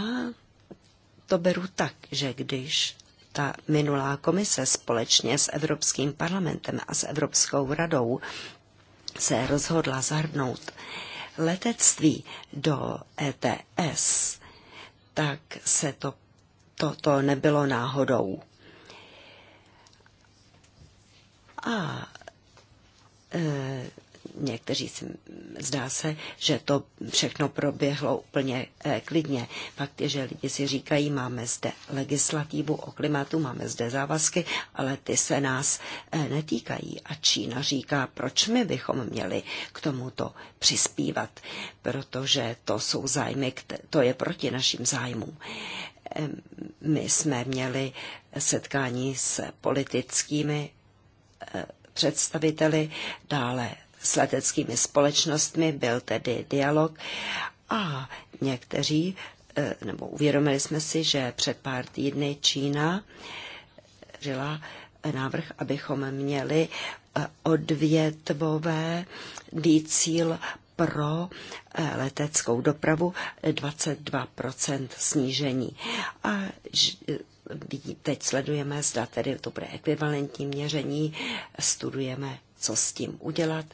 [SPEAKER 1] to beru tak, že když ta minulá komise společně s Evropským parlamentem a s Evropskou radou se rozhodla zahrnout letectví do ETS, tak se to, to, to nebylo náhodou. A e, někteří si, zdá se, že to všechno proběhlo úplně eh, klidně. Fakt je, že lidi si říkají, máme zde legislativu o klimatu, máme zde závazky, ale ty se nás eh, netýkají. A Čína říká, proč my bychom měli k tomuto přispívat, protože to jsou zájmy, to je proti našim zájmům my jsme měli setkání s politickými eh, představiteli, dále s leteckými společnostmi, byl tedy dialog a někteří, eh, nebo uvědomili jsme si, že před pár týdny Čína žila návrh, abychom měli eh, odvětvové dícíl pro eh, leteckou dopravu 22 snížení. A teď sledujeme, zda tedy to bude ekvivalentní měření, studujeme co s tím udělat.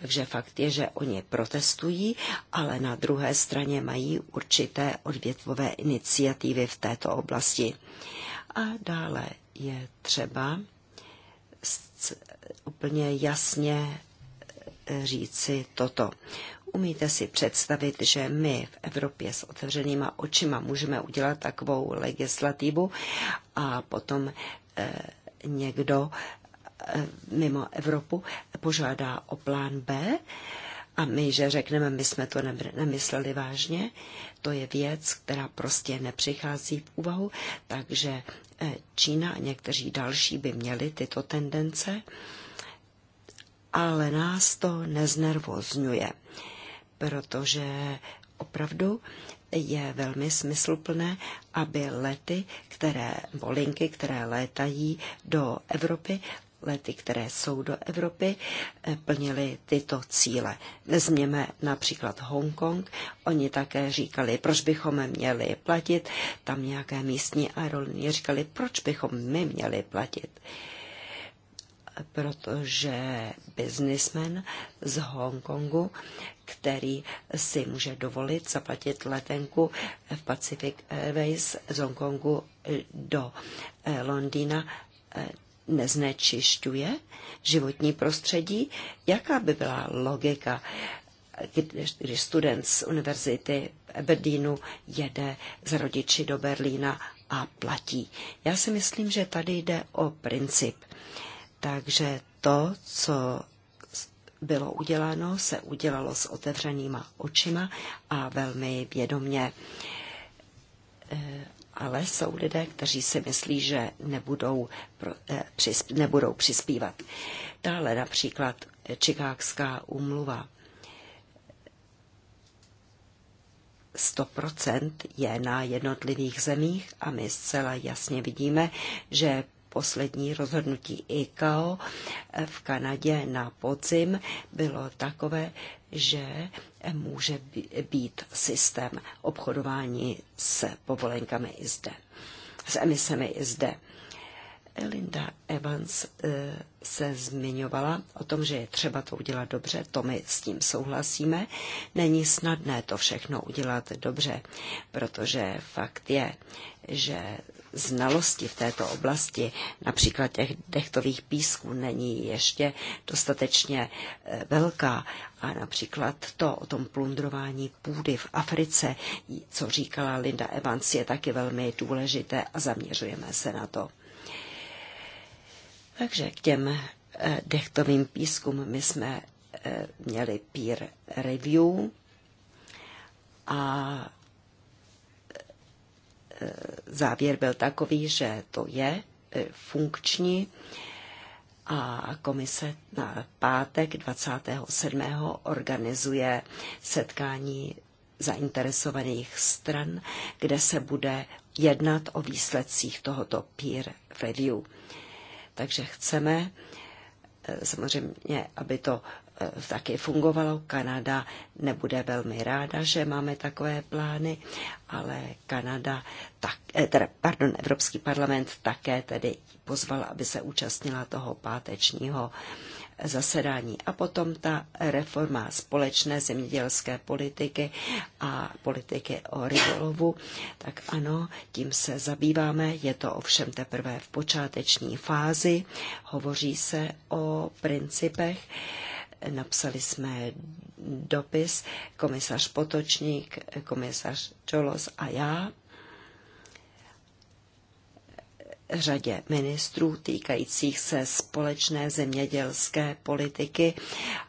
[SPEAKER 1] Takže fakt je, že oni protestují, ale na druhé straně mají určité odvětvové iniciativy v této oblasti. A dále je třeba úplně jasně eh, říci toto. Umíte si představit, že my v Evropě s otevřenýma očima můžeme udělat takovou legislativu a potom eh, někdo Eh, mimo Evropu požádá o plán B a my, že řekneme, my jsme to nemysleli vážně, to je věc, která prostě nepřichází v úvahu, takže eh, Čína a někteří další by měli tyto tendence, ale nás to neznervozňuje, protože opravdu je velmi smysluplné, aby lety, které, bolinky, které létají do Evropy, lety, které jsou do Evropy, eh, plnili tyto cíle. Vezměme například Hongkong. Oni také říkali, proč bychom měli platit. Tam nějaké místní aerolinie říkali, proč bychom my měli platit protože biznismen z Hongkongu, který si může dovolit zaplatit letenku v Pacific Airways z Hongkongu do eh, Londýna, eh, neznečišťuje životní prostředí, jaká by byla logika, když, student z univerzity v Berlínu jede z rodiči do Berlína a platí. Já si myslím, že tady jde o princip. Takže to, co bylo uděláno, se udělalo s otevřenýma očima a velmi vědomně. Eh, ale jsou lidé, kteří si myslí, že nebudou, eh, nebudou přispívat. Dále například Čikákská úmluva. 100% je na jednotlivých zemích a my zcela jasně vidíme, že poslední rozhodnutí ICAO v Kanadě na podzim bylo takové, že může být systém obchodování s povolenkami i zde, s emisemi i zde. Linda Evans eh, se zmiňovala o tom, že je třeba to udělat dobře, to my s tím souhlasíme. Není snadné to všechno udělat dobře, protože fakt je, že znalosti v této oblasti, například těch dechtových písků, není ještě dostatečně eh, velká. A například to o tom plundrování půdy v Africe, co říkala Linda Evans, je taky velmi důležité a zaměřujeme se na to. Takže k těm eh, dechtovým pískům my jsme eh, měli peer review a závěr byl takový, že to je e, funkční a komise na pátek 27. organizuje setkání zainteresovaných stran, kde se bude jednat o výsledcích tohoto peer review. Takže chceme e, samozřejmě, aby to Eh, taky fungovalo. Kanada nebude velmi ráda, že máme takové plány, ale Kanada, tak, eh, teda, pardon, Evropský parlament také tedy pozval, aby se účastnila toho pátečního eh, zasedání. A potom ta reforma společné zemědělské politiky a politiky o rybolovu. Tak ano, tím se zabýváme, je to ovšem teprve v počáteční fázi. Hovoří se o principech Napsali jsme dopis, komisař Potočník, komisař Čolos a já řadě ministrů týkajících se společné zemědělské politiky,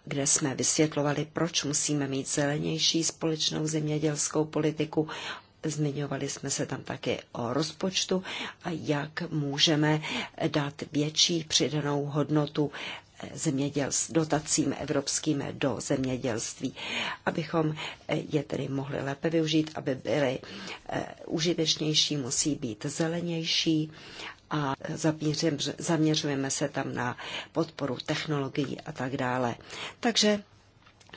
[SPEAKER 1] kde jsme vysvětlovali, proč musíme mít zelenější společnou zemědělskou politiku. Zmiňovali jsme se tam také o rozpočtu a jak můžeme dát větší přidanou hodnotu zemědělství, dotacím evropským do zemědělství, abychom je tedy mohli lépe využít, aby byly eh, užitečnější, musí být zelenější a zaměřujeme se tam na podporu technologií a tak dále. Takže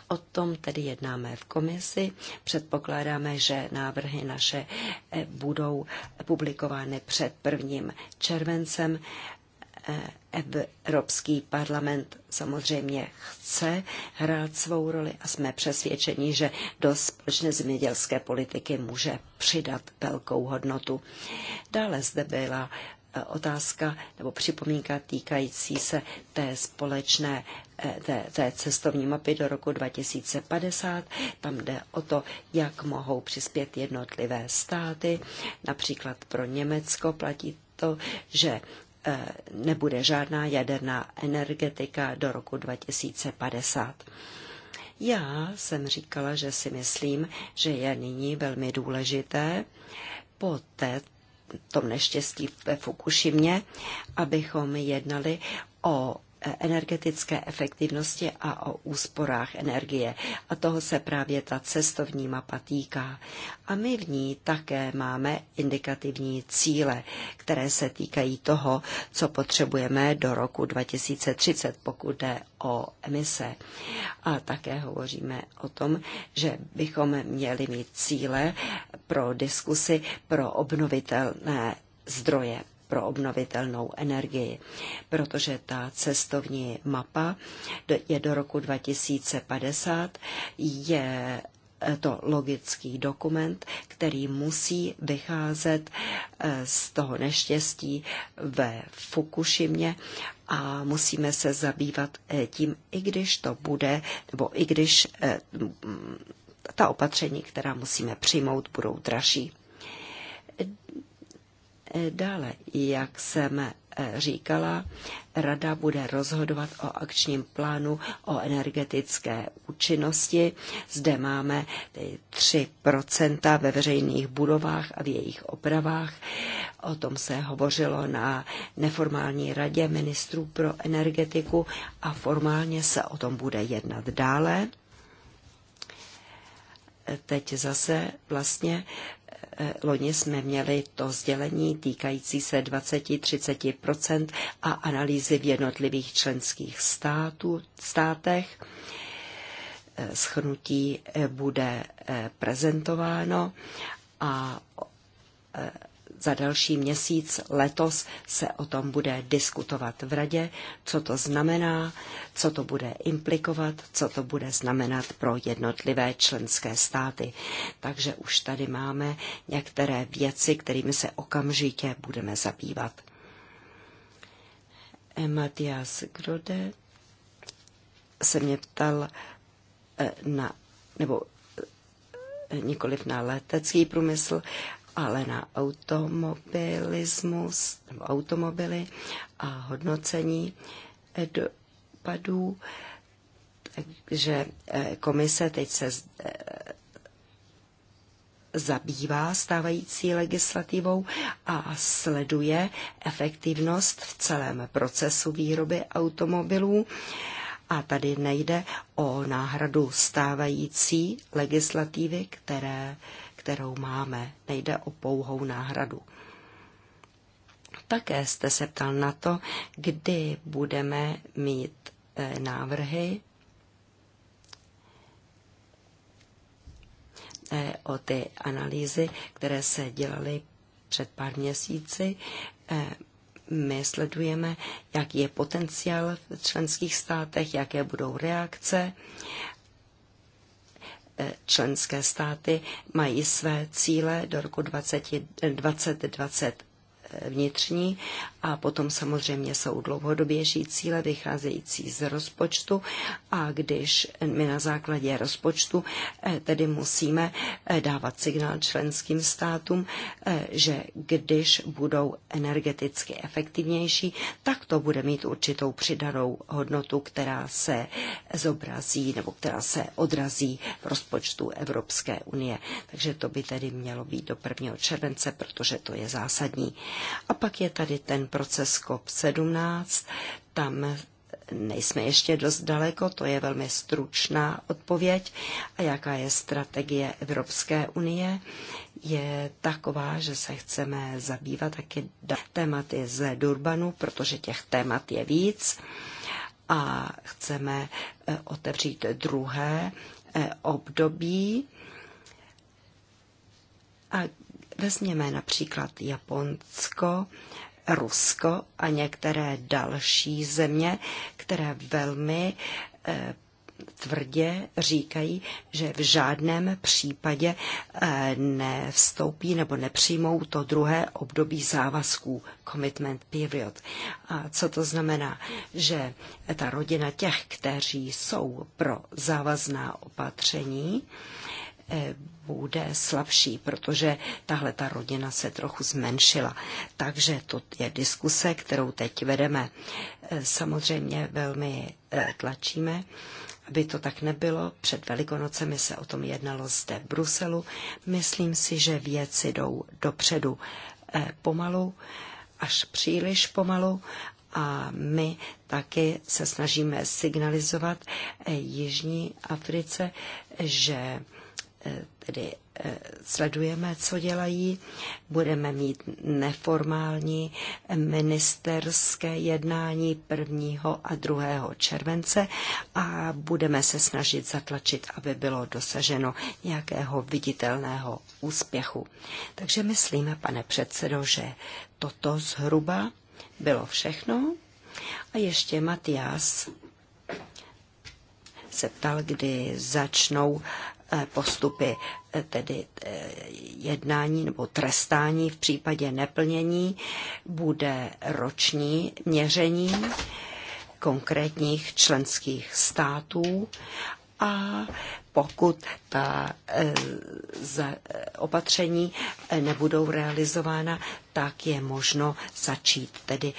[SPEAKER 1] O tom tedy jednáme v komisi. Předpokládáme, že návrhy naše eh, budou publikovány před prvním červencem Evropský parlament samozřejmě chce hrát svou roli a jsme přesvědčeni, že do společné zemědělské politiky může přidat velkou hodnotu. Dále zde byla eh, otázka nebo připomínka týkající se té společné eh, té, té cestovní mapy do roku 2050. Tam jde o to, jak mohou přispět jednotlivé státy. Například pro Německo platí to, že Eh, nebude žádná jaderná energetika do roku 2050. Já jsem říkala, že si myslím, že je nyní velmi důležité po té, tom neštěstí ve Fukušimě, abychom jednali o energetické efektivnosti a o úsporách energie. A toho se právě ta cestovní mapa týká. A my v ní také máme indikativní cíle, které se týkají toho, co potřebujeme do roku 2030, pokud jde o emise. A také hovoříme o tom, že bychom měli mít cíle pro diskusy pro obnovitelné zdroje pro obnovitelnou energii, protože ta cestovní mapa je do roku 2050, je eh, to logický dokument, který musí vycházet eh, z toho neštěstí ve Fukušimě a musíme se zabývat eh, tím, i když to bude, nebo i když ta opatření, která musíme přijmout, budou dražší. Dále, jak jsem eh, říkala, Rada bude rozhodovat o akčním plánu o energetické účinnosti. Zde máme 3 ve veřejných budovách a v jejich opravách. O tom se hovořilo na neformální radě ministrů pro energetiku a formálně se o tom bude jednat dále teď zase vlastně Eh, loni jsme měli to sdělení týkající se 20-30 a analýzy v jednotlivých členských států, státech. Eh, Schnutí eh, bude prezentováno a za další měsíc letos se o tom bude diskutovat v radě, co to znamená, co to bude implikovat, co to bude znamenat pro jednotlivé členské státy. Takže už tady máme některé věci, kterými se okamžitě budeme zabývat. Eh, Matias Grode se mě ptal eh, na, nebo eh, nikoliv na letecký průmysl, ale na automobilismus, nebo automobily a hodnocení eh, dopadů. Takže eh, komise teď se eh, zabývá stávající legislativou a sleduje efektivnost v celém procesu výroby automobilů. A tady nejde o náhradu stávající legislativy, které kterou máme. Nejde o pouhou náhradu. Také jste se ptal na to, kdy budeme mít eh, návrhy eh, o ty analýzy, které se dělaly před pár měsíci. Eh, my sledujeme, jaký je potenciál v členských státech, jaké budou reakce Eh, členské státy mají své cíle do roku 2020. 20, vnitřní a potom samozřejmě jsou dlouhodobější cíle vycházející z rozpočtu a když my na základě rozpočtu eh, tedy musíme eh, dávat signál členským státům, eh, že když budou energeticky efektivnější, tak to bude mít určitou přidanou hodnotu, která se zobrazí nebo která se odrazí v rozpočtu Evropské unie. Takže to by tedy mělo být do 1. července, protože to je zásadní. A pak je tady ten proces COP17, tam nejsme ještě dost daleko, to je velmi stručná odpověď. A jaká je strategie Evropské unie? Je taková, že se chceme zabývat taky tématy z Durbanu, protože těch témat je víc. A chceme eh, otevřít druhé eh, období, a Vezměme například Japonsko, Rusko a některé další země, které velmi eh, tvrdě říkají, že v žádném případě eh, nevstoupí nebo nepřijmou to druhé období závazků, commitment period. A co to znamená? Že ta rodina těch, kteří jsou pro závazná opatření, E, bude slabší, protože tahle ta rodina se trochu zmenšila. Takže to je diskuse, kterou teď vedeme. E, samozřejmě velmi e, tlačíme, aby to tak nebylo. Před Velikonocemi se o tom jednalo zde v Bruselu. Myslím si, že věci jdou dopředu pomalu, až příliš pomalu, a my taky se snažíme signalizovat Jižní Africe, že Eh, tedy eh, sledujeme, co dělají. Budeme mít neformální ministerské jednání 1. a 2. července a budeme se snažit zatlačit, aby bylo dosaženo nějakého viditelného úspěchu. Takže myslíme, pane předsedo, že toto zhruba bylo všechno. A ještě Matias se ptal, kdy začnou Eh, postupy, eh, tedy eh, jednání nebo trestání v případě neplnění, bude roční měření konkrétních členských států a pokud ta opatření nebudou realizována, tak je možno začít tedy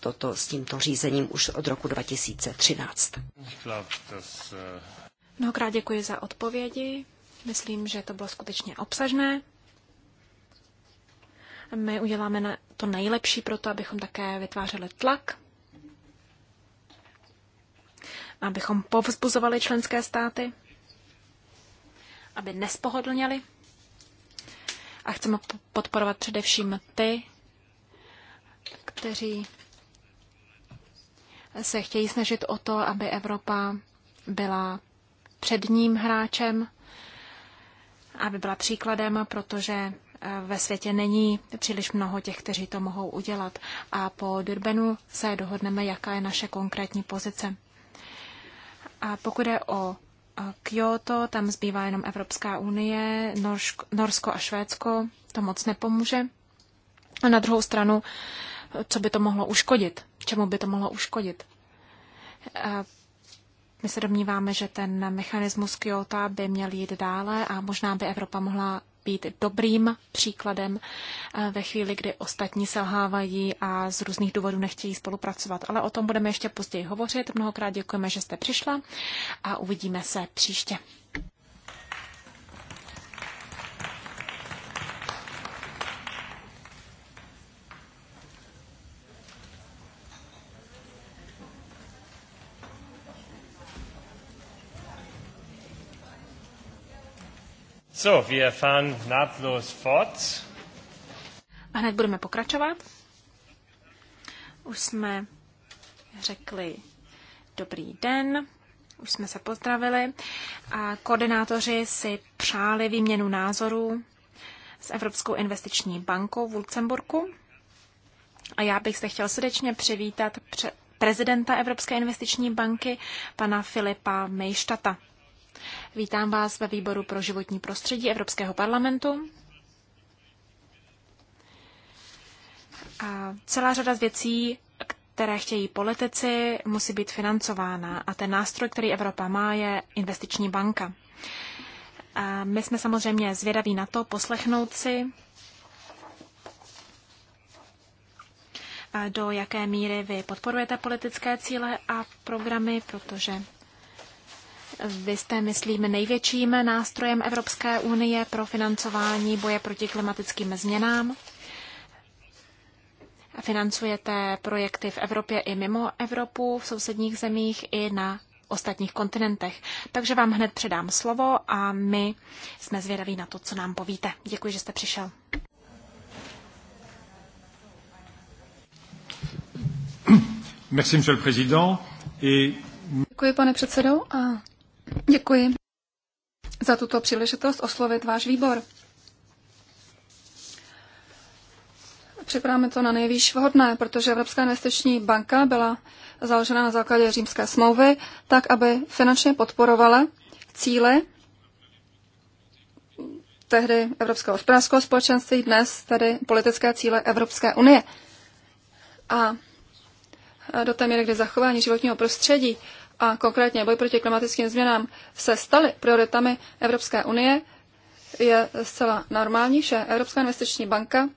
[SPEAKER 1] toto s tímto řízením už od roku 2013.
[SPEAKER 2] Mnohokrát děkuji za odpovědi. Myslím, že to bylo skutečně obsažné. My uděláme to nejlepší pro to, abychom také vytvářeli tlak, abychom povzbuzovali členské státy, aby nespohodlněli. A chceme podporovat především ty, kteří se chtějí snažit o to, aby Evropa byla předním hráčem, aby byla příkladem, protože eh, ve světě není příliš mnoho těch, kteří to mohou udělat. A po Durbenu se dohodneme, jaká je naše konkrétní pozice. A pokud je o eh, Kyoto, tam zbývá jenom Evropská unie, Norsko a Švédsko, to moc nepomůže. A na druhou stranu, eh, co by to mohlo uškodit? Čemu by to mohlo uškodit? My se domníváme, že ten mechanismus Kyoto by měl jít dále a možná by Evropa mohla být dobrým příkladem eh, ve chvíli, kdy ostatní selhávají a z různých důvodů nechtějí spolupracovat. Ale o tom budeme ještě později hovořit. Mnohokrát děkujeme, že jste přišla a uvidíme se příště.
[SPEAKER 1] So, wir fahren nahtlos fort.
[SPEAKER 2] A hned budeme pokračovat. Už jsme řekli dobrý den, už jsme se pozdravili a koordinátoři si přáli výměnu názorů s Evropskou investiční bankou v Lucemburku. A já bych se chtěl srdečně přivítat prezidenta Evropské investiční banky, pana Filipa Mejštata. Vítám vás ve výboru pro životní prostředí Evropského parlamentu. A celá řada z věcí, které chtějí politici, musí být financována. A ten nástroj, který Evropa má, je investiční banka. A my jsme samozřejmě zvědaví na to poslechnout si, do jaké míry vy podporujete politické cíle a programy, protože vy jste, myslím, největším nástrojem Evropské unie pro financování boje proti klimatickým změnám. Financujete projekty v Evropě i mimo Evropu, v sousedních zemích i na ostatních kontinentech. Takže vám hned předám slovo a my jsme zvědaví na to, co nám povíte. Děkuji, že jste přišel. Merci, monsieur le président. Et...
[SPEAKER 3] Děkuji, pane předsedo, a Děkuji za tuto příležitost oslovit váš výbor. Připravíme to na nejvýš vhodné, protože Evropská investiční banka byla založena na základě římské smlouvy, tak aby finančně podporovala cíle tehdy Evropského hospodářského společenství, dnes tedy politické cíle Evropské unie. A do té míry, kdy zachování životního prostředí a konkrétně boj proti klimatickým změnám se staly prioritami Evropské unie, je zcela normální, že Evropská investiční banka,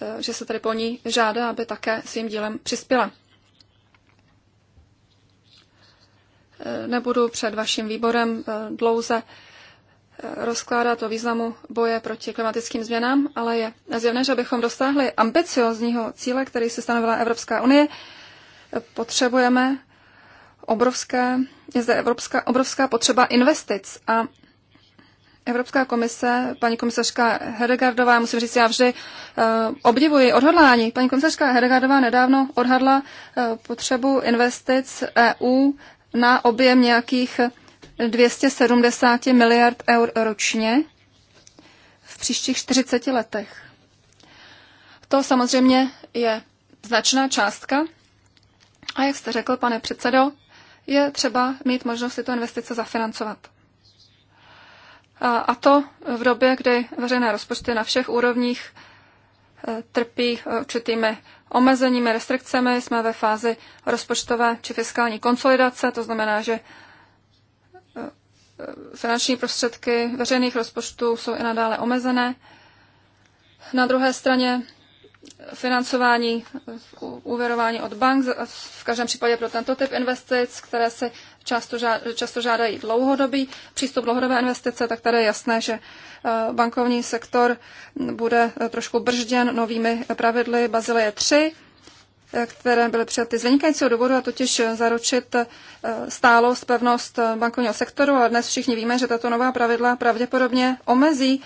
[SPEAKER 3] eh, že se tady po ní žádá, aby také svým dílem přispěla. Eh, nebudu před vaším výborem eh, dlouze rozkládat o významu boje proti klimatickým změnám, ale je zjevné, že abychom dosáhli ambiciozního cíle, který se stanovila Evropská unie, potřebujeme obrovské, je zde evropská, obrovská potřeba investic a Evropská komise, paní komisařka Hedegardová, musím říct, já vždy uh, obdivuji odhodlání. Paní komisařka Hedegardová nedávno odhadla uh, potřebu investic EU na objem nějakých 270 miliard eur ročně v příštích 40 letech. To samozřejmě je značná částka a jak jste řekl, pane předsedo, je třeba mít možnost tyto investice zafinancovat. A to v době, kdy veřejné rozpočty na všech úrovních e, trpí e, určitými omezeními, restrikcemi. Jsme ve fázi rozpočtové či fiskální konsolidace, to znamená, že e, finanční prostředky veřejných rozpočtů jsou i nadále omezené. Na druhé straně financování, úvěrování od bank, v každém případě pro tento typ investic, které se často, žád, často žádají dlouhodobý přístup dlouhodobé investice, tak tady je jasné, že eh, bankovní sektor bude eh, trošku bržděn novými pravidly Bazilie 3, eh, které byly přijaty z vynikajícího důvodu, a totiž zaručit stálost, pevnost bankovního sektoru. A dnes všichni víme, že tato nová pravidla pravděpodobně omezí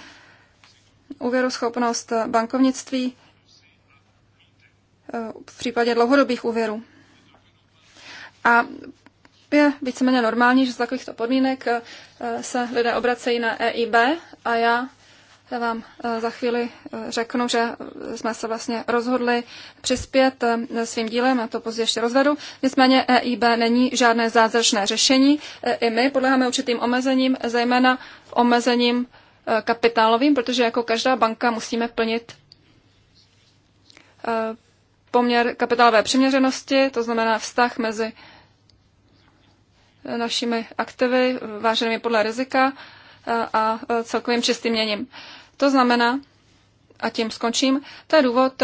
[SPEAKER 3] úvěruschopnost bankovnictví v případě dlouhodobých úvěrů. A je víceméně normální, že z takovýchto podmínek eh, se lidé obracejí na EIB a já já vám eh, za chvíli eh, řeknu, že jsme se vlastně rozhodli přispět svým dílem, a to později ještě rozvedu. Nicméně EIB není žádné zázračné řešení. I my podléháme určitým omezením, zejména omezením kapitálovým, protože jako každá banka musíme plnit poměr kapitálové přiměřenosti, to znamená vztah mezi eh, našimi aktivy, váženými podle rizika eh, a eh, celkovým čistým měním. To znamená, a tím skončím, to je důvod,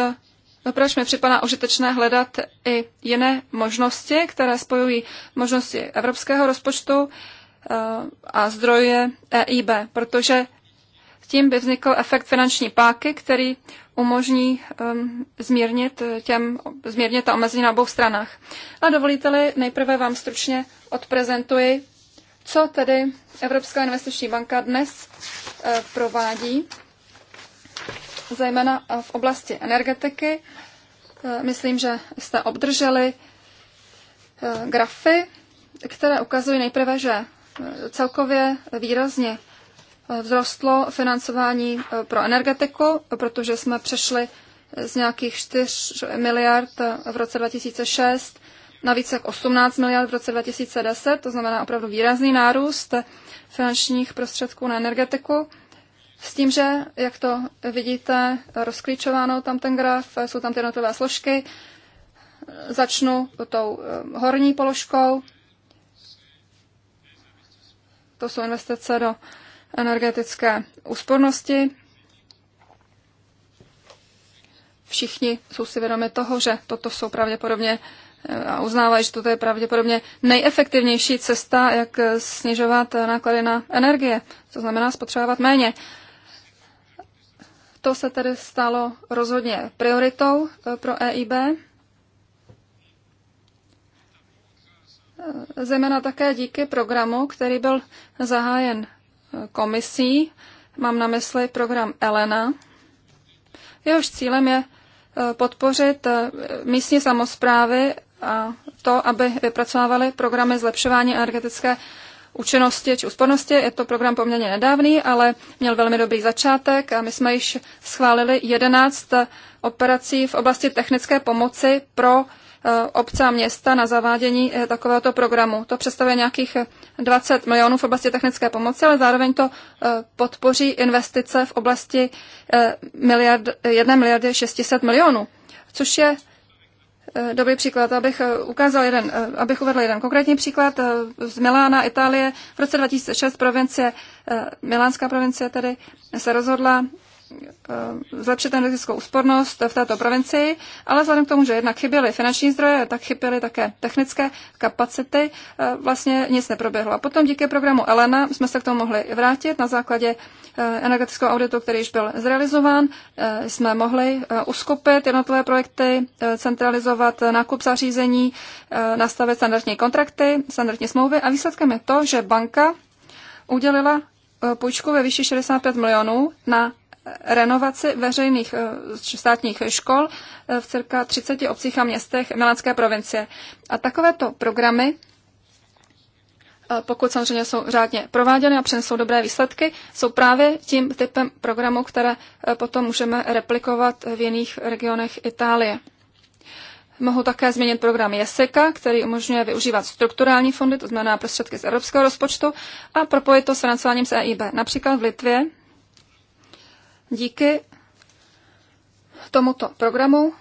[SPEAKER 3] no, proč mi připadá užitečné hledat i jiné možnosti, které spojují možnosti evropského rozpočtu a zdroje EIB, protože tím by vznikl efekt finanční páky, který umožní um, zmírnit, eh, těm, zmírnit ta omezení na obou stranách. A dovolíte-li, nejprve vám stručně odprezentuji, co tedy Evropská investiční banka dnes uh, provádí, zejména eh, v oblasti energetiky. Uh, myslím, že jste obdrželi uh, grafy, které ukazují nejprve, že celkově výrazně Eh, vzrostlo financování eh, pro energetiku, protože jsme přešli eh, z nějakých 4 miliard v roce 2006 na více jak 18 miliard v roce 2010, to znamená opravdu výrazný nárůst finančních prostředků na energetiku. S tím, že, jak to vidíte, rozklíčováno tam ten graf, jsou tam ty jednotlivé složky. Začnu tou horní položkou. To jsou investice do energetické úspornosti. Všichni jsou si vědomi toho, že toto jsou pravděpodobně eh, a uznávají, že toto je pravděpodobně nejefektivnější cesta, jak snižovat náklady na energie, to znamená spotřebovat méně. To se tedy stalo rozhodně prioritou eh, pro EIB. Eh, zejména také díky programu, který byl zahájen komisí. Mám na mysli program Elena. Jehož cílem je eh, podpořit eh, místní samozprávy a to, aby vypracovávali programy zlepšování energetické účinnosti či úspornosti. Je to program poměrně nedávný, ale měl velmi dobrý začátek a my jsme již schválili 11 eh, operací v oblasti technické pomoci pro Eh, obce a města na zavádění eh, takovéhoto programu. To představuje nějakých 20 eh, milionů v oblasti technické pomoci, ale zároveň to podpoří investice v oblasti 1 miliardy 600 milionů, což je dobrý příklad. Abych ukázal jeden, abych uvedl jeden konkrétní příklad z Milána, Itálie. V roce 2006 provincie, milánská provincie tedy se rozhodla Eh, zlepšit energetickou úspornost v této provincii, ale vzhledem k tomu, že jednak chyběly finanční zdroje, tak chyběly také technické kapacity, eh, vlastně nic neproběhlo. A potom díky programu Elena jsme se k tomu mohli vrátit na základě eh, energetického auditu, který již byl zrealizován. Jsme mohli uskupit jednotlivé projekty, centralizovat nákup zařízení, nastavit standardní kontrakty, standardní smlouvy a výsledkem je to, že banka udělila půjčku ve výši 65 milionů na renovaci veřejných eh, státních škol eh, v cirka 30 obcích a městech Milanské provincie. A takovéto programy, eh, pokud samozřejmě jsou řádně prováděny a přinesou dobré výsledky, jsou právě tím typem programů, které potom můžeme replikovat v jiných regionech Itálie. Mohu také změnit program JESEKA, který umožňuje využívat strukturální fondy, to znamená prostředky z evropského rozpočtu, a propojit to s financováním z EIB. Například v Litvě Díky tomuto programu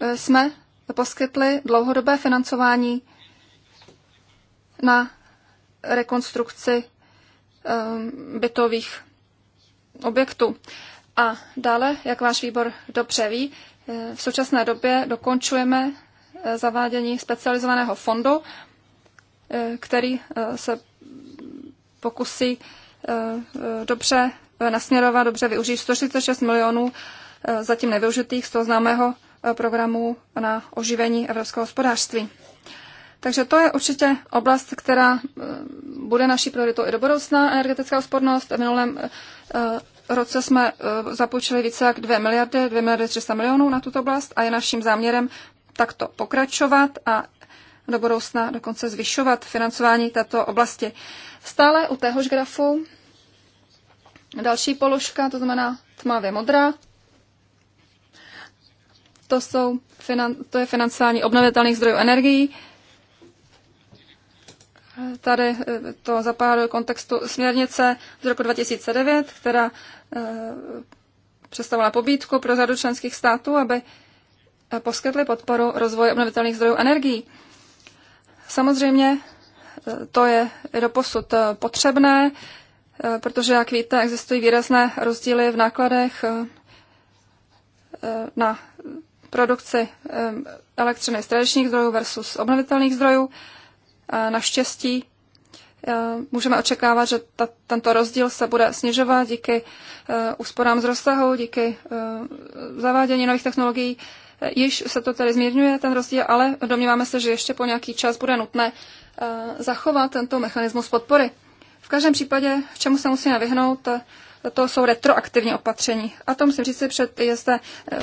[SPEAKER 3] eh, jsme poskytli dlouhodobé financování na rekonstrukci eh, bytových objektů. A dále, jak váš výbor dobře ví, eh, v současné době dokončujeme zavádění specializovaného fondu, který se pokusí dobře Eh, nasměrovat, dobře využít 146 milionů eh, zatím nevyužitých z toho známého eh, programu na oživení evropského hospodářství. Takže to je určitě oblast, která bude naší prioritou i do budoucna, energetická úspornost. V minulém roce jsme zapůjčili více jak 2 miliardy, 2 miliardy 300 milionů na tuto oblast a je naším záměrem takto pokračovat a do budoucna dokonce zvyšovat financování této oblasti. Stále u téhož grafu Další položka, to znamená tmavě modrá, to, jsou, to je financování obnovitelných zdrojů energií. Tady eh, to zapadá do kontextu směrnice z roku 2009, která eh, představila pobídku pro řadu členských států, aby eh, poskytly podporu rozvoji obnovitelných zdrojů energií. Samozřejmě to je doposud potřebné, Eh, protože, jak víte, existují výrazné rozdíly v nákladech eh, eh, na produkci elektřiny z tradičních zdrojů versus obnovitelných zdrojů. Naštěstí můžeme očekávat, že ta, tento rozdíl se bude snižovat díky úsporám z rozsahu, díky zavádění nových technologií. Již se to tedy zmírňuje, ten rozdíl, ale domníváme se, že ještě po nějaký čas bude nutné zachovat tento mechanismus podpory. V každém případě, čemu se musíme vyhnout, to jsou retroaktivní opatření. A to musím říct si, před je zde eh,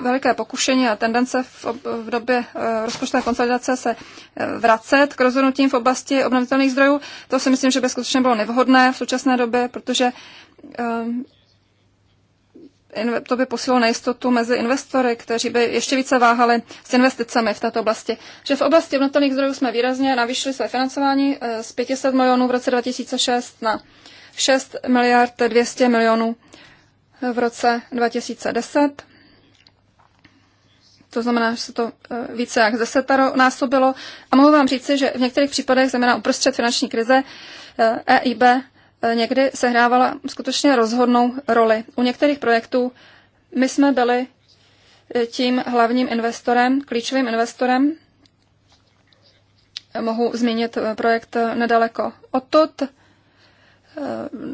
[SPEAKER 3] veliké pokušení a tendence v, v době eh, rozpočtové konsolidace se eh, vracet k rozhodnutím v oblasti obnovitelných zdrojů. To si myslím, že by skutečně bylo nevhodné v současné době, protože to by posílilo nejistotu mezi investory, kteří by ještě více váhali s investicemi v této oblasti. Že v oblasti obnovitelných zdrojů jsme výrazně navýšili své financování eh, z 500 milionů v roce 2006 na 6 miliard 200 milionů eh, v roce 2010. To znamená, že se to eh, více jak zesetaro násobilo. A mohu vám říci, že v některých případech, zejména uprostřed finanční krize, EIB e Eh, někdy sehrávala skutečně rozhodnou roli. U některých projektů my jsme byli eh, tím hlavním investorem, klíčovým investorem. Mohu zmínit eh, projekt nedaleko odtud,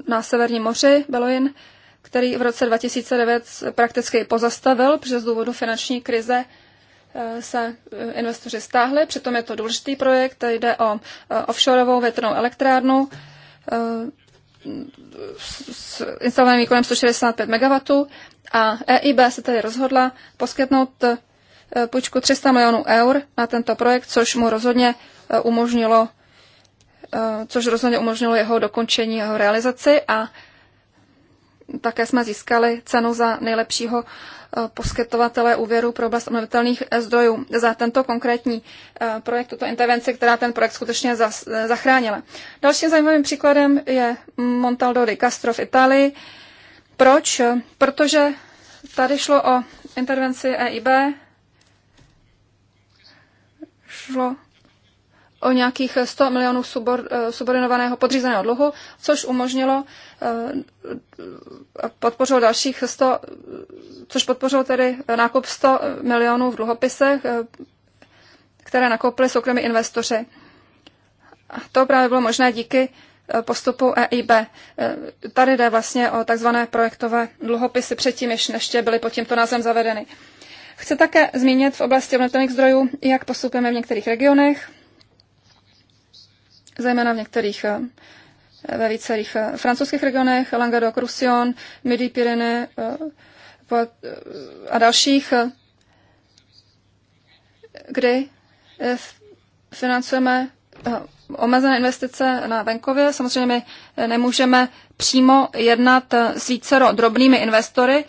[SPEAKER 3] na Severním moři Beloin, který v roce 2009 prakticky pozastavil, protože z důvodu finanční krize se investoři stáhli. Přitom je to důležitý projekt, jde o offshoreovou větrnou elektrárnu, s instalovaným výkonem 165 MW a EIB se tedy rozhodla poskytnout eh, půjčku 300 milionů eur na tento projekt, což mu rozhodně eh, umožnilo eh, což rozhodně umožnilo jeho dokončení, jeho realizaci a také jsme získali cenu za nejlepšího eh, poskytovatele úvěru pro oblast obnovitelných eh, zdrojů za tento konkrétní eh, projekt, tuto intervenci, která ten projekt skutečně zachránila. Dalším zajímavým příkladem je Montaldo di Castro v Itálii. Proč? Protože tady šlo o intervenci EIB, šlo o nějakých 100 milionů subor, eh, subordinovaného podřízeného dluhu, což umožnilo eh, podpořilo dalších 100, což podpořilo tedy nákup 100 milionů v dluhopisech, eh, které nakoupili soukromí investoři. A to právě bylo možné díky postupu EIB. Tady jde vlastně o takzvané projektové dluhopisy předtím, než ještě byly pod tímto názvem zavedeny. Chci také zmínit v oblasti obnovitelných zdrojů, jak postupujeme v některých regionech zejména v některých eh, ve vícerých eh, francouzských regionech, Languedoc, Roussillon, Midi Pyrenees eh, a dalších, kdy financujeme omezené investice na venkově. Samozřejmě my nemůžeme přímo jednat s vícero drobnými investory,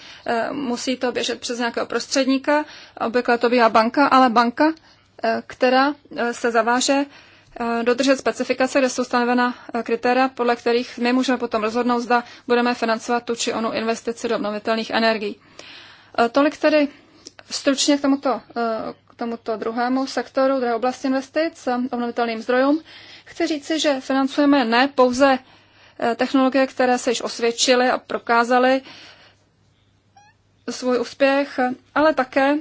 [SPEAKER 3] musí to běžet přes nějakého prostředníka, obvykle to bývá banka, ale banka, která se zaváže Eh, dodržet specifikace, kde jsou stanovena eh, kritéria, podle kterých my můžeme potom rozhodnout, zda budeme financovat tu či onu investici do obnovitelných energií. Eh, tolik tedy stručně k tomuto, k tomuto druhému sektoru, druhé oblasti investic, obnovitelným zdrojům. Chci říci, že financujeme ne pouze technologie, které se již osvědčily a prokázaly svůj úspěch, ale také,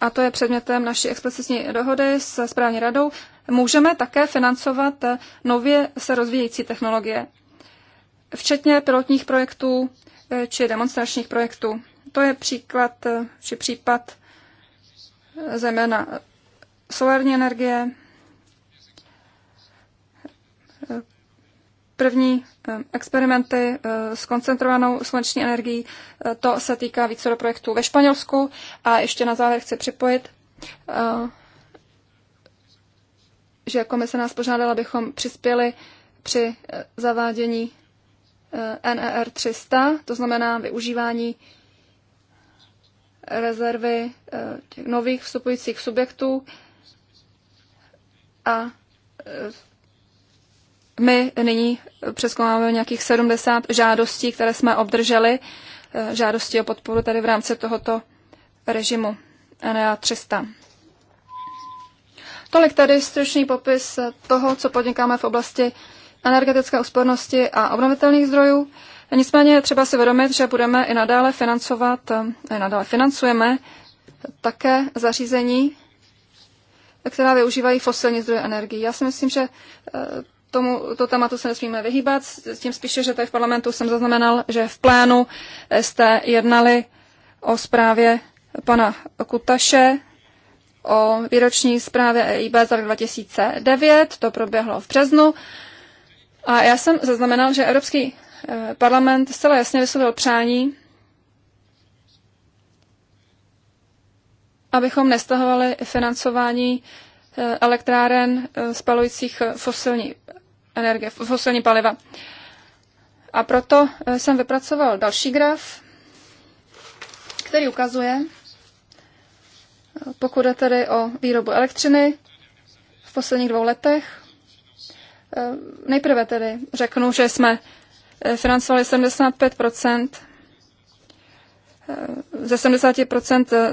[SPEAKER 3] a to je předmětem naší explicitní dohody s správní radou, můžeme také financovat nově se rozvíjející technologie, včetně pilotních projektů eh, či demonstračních projektů. To je příklad eh, či případ eh, zejména solární energie, první experimenty s koncentrovanou sluneční energií. To se týká více do projektů ve Španělsku. A ještě na závěr chci připojit že komise nás požádala, abychom přispěli při eh, zavádění eh, NER 300, to znamená využívání rezervy eh, těch nových vstupujících subjektů a my nyní přeskoumáme nějakých 70 žádostí, které jsme obdrželi, žádosti o podporu tady v rámci tohoto režimu NEA 300. Tolik tady stručný popis toho, co podnikáme v oblasti energetické úspornosti a obnovitelných zdrojů. Nicméně třeba si vědomit, že budeme i nadále financovat, i eh, nadále financujeme také zařízení, která využívají fosilní zdroje energii. Já si myslím, že eh, tomu, to tématu se nesmíme vyhýbat, s tím spíše, že tady v parlamentu jsem zaznamenal, že v plénu jste jednali o zprávě pana Kutaše o výroční zprávě EIB za rok 2009, to proběhlo v březnu. A já jsem zaznamenal, že Evropský eh, parlament zcela jasně vyslovil přání, abychom nestahovali financování eh, elektráren eh, spalujících fosilní energie, fosilní paliva. A proto jsem vypracoval další graf, který ukazuje, pokud jde tedy o výrobu elektřiny v posledních dvou letech, eh, nejprve tedy řeknu, že jsme eh, financovali 75 eh, ze 70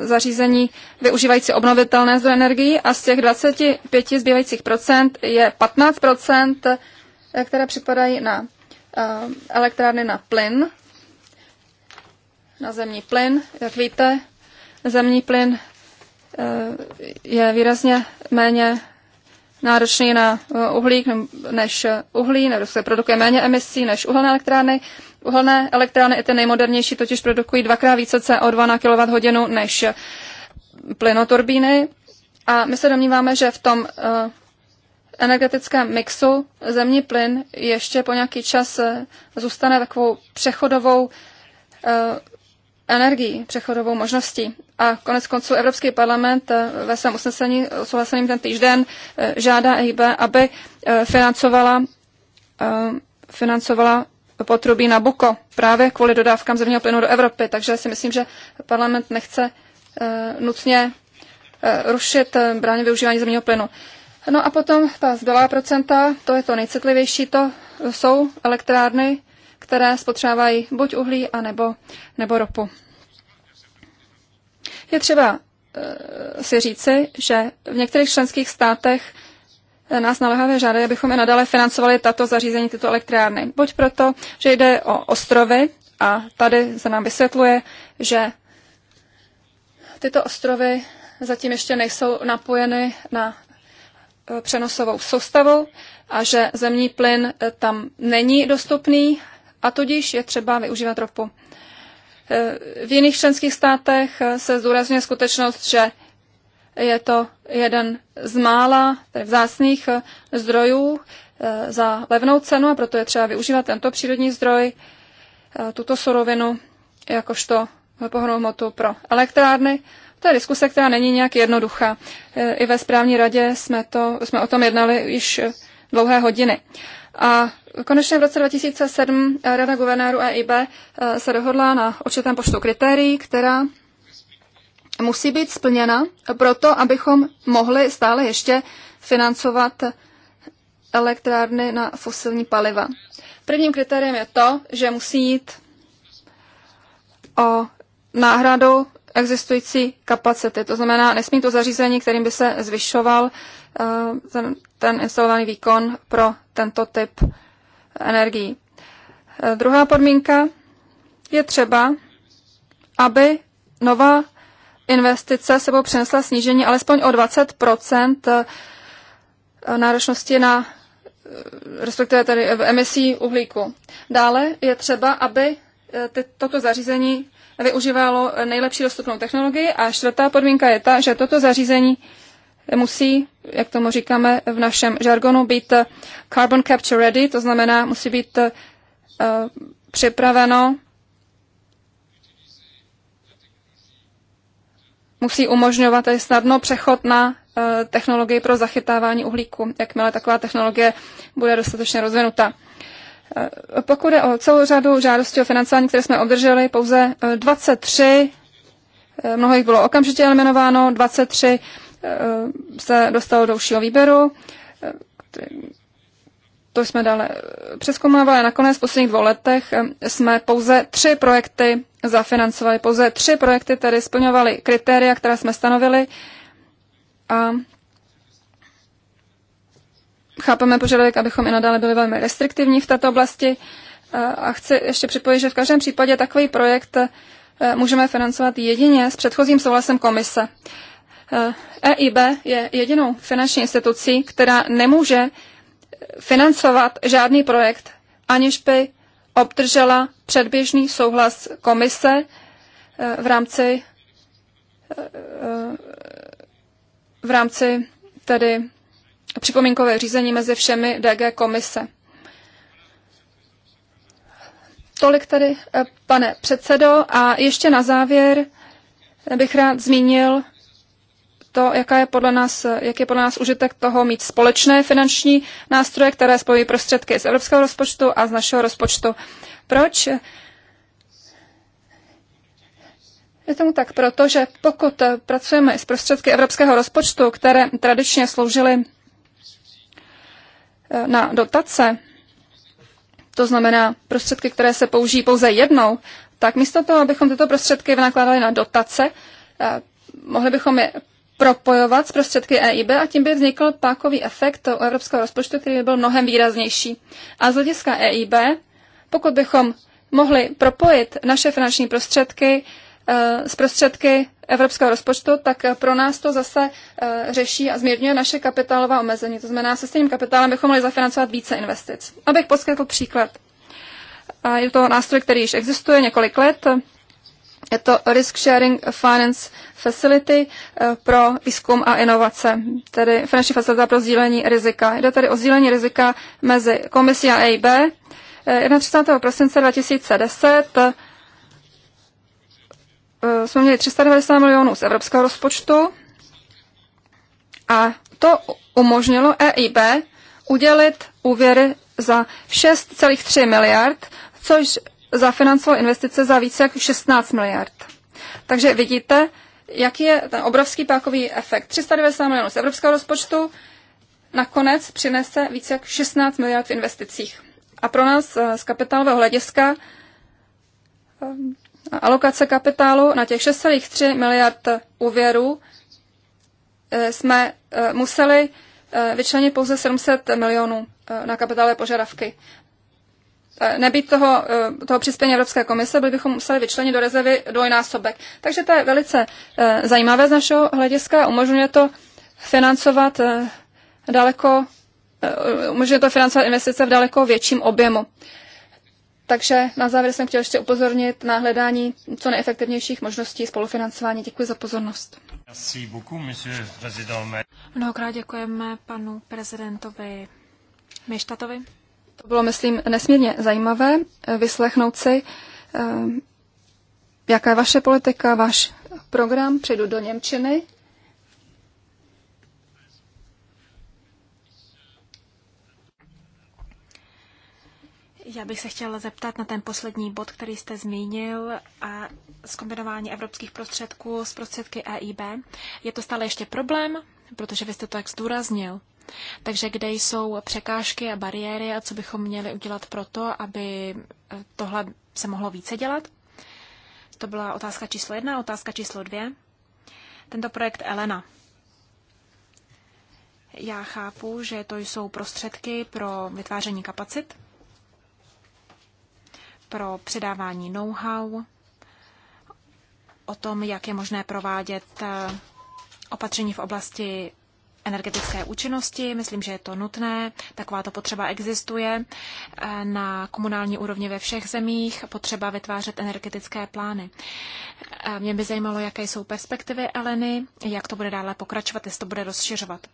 [SPEAKER 3] zařízení využívající obnovitelné zdroje energii a z těch 25 zbývajících procent je 15 které připadají na elektrárny na plyn, na zemní plyn. Jak víte, zemní plyn je výrazně méně náročný na eh, uhlík než eh, uhlí, nebo se produkuje méně emisí než uhelné elektrárny. Uhelné elektrárny i ty nejmodernější totiž produkují dvakrát více CO2 na kWh než eh, plynoturbíny. A my se domníváme, že v tom energetickém mixu zemní plyn ještě po nějaký čas zůstane takovou přechodovou energií, přechodovou možností. A konec konců Evropský parlament eh, ve svém usnesení eh, souhlaseným ten týden eh, žádá EIB, aby financovala, financovala potrubí Buko právě kvůli dodávkám zemního plynu do Evropy. Takže si myslím, že parlament nechce nutně rušit bráně využívání zemního plynu. No a potom ta zbylá procenta, to je to nejcitlivější, to jsou elektrárny, které spotřávají buď uhlí, anebo, nebo ropu. Je třeba eh, si říci, že v některých členských státech eh, nás naléhavě žádají, abychom i nadále financovali tato zařízení, tyto elektrárny. Buď proto, že jde o ostrovy, a tady se nám vysvětluje, že tyto ostrovy zatím ještě nejsou napojeny na eh, přenosovou soustavu a že zemní plyn tam není dostupný a tudíž je třeba využívat ropu. E, v jiných členských státech se zdůrazňuje skutečnost, že je to jeden z mála vzácných zdrojů e, za levnou cenu a proto je třeba využívat tento přírodní zdroj, e, tuto surovinu, jakožto pohonou hmotu pro elektrárny. To je diskuse, která není nějak jednoduchá. I ve správní radě jsme, to, jsme o tom jednali již dlouhé hodiny. A konečně v roce 2007 eh, Rada guvernéru EIB eh, se dohodla na určitém počtu kritérií, která musí být splněna proto, abychom mohli stále ještě financovat elektrárny na fosilní paliva. Prvním kritériem je to, že musí jít o náhradu existující kapacity. To znamená, nesmí to zařízení, kterým by se zvyšoval Eh, ten, ten instalovaný výkon pro tento typ energií. Eh, druhá podmínka je třeba, aby nová investice sebou přinesla snížení alespoň o 20 eh, náročnosti na respektive tedy emisí uhlíku. Dále je třeba, aby ty, toto zařízení využívalo nejlepší dostupnou technologii a čtvrtá podmínka je ta, že toto zařízení musí, jak tomu říkáme v našem žargonu, být carbon capture ready, to znamená, musí být eh, připraveno, musí umožňovat tady snadno přechod na eh, technologii pro zachytávání uhlíku, jakmile taková technologie bude dostatečně rozvinuta. Eh, pokud je o celou řadu žádostí o financování, které jsme obdrželi, pouze 23, mnoho jich bylo okamžitě eliminováno, 23 Eh, se dostalo do užšího výběru. Eh, to jsme dále přeskomávali. Nakonec v posledních dvou letech eh, jsme pouze tři projekty zafinancovali. Pouze tři projekty tedy splňovaly kritéria, která jsme stanovili. A chápeme požadavek, abychom i nadále byli velmi restriktivní v této oblasti. A chci ještě připojit, že v každém případě takový projekt můžeme financovat jedině s předchozím souhlasem komise. EIB eh, e je jedinou finanční institucí, která nemůže financovat žádný projekt, aniž by obdržela předběžný souhlas komise eh, v rámci eh, v rámci tedy připomínkové řízení mezi všemi DG komise. Tolik tedy, pane předsedo, a ještě na závěr bych rád zmínil to, jaká je podle nás, jak je podle nás užitek toho mít společné finanční nástroje, které spojí prostředky z evropského rozpočtu a z našeho rozpočtu. Proč? Je tomu tak protože pokud pracujeme s prostředky evropského rozpočtu, které tradičně sloužily eh, na dotace, to znamená prostředky, které se použijí pouze jednou, tak místo toho, abychom tyto prostředky vynakládali na dotace, eh, mohli bychom je propojovat s prostředky EIB a tím by vznikl pákový efekt u evropského rozpočtu, který by byl mnohem výraznější. A z hlediska EIB, pokud bychom mohli propojit naše finanční prostředky z eh, prostředky evropského rozpočtu, tak pro nás to zase eh, řeší a zmírňuje naše kapitálová omezení. To znamená, se stejným kapitálem bychom mohli zafinancovat více investic. Abych poskytl příklad. Je to nástroj, který již existuje několik let. Je to Risk Sharing Finance Facility eh, pro výzkum a inovace, tedy finanční facilita pro sdílení rizika. Jde tedy o sdílení rizika mezi komisí a EIB. Eh, 31. prosince 2010 eh, jsme měli 390 milionů z evropského rozpočtu a to umožnilo EIB udělit úvěry za 6,3 miliard, což zafinancoval investice za více jak 16 miliard. Takže vidíte, jaký je ten obrovský pákový efekt. 390 milionů z evropského rozpočtu nakonec přinese více jak 16 miliard v investicích. A pro nás eh, z kapitálového hlediska eh, alokace kapitálu na těch 6,3 miliard úvěrů eh, jsme museli vyčlenit pouze 700 milionů na kapitálové požadavky. Eh, nebýt toho, eh, toho přispění Evropské komise, byli bychom museli vyčlenit do rezervy dvojnásobek. Takže to je velice eh, zajímavé z našeho hlediska. Umožňuje to financovat daleko, umožňuje to financovat investice v daleko větším objemu. Takže na závěr jsem chtěl ještě upozornit na hledání co nejefektivnějších možností spolufinancování. Děkuji za pozornost. Mnohokrát
[SPEAKER 2] děkujeme panu prezidentovi Mištatovi.
[SPEAKER 3] To bylo, myslím, nesmírně zajímavé eh, vyslechnout si, eh, jaká je vaše politika, váš program. Přejdu do Němčiny.
[SPEAKER 2] Já bych se chtěla zeptat na ten poslední bod, který jste zmínil, a zkombinování evropských prostředků s prostředky EIB. Je to stále ještě problém, protože vy jste to tak zdůraznil. Takže kde jsou překážky a bariéry a co bychom měli udělat pro to, aby eh, tohle se mohlo více dělat? To byla otázka číslo jedna. Otázka číslo dvě. Tento projekt Elena. Já chápu, že to jsou prostředky pro vytváření kapacit, pro předávání know-how, o tom, jak je možné provádět eh, opatření v oblasti energetické účinnosti. Myslím, že je to nutné. Takováto potřeba existuje eh, na komunální úrovni ve všech zemích. Potřeba vytvářet energetické plány. Eh, mě by zajímalo, jaké jsou perspektivy Eleny, jak to bude dále pokračovat, jestli to bude rozšiřovat.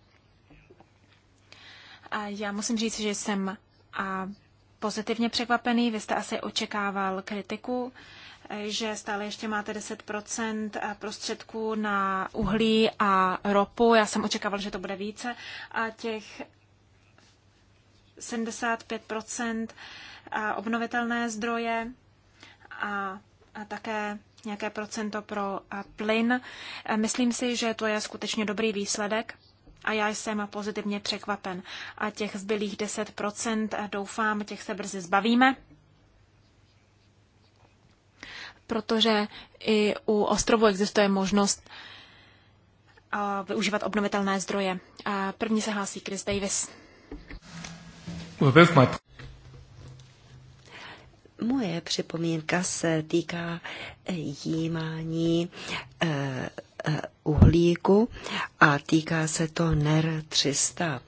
[SPEAKER 2] A já musím říct, že jsem a pozitivně překvapený. Vy jste asi očekával kritiku že stále ještě máte 10 prostředků na uhlí a ropu. Já jsem očekával, že to bude více. A těch 75 obnovitelné zdroje a, a také nějaké procento pro plyn. Myslím si, že to je skutečně dobrý výsledek a já jsem pozitivně překvapen. A těch zbylých 10% doufám, těch se brzy zbavíme protože i u ostrovu existuje možnost využívat obnovitelné zdroje. První se hlásí Chris Davis.
[SPEAKER 1] Moje připomínka se týká jímání eh, eh, uhlíku a týká se to NER 300.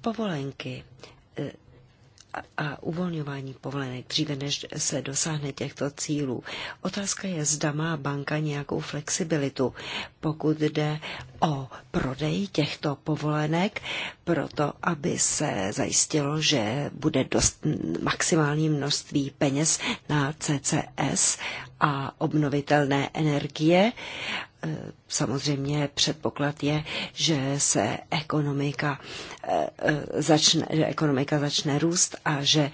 [SPEAKER 1] Povolenky eh, a uvolňování povolenek dříve, než se dosáhne těchto cílů. Otázka je, zda má banka nějakou flexibilitu, pokud jde o prodej těchto povolenek, proto aby se zajistilo, že bude dost maximální množství peněz na CCS a obnovitelné energie Eh, samozřejmě předpoklad je, že se ekonomika eh, eh, začne, že ekonomika začne růst a že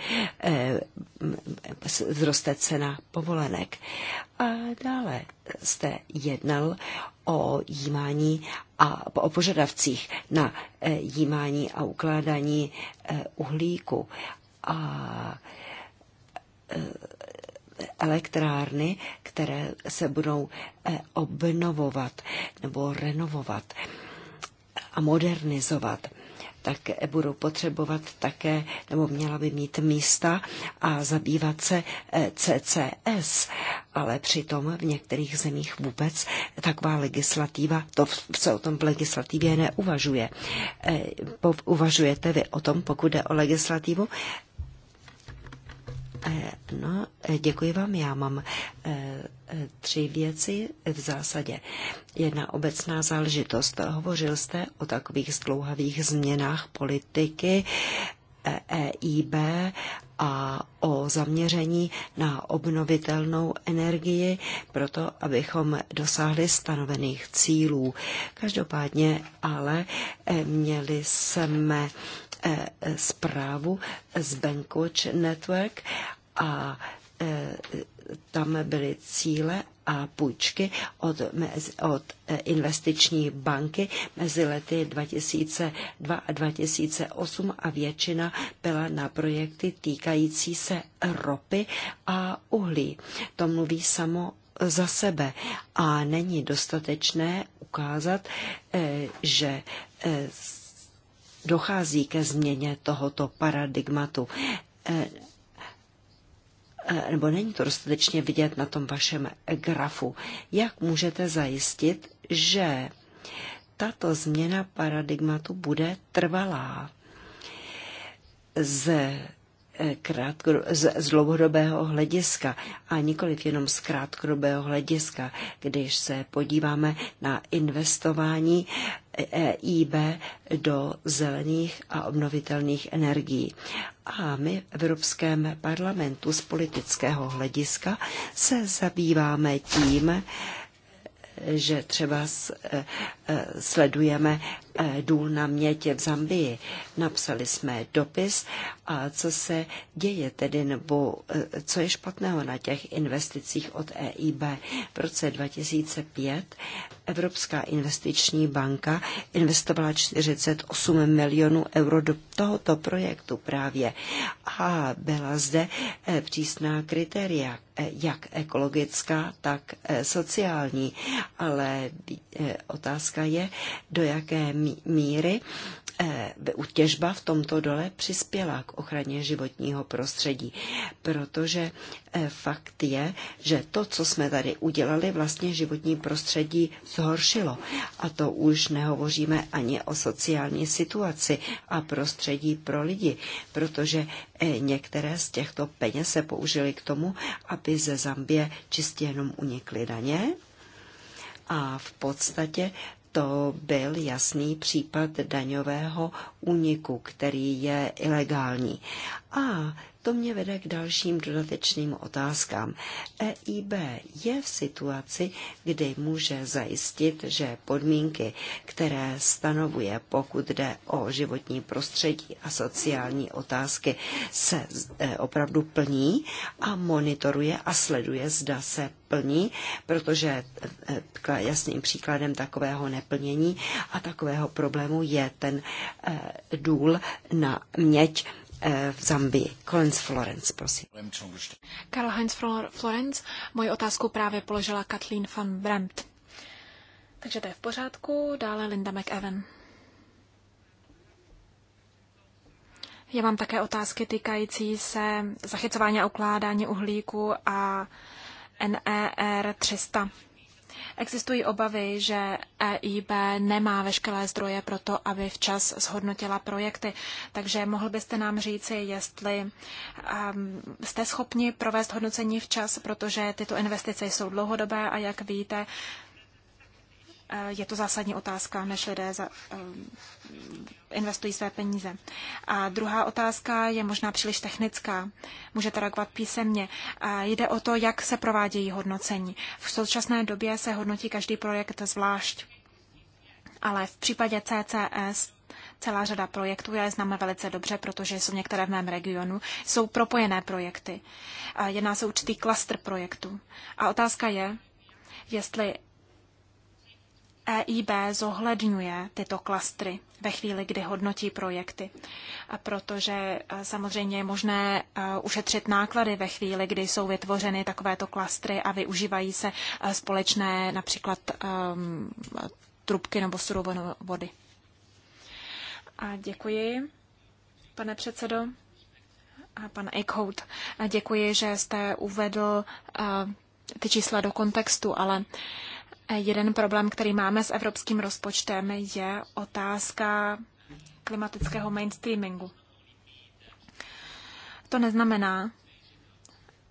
[SPEAKER 1] zroste cena povolenek. A dále jste jednal o jímání a o požadavcích na jímání a ukládání uhlíku. A elektrárny, které se budou eh, obnovovat nebo renovovat a modernizovat tak eh, budou potřebovat také, nebo měla by mít místa a zabývat se eh, CCS. Ale přitom v některých zemích vůbec taková legislativa, to se o tom v legislativě neuvažuje. Uvažujete vy o tom, pokud jde o legislativu, Eh, no, eh, děkuji vám. Já mám eh, tři věci v zásadě. Jedna obecná záležitost. Hovořil jste o takových zdlouhavých změnách politiky EIB e a o zaměření na obnovitelnou energii, proto abychom dosáhli stanovených cílů. Každopádně ale měli jsme Eh, zprávu z Bankwatch Network a eh, tam byly cíle a půjčky od, od eh, investiční banky mezi lety 2002 a 2008 a většina byla na projekty týkající se ropy a uhlí. To mluví samo za sebe a není dostatečné ukázat, že dochází ke změně tohoto paradigmatu. E, e, nebo není to dostatečně vidět na tom vašem grafu. Jak můžete zajistit, že tato změna paradigmatu bude trvalá? Z e, krátko, z, z dlouhodobého hlediska a nikoliv jenom z krátkodobého hlediska, když se podíváme na investování EIB do zelených a obnovitelných energií. A my v Evropském parlamentu z politického hlediska se zabýváme tím, že třeba e, e, sledujeme Eh, důl na mětě v Zambii. Napsali jsme dopis a co se děje tedy, nebo eh, co je špatného na těch investicích od EIB. V roce 2005 Evropská investiční banka investovala 48 milionů euro do tohoto projektu právě a byla zde eh, přísná kritéria, jak ekologická, tak sociální. Ale otázka je, do jaké míry eh, těžba v tomto dole přispěla k ochraně životního prostředí, protože eh, fakt je, že to, co jsme tady udělali, vlastně životní prostředí zhoršilo. A to už nehovoříme ani o sociální situaci a prostředí pro lidi, protože eh, některé z těchto peněz se použily k tomu, aby ze Zambie čistě jenom unikly daně, a v podstatě to byl jasný případ daňového úniku, který je ilegální. A to mě vede k dalším dodatečným otázkám. EIB je v situaci, kdy může zajistit, že podmínky, které stanovuje, pokud jde o životní prostředí a sociální otázky, se e, opravdu plní a monitoruje a sleduje, zda se plní, protože e, e, jasným příkladem takového neplnění a takového problému je ten důl na měď Eh, v Zambii. Collins Florence, prosím.
[SPEAKER 2] Karl Heinz Florence, moji otázku právě položila Kathleen van Bremt. Takže to je v pořádku. Dále Linda McEwen. Já mám také otázky týkající se zachycování a ukládání uhlíku a NER 300. Existují obavy, že EIB nemá veškeré zdroje pro to, aby včas zhodnotila projekty. Takže mohl byste nám říci, jestli ehm, jste schopni provést hodnocení včas, protože tyto investice jsou dlouhodobé a jak víte, eh, je to zásadní otázka, než lidé ehm, investují své peníze. A druhá otázka je možná příliš technická. Můžete reagovat písemně. A jde o to, jak se provádějí hodnocení. V současné době se hodnotí každý projekt zvlášť. Ale v případě CCS celá řada projektů, já je známe velice dobře, protože jsou některé v mém regionu, jsou propojené projekty. Jedná se určitý klastr projektů. A otázka je, jestli EIB zohledňuje tyto klastry ve chvíli, kdy hodnotí projekty. A protože e, samozřejmě je možné e, ušetřit náklady ve chvíli, kdy jsou vytvořeny takovéto klastry a využívají se e, společné například um, trubky nebo vody. A děkuji, pane předsedo. A pan Eichhout, děkuji, že jste uvedl uh, ty čísla do kontextu, ale uh, Jeden problém, který máme s evropským rozpočtem, je otázka klimatického mainstreamingu. To neznamená,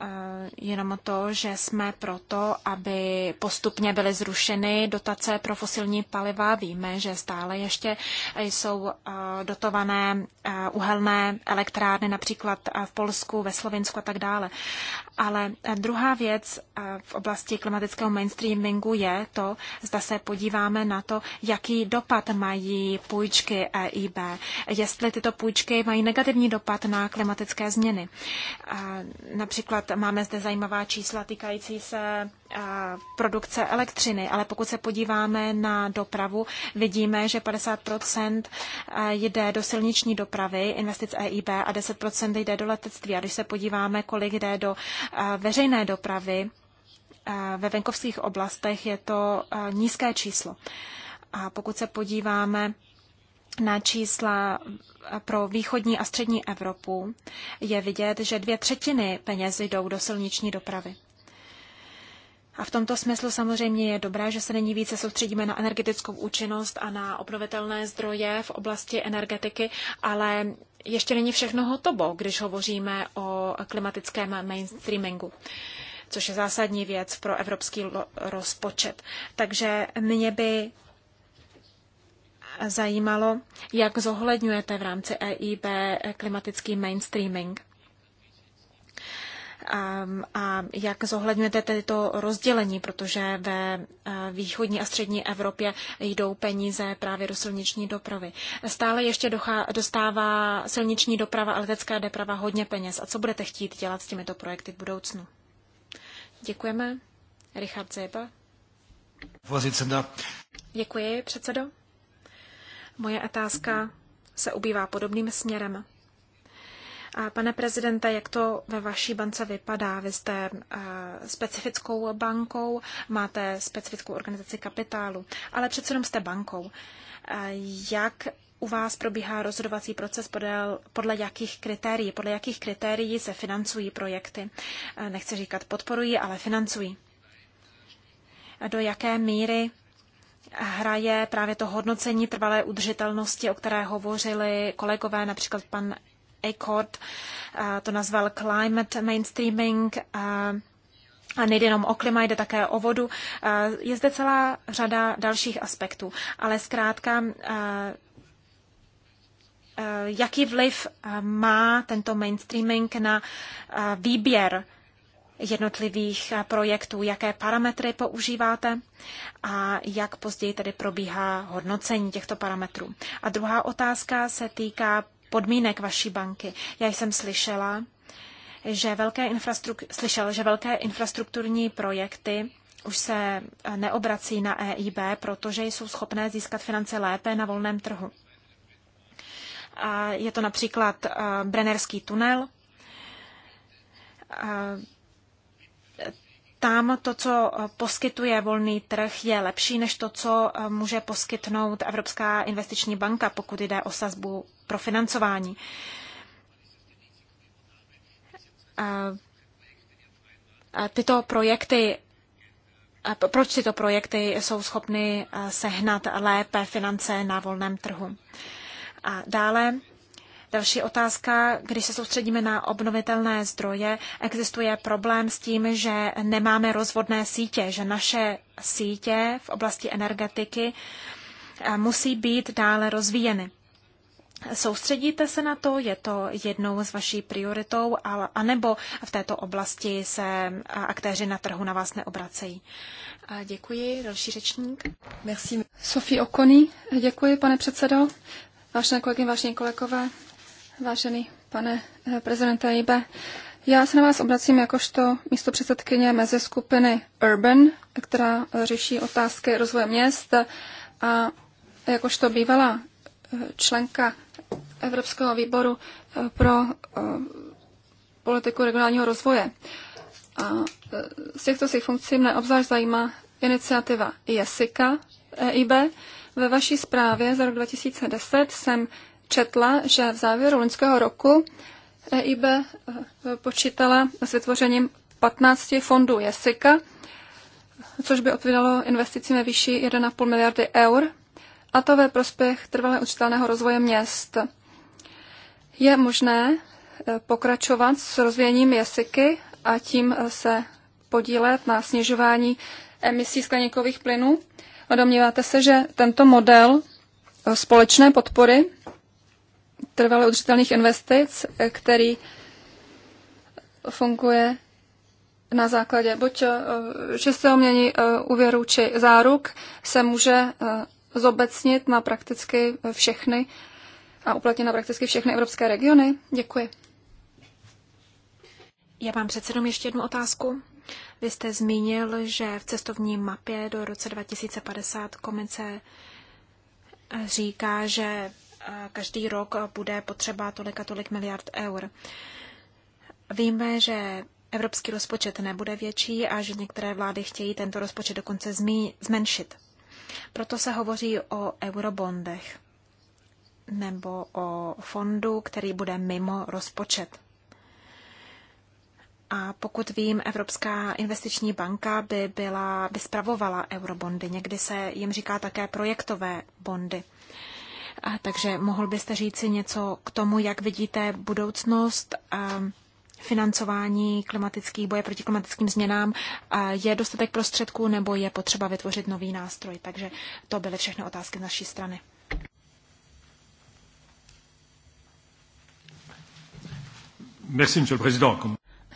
[SPEAKER 2] Eh, jenom to, že jsme proto, aby postupně byly zrušeny dotace pro fosilní paliva. Víme, že stále ještě jsou eh, dotované eh, uhelné elektrárny, například v Polsku, ve Slovensku a tak dále. Ale druhá věc v oblasti klimatického mainstreamingu je to, zda se podíváme na to, jaký dopad mají půjčky EIB, jestli tyto půjčky mají negativní dopad na klimatické změny. Například máme zde zajímavá čísla týkající se produkce elektřiny, ale pokud se podíváme na dopravu, vidíme, že 50 jde do silniční dopravy, investic EIB, a 10 jde do letectví. A když se podíváme, kolik jde do veřejné dopravy, ve venkovských oblastech je to nízké číslo. A pokud se podíváme na čísla pro východní a střední Evropu je vidět, že dvě třetiny peněz jdou do silniční dopravy. A v tomto smyslu samozřejmě je dobré, že se nyní více soustředíme na energetickou účinnost a na obnovitelné zdroje v oblasti energetiky, ale ještě není všechno hotovo, když hovoříme o klimatickém mainstreamingu což je zásadní věc pro evropský rozpočet. Takže mě by zajímalo, jak zohledňujete v rámci EIB klimatický mainstreaming. A, a jak zohledňujete tedy to rozdělení, protože ve e, východní a střední Evropě jdou peníze právě do silniční dopravy. Stále ještě dochá, dostává silniční doprava a letecká doprava hodně peněz. A co budete chtít dělat s těmito projekty v budoucnu? Děkujeme. Richard Zeba. Děkuji, předsedo. Moje otázka se ubývá podobným směrem. A pane prezidente, jak to ve vaší bance vypadá? Vy jste uh, specifickou bankou, máte specifickou organizaci kapitálu, ale přece jenom jste bankou. Uh, jak u vás probíhá rozhodovací proces podle, podle jakých kritérií? Podle jakých kritérií se financují projekty? Uh, nechci říkat podporují, ale financují. Do jaké míry hraje právě to hodnocení trvalé udržitelnosti, o které hovořili kolegové, například pan Eckhart to nazval climate mainstreaming a nejde jenom o klima, jde také o vodu. Je zde celá řada dalších aspektů, ale zkrátka jaký vliv má tento mainstreaming na výběr jednotlivých eh, projektů, jaké parametry používáte a jak později tedy probíhá hodnocení těchto parametrů. A druhá otázka se týká podmínek vaší banky. Já jsem slyšela, že velké infrastruk- slyšel, že velké infrastrukturní projekty už se eh, neobrací na EIB, protože jsou schopné získat finance lépe na volném trhu. je to například eh, Brennerský tunel, tam to, co eh, poskytuje volný trh, je lepší než to, co eh, může poskytnout Evropská investiční banka, pokud jde o sazbu pro financování. Eh, tyto projekty proč tyto projekty jsou schopny sehnat lépe finance na volném trhu. A dále Další otázka, když se soustředíme na obnovitelné zdroje, existuje problém s tím, že nemáme rozvodné sítě, že naše sítě v oblasti energetiky eh, musí být dále rozvíjeny. Soustředíte se na to, je to jednou z vaší prioritou, anebo v této oblasti se eh, aktéři na trhu na vás neobracejí? Eh, děkuji, další řečník.
[SPEAKER 3] Merci. Sofie Okony, děkuji, pane předsedo. Vážené kolegy, vážení kolegové, Vážený pane eh, prezidente Jibe, já se na vás obracím jakožto místo předsedkyně mezi skupiny Urban, která řeší otázky rozvoje měst a jakožto bývalá eh, členka Evropského výboru eh, pro politiku regionálního rozvoje. A z těchto svých funkcí mne obzvlášť zajímá iniciativa Jesika EIB. Ve vaší zprávě za rok 2010 jsem četla, že v závěru loňského roku EIB eh, počítala s vytvořením 15 fondů Jesika, což by odpovídalo investicím ve výši 1,5 miliardy eur, a to ve prospěch trvalé učitelného rozvoje měst. Je možné eh, pokračovat s rozvíjením jesiky a tím eh, se podílet na snižování emisí skleníkových plynů. Domníváte se, že tento model společné podpory trvale udržitelných investic, který funguje na základě buď eh, čistého mění eh, úvěru či záruk, se může eh, zobecnit na prakticky všechny a uplatnit na prakticky všechny evropské regiony. Děkuji.
[SPEAKER 2] Já vám předsedom ještě jednu otázku. Vy jste zmínil, že v cestovní mapě do roce 2050 komise říká, že každý rok bude potřeba tolik a tolik miliard eur. Víme, že evropský rozpočet nebude větší a že některé vlády chtějí tento rozpočet dokonce zmi- zmenšit. Proto se hovoří o eurobondech nebo o fondu, který bude mimo rozpočet. A pokud vím, Evropská investiční banka by, byla, by spravovala eurobondy. Někdy se jim říká také projektové bondy. A takže mohl byste říci něco k tomu, jak vidíte budoucnost ehm, financování klimatických boje proti klimatickým změnám. Je dostatek prostředků nebo je potřeba vytvořit nový nástroj? Takže to byly všechny otázky z naší strany.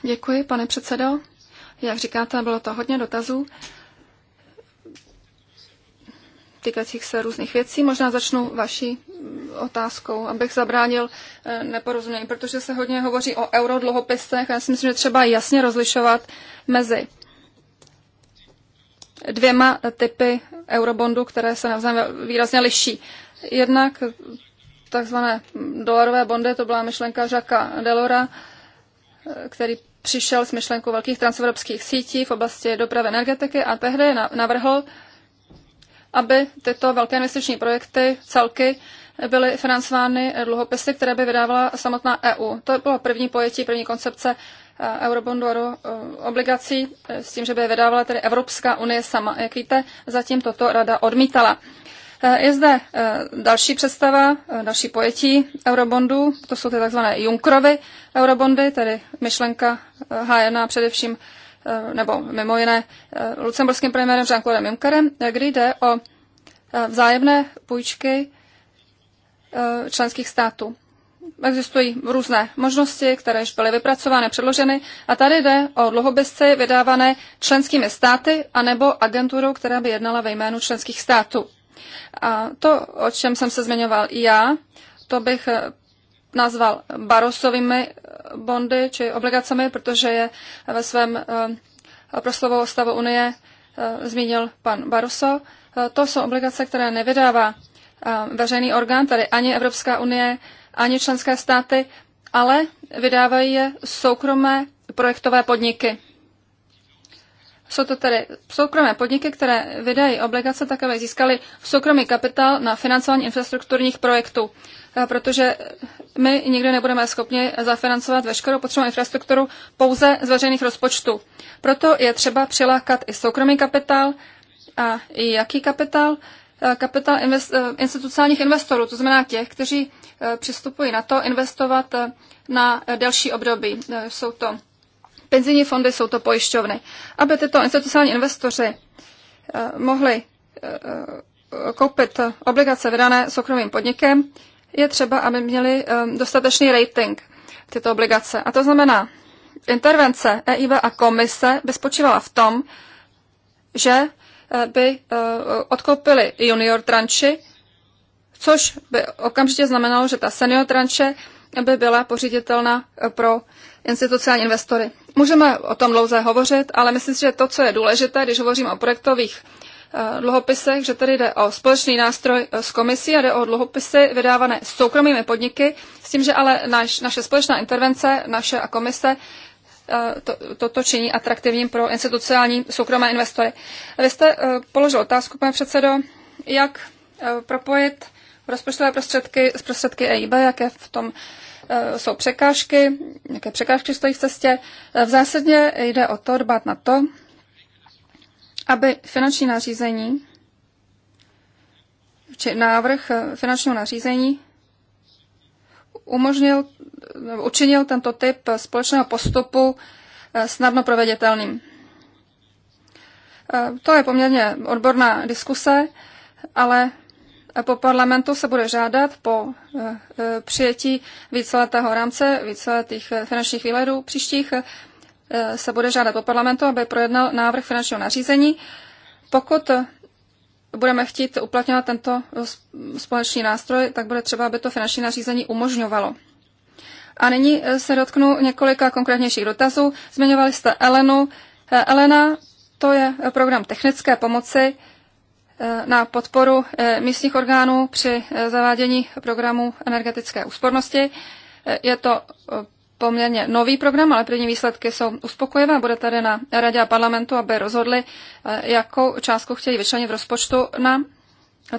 [SPEAKER 3] Děkuji, pane předsedo. Jak říkáte, bylo to hodně dotazů týkajících se různých věcí. Možná začnu vaší otázkou, abych zabránil eh, neporozumění, protože se hodně hovoří o eurodluhopisech a já si myslím, že třeba jasně rozlišovat mezi dvěma typy eurobondů, které se navzájem výrazně liší. Jednak takzvané dolarové bondy, to byla myšlenka Žaka Delora, eh, který přišel s myšlenkou velkých transevropských sítí v oblasti dopravy energetiky a tehdy navrhl aby tyto velké investiční projekty celky byly financovány dluhopisy, které by vydávala samotná EU. To bylo první pojetí, první koncepce eh, eurobondu, euro eh, obligací, eh, s tím, že by je vydávala tedy Evropská unie sama. Jak víte, zatím toto rada odmítala. Je zde další představa, další pojetí eurobondů, to jsou ty tzv. Junkrovy eurobondy, tedy myšlenka hájená především Eh, nebo mimo jiné eh, lucemburským premiérem Jean-Claude Junckerem, eh, kdy jde o vzájemné půjčky členských států. Existují různé možnosti, které již byly vypracovány, předloženy a tady jde o dluhopisy vydávané členskými státy anebo agenturou, která by jednala ve jménu členských států. A to, o čem jsem se zmiňoval i já, to bych nazval barosovými eh, bondy či obligacemi, protože je ve svém eh, proslovu o stavu Unie eh, zmínil pan Baroso. To jsou obligace, které nevydává veřejný orgán, tedy ani Evropská unie, ani členské státy, ale vydávají je soukromé projektové podniky. Jsou to tedy soukromé podniky, které vydají obligace tak, aby získali soukromý kapitál na financování infrastrukturních projektů, protože my nikdy nebudeme schopni zafinancovat veškerou potřebnou infrastrukturu pouze z veřejných rozpočtů. Proto je třeba přilákat i soukromý kapitál a i jaký kapitál? Eh, kapitál invest, eh, institucionálních investorů, to znamená těch, kteří eh, přistupují na to investovat na delší období. Jsou to penzijní fondy, jsou to pojišťovny. Aby tyto institucionální investoři mohli koupit obligace vydané soukromým podnikem, je třeba, aby měly um, dostatečný rating tyto obligace. A to znamená, intervence EIB a komise by spočívala v tom, že uh, by uh, odkoupili junior tranči, což by okamžitě znamenalo, že ta senior tranče by byla poříditelná uh, pro institucionální investory. Můžeme o tom dlouze hovořit, ale myslím si, že to, co je důležité, když hovořím o projektových Eh, dluhopisech, že tady jde o společný nástroj eh, s komisí a jde o dluhopisy vydávané soukromými podniky, s tím, že ale naš, naše společná intervence, naše a komise eh, to, toto činí atraktivním pro institucionální soukromé investory. Vy jste položil otázku, pane předsedo, jak propojit rozpočtové prostředky s prostředky EIB, jaké v tom jsou překážky, jaké překážky stojí v cestě. V zásadě jde o to dbát na to, aby finanční nařízení, či návrh finančního nařízení umožnil, učinil tento typ společného postupu eh, snadno proveditelným. Eh, to je poměrně odborná diskuse, ale po parlamentu se bude žádat po eh, přijetí víceletého rámce, víceletých finančních výhledů příštích, Eh, se bude žádat po parlamentu, aby projednal návrh finančního nařízení. Pokud budeme chtít uplatňovat tento eh, společný nástroj, tak bude třeba, aby to finanční nařízení umožňovalo. A nyní eh, se dotknu několika konkrétnějších dotazů. Zmiňovali jste Elenu. Elena, to je program technické pomoci na podporu místních orgánů při zavádění programu energetické úspornosti. Je to poměrně nový program, ale první výsledky jsou uspokojivé. Bude tady na radě a parlamentu, aby rozhodli, eh, jakou částku chtějí vyčlenit v rozpočtu na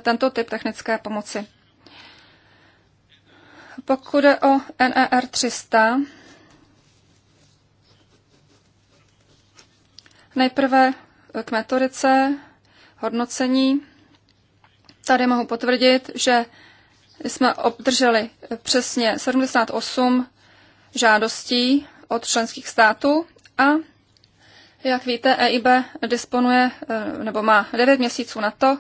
[SPEAKER 3] tento typ technické pomoci. Pokud jde o NER 300, nejprve k metodice, hodnocení. Tady mohu potvrdit, že jsme obdrželi přesně 78 žádostí od členských států a jak víte, EIB disponuje e, nebo má 9 měsíců na to,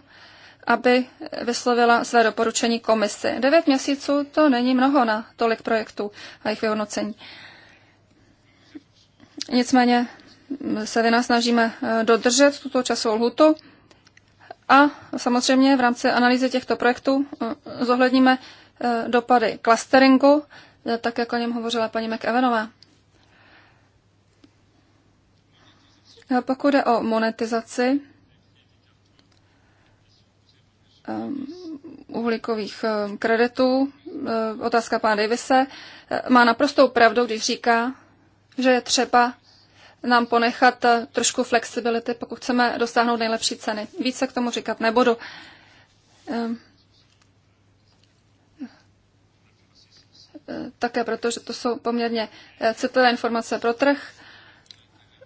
[SPEAKER 3] aby vyslovila své doporučení komisi. 9 měsíců to není mnoho na tolik projektů a jejich vyhodnocení. Nicméně se vy nás snažíme e, dodržet tuto časovou lhutu a samozřejmě v rámci analýzy těchto projektů e, zohledníme dopady klasteringu tak jak o něm hovořila paní McEvenová. Pokud jde o monetizaci ehm, uhlíkových ehm, kreditů, eh, otázka pana Davise, eh, má naprostou pravdu, když říká, že je třeba nám ponechat eh, trošku flexibility, pokud chceme dosáhnout nejlepší ceny. Více k tomu říkat nebudu. Ehm, Eh, také proto, že to jsou poměrně eh, citlivé informace pro trh,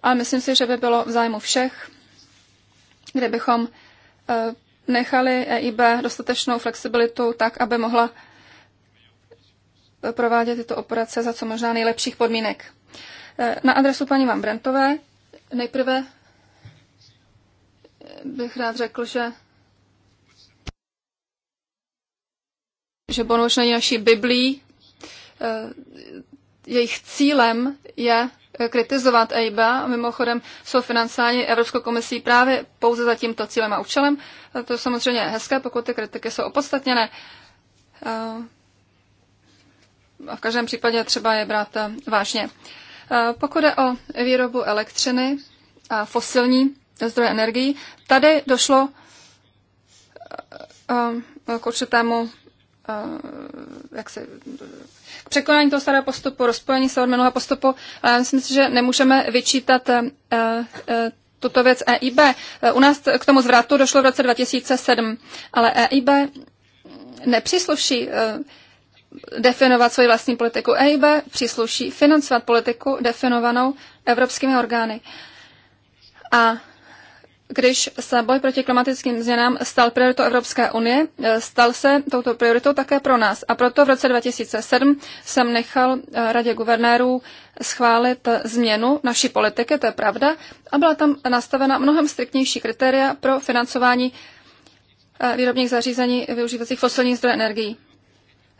[SPEAKER 3] ale myslím si, že by bylo v zájmu všech, kdybychom eh, nechali EIB dostatečnou flexibilitu tak, aby mohla provádět tyto operace za co možná nejlepších podmínek. Na adresu paní Van Brentové nejprve bych rád řekl, že že Bono už není naší biblí, Eh, jejich cílem je eh, kritizovat EIB. Mimochodem jsou financáni Evropskou komisí právě pouze za tímto cílem a účelem. Eh, to je samozřejmě hezké, pokud ty kritiky jsou opodstatněné. A v každém případě třeba je brát vážně. Pokud je o výrobu elektřiny a fosilní zdroje energií, tady došlo k určitému jak se, překonání toho starého postupu, rozpojení se od minulého postupu. Já myslím si, že nemůžeme vyčítat e, e, tuto věc EIB. E, u nás k tomu zvratu došlo v roce 2007, ale EIB nepřísluší definovat svoji vlastní politiku. EIB přísluší financovat politiku definovanou evropskými orgány. A když se boj proti klimatickým změnám stal prioritou Evropské unie, eh, stal se touto prioritou také pro nás. A proto v roce 2007 jsem nechal eh, Radě guvernérů schválit eh, změnu naší politiky, to je pravda, a byla tam nastavena mnohem striktnější kritéria pro financování výrobních zařízení využívajících fosilních zdrojů energií.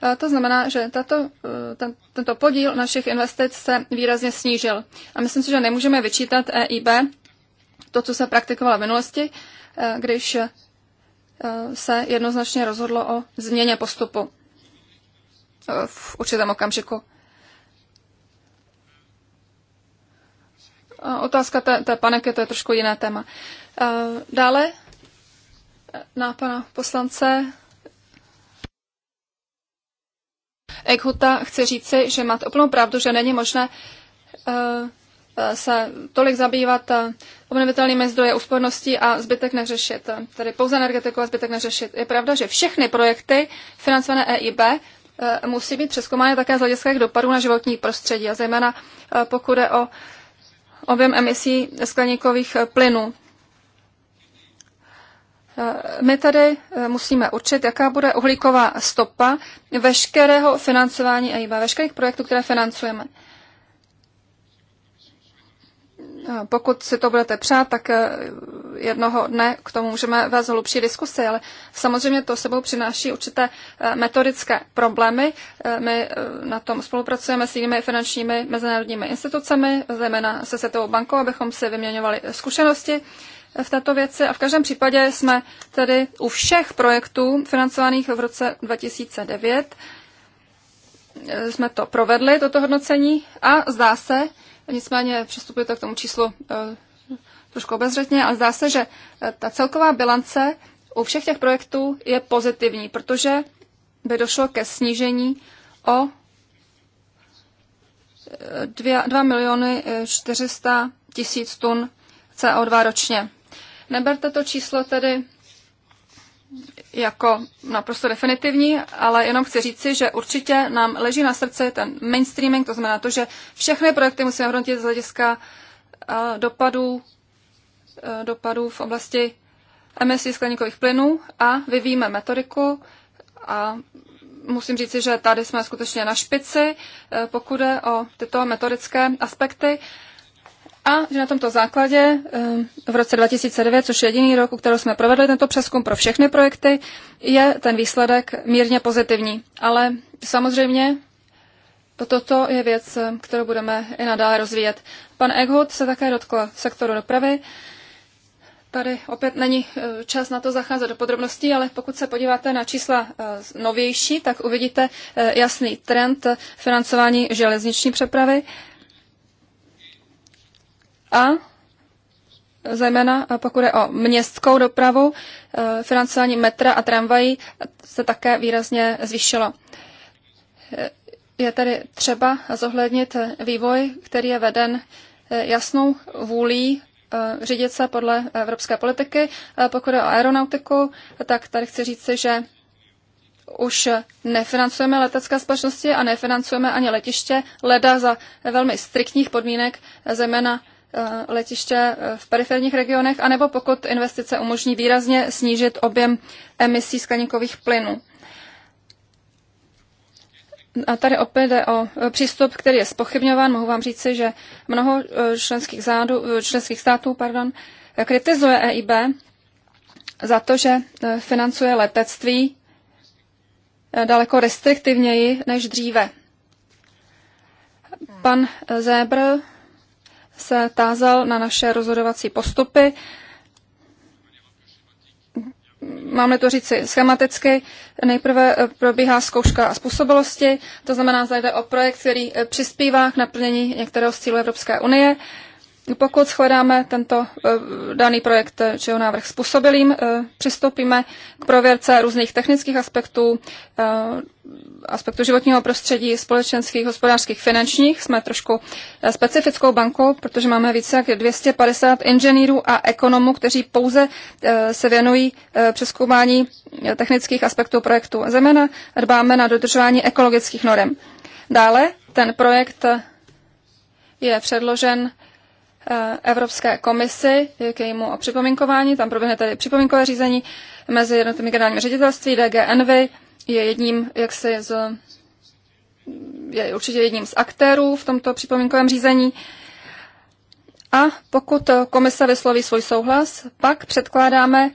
[SPEAKER 3] A to znamená, že tato, ten, tento podíl našich investic se výrazně snížil. A myslím si, že nemůžeme vyčítat EIB to, co se praktikovalo v minulosti, eh, když eh, se jednoznačně rozhodlo o změně postupu eh, v určitém okamžiku. Otázka té, té paniky, to je trošku jiné téma. Dále na pana poslance Eckhuta chci říci, že máte úplnou pravdu, že není možné se tolik zabývat eh, obnovitelnými zdroje úsporností a zbytek neřešit, tedy pouze energetiku a zbytek neřešit. Je pravda, že všechny projekty financované EIB eh, musí být přeskoumány také z hlediska dopadů na životní prostředí a zejména eh, pokud je o objem emisí skleníkových plynů. My tady musíme určit, jaká bude uhlíková stopa veškerého financování EIB, veškerých projektů, které financujeme. Pokud si to budete přát, tak eh, jednoho dne k tomu můžeme vést hlubší diskusy, ale samozřejmě to sebou přináší určité eh, metodické problémy. Eh, my na tom spolupracujeme s jinými finančními mezinárodními institucemi, zejména se Světovou bankou, abychom si vyměňovali zkušenosti v této věci a v každém případě jsme tedy u všech projektů financovaných v roce 2009 jsme to provedli, toto hodnocení a zdá se, Nicméně přistupujete k tomu číslu eh, trošku obezřetně, ale zdá se, že eh, ta celková bilance u všech těch projektů je pozitivní, protože by došlo ke snížení o 2, eh, 2 miliony 400 tisíc tun CO2 ročně. Neberte to číslo tedy jako naprosto definitivní, ale jenom chci říci, že určitě nám leží na srdce ten mainstreaming, to znamená to, že všechny projekty musíme hodnotit z hlediska eh, dopadů, eh, dopadů v oblasti emisí skleníkových plynů a vyvíjíme metodiku a musím říci, že tady jsme skutečně na špici, eh, pokud je o tyto metodické aspekty a že na tomto základě eh, v roce 2009, což je jediný rok, u kterého jsme provedli tento přeskum pro všechny projekty, je ten výsledek mírně pozitivní. Ale samozřejmě toto je věc, kterou budeme i nadále rozvíjet. Pan Eghod se také dotkl sektoru dopravy. Tady opět není eh, čas na to zacházet do podrobností, ale pokud se podíváte na čísla eh, novější, tak uvidíte jasný trend financování železniční přepravy a zejména pokud je o městskou dopravu, e, financování metra a tramvají se také výrazně zvýšilo. E, je tedy třeba zohlednit vývoj, který je veden e, jasnou vůlí řídit se podle evropské politiky. Pokud je o aeronautiku, tak tady chci říct, že už nefinancujeme letecké společnosti a nefinancujeme ani letiště, leda za velmi striktních podmínek, zejména Eh, letiště eh, v periferních regionech, anebo pokud investice umožní výrazně snížit objem emisí skleníkových plynů. A tady opět jde o eh, přístup, který je spochybňován. Mohu vám říci, že mnoho členských, zádu, členských států pardon, kritizuje EIB za to, že financuje letectví daleko restriktivněji než dříve. Pan Zébr se tázal na naše rozhodovací postupy. Máme to říci schematicky. Nejprve eh, probíhá zkouška a způsobilosti, to znamená, že jde o projekt, který eh, přispívá k naplnění některého z cílů Evropské unie. Pokud shledáme tento eh, daný projekt eh, či návrh způsobilým, eh, přistoupíme k prověrce různých technických aspektů, aspektů životního prostředí, společenských, hospodářských, finančních. Jsme trošku specifickou bankou, protože máme více jak 250 inženýrů a ekonomů, kteří pouze se věnují přeskoumání technických aspektů projektu. Zemena dbáme na dodržování ekologických norem. Dále ten projekt je předložen Eh, Evropské komisi k jejímu připomínkování. Tam proběhne tedy připomínkové řízení mezi jednotlivými generálními ředitelství. DG Envy je jedním, jak se z, je určitě jedním z aktérů v tomto připomínkovém řízení. A pokud komise vysloví svůj souhlas, pak předkládáme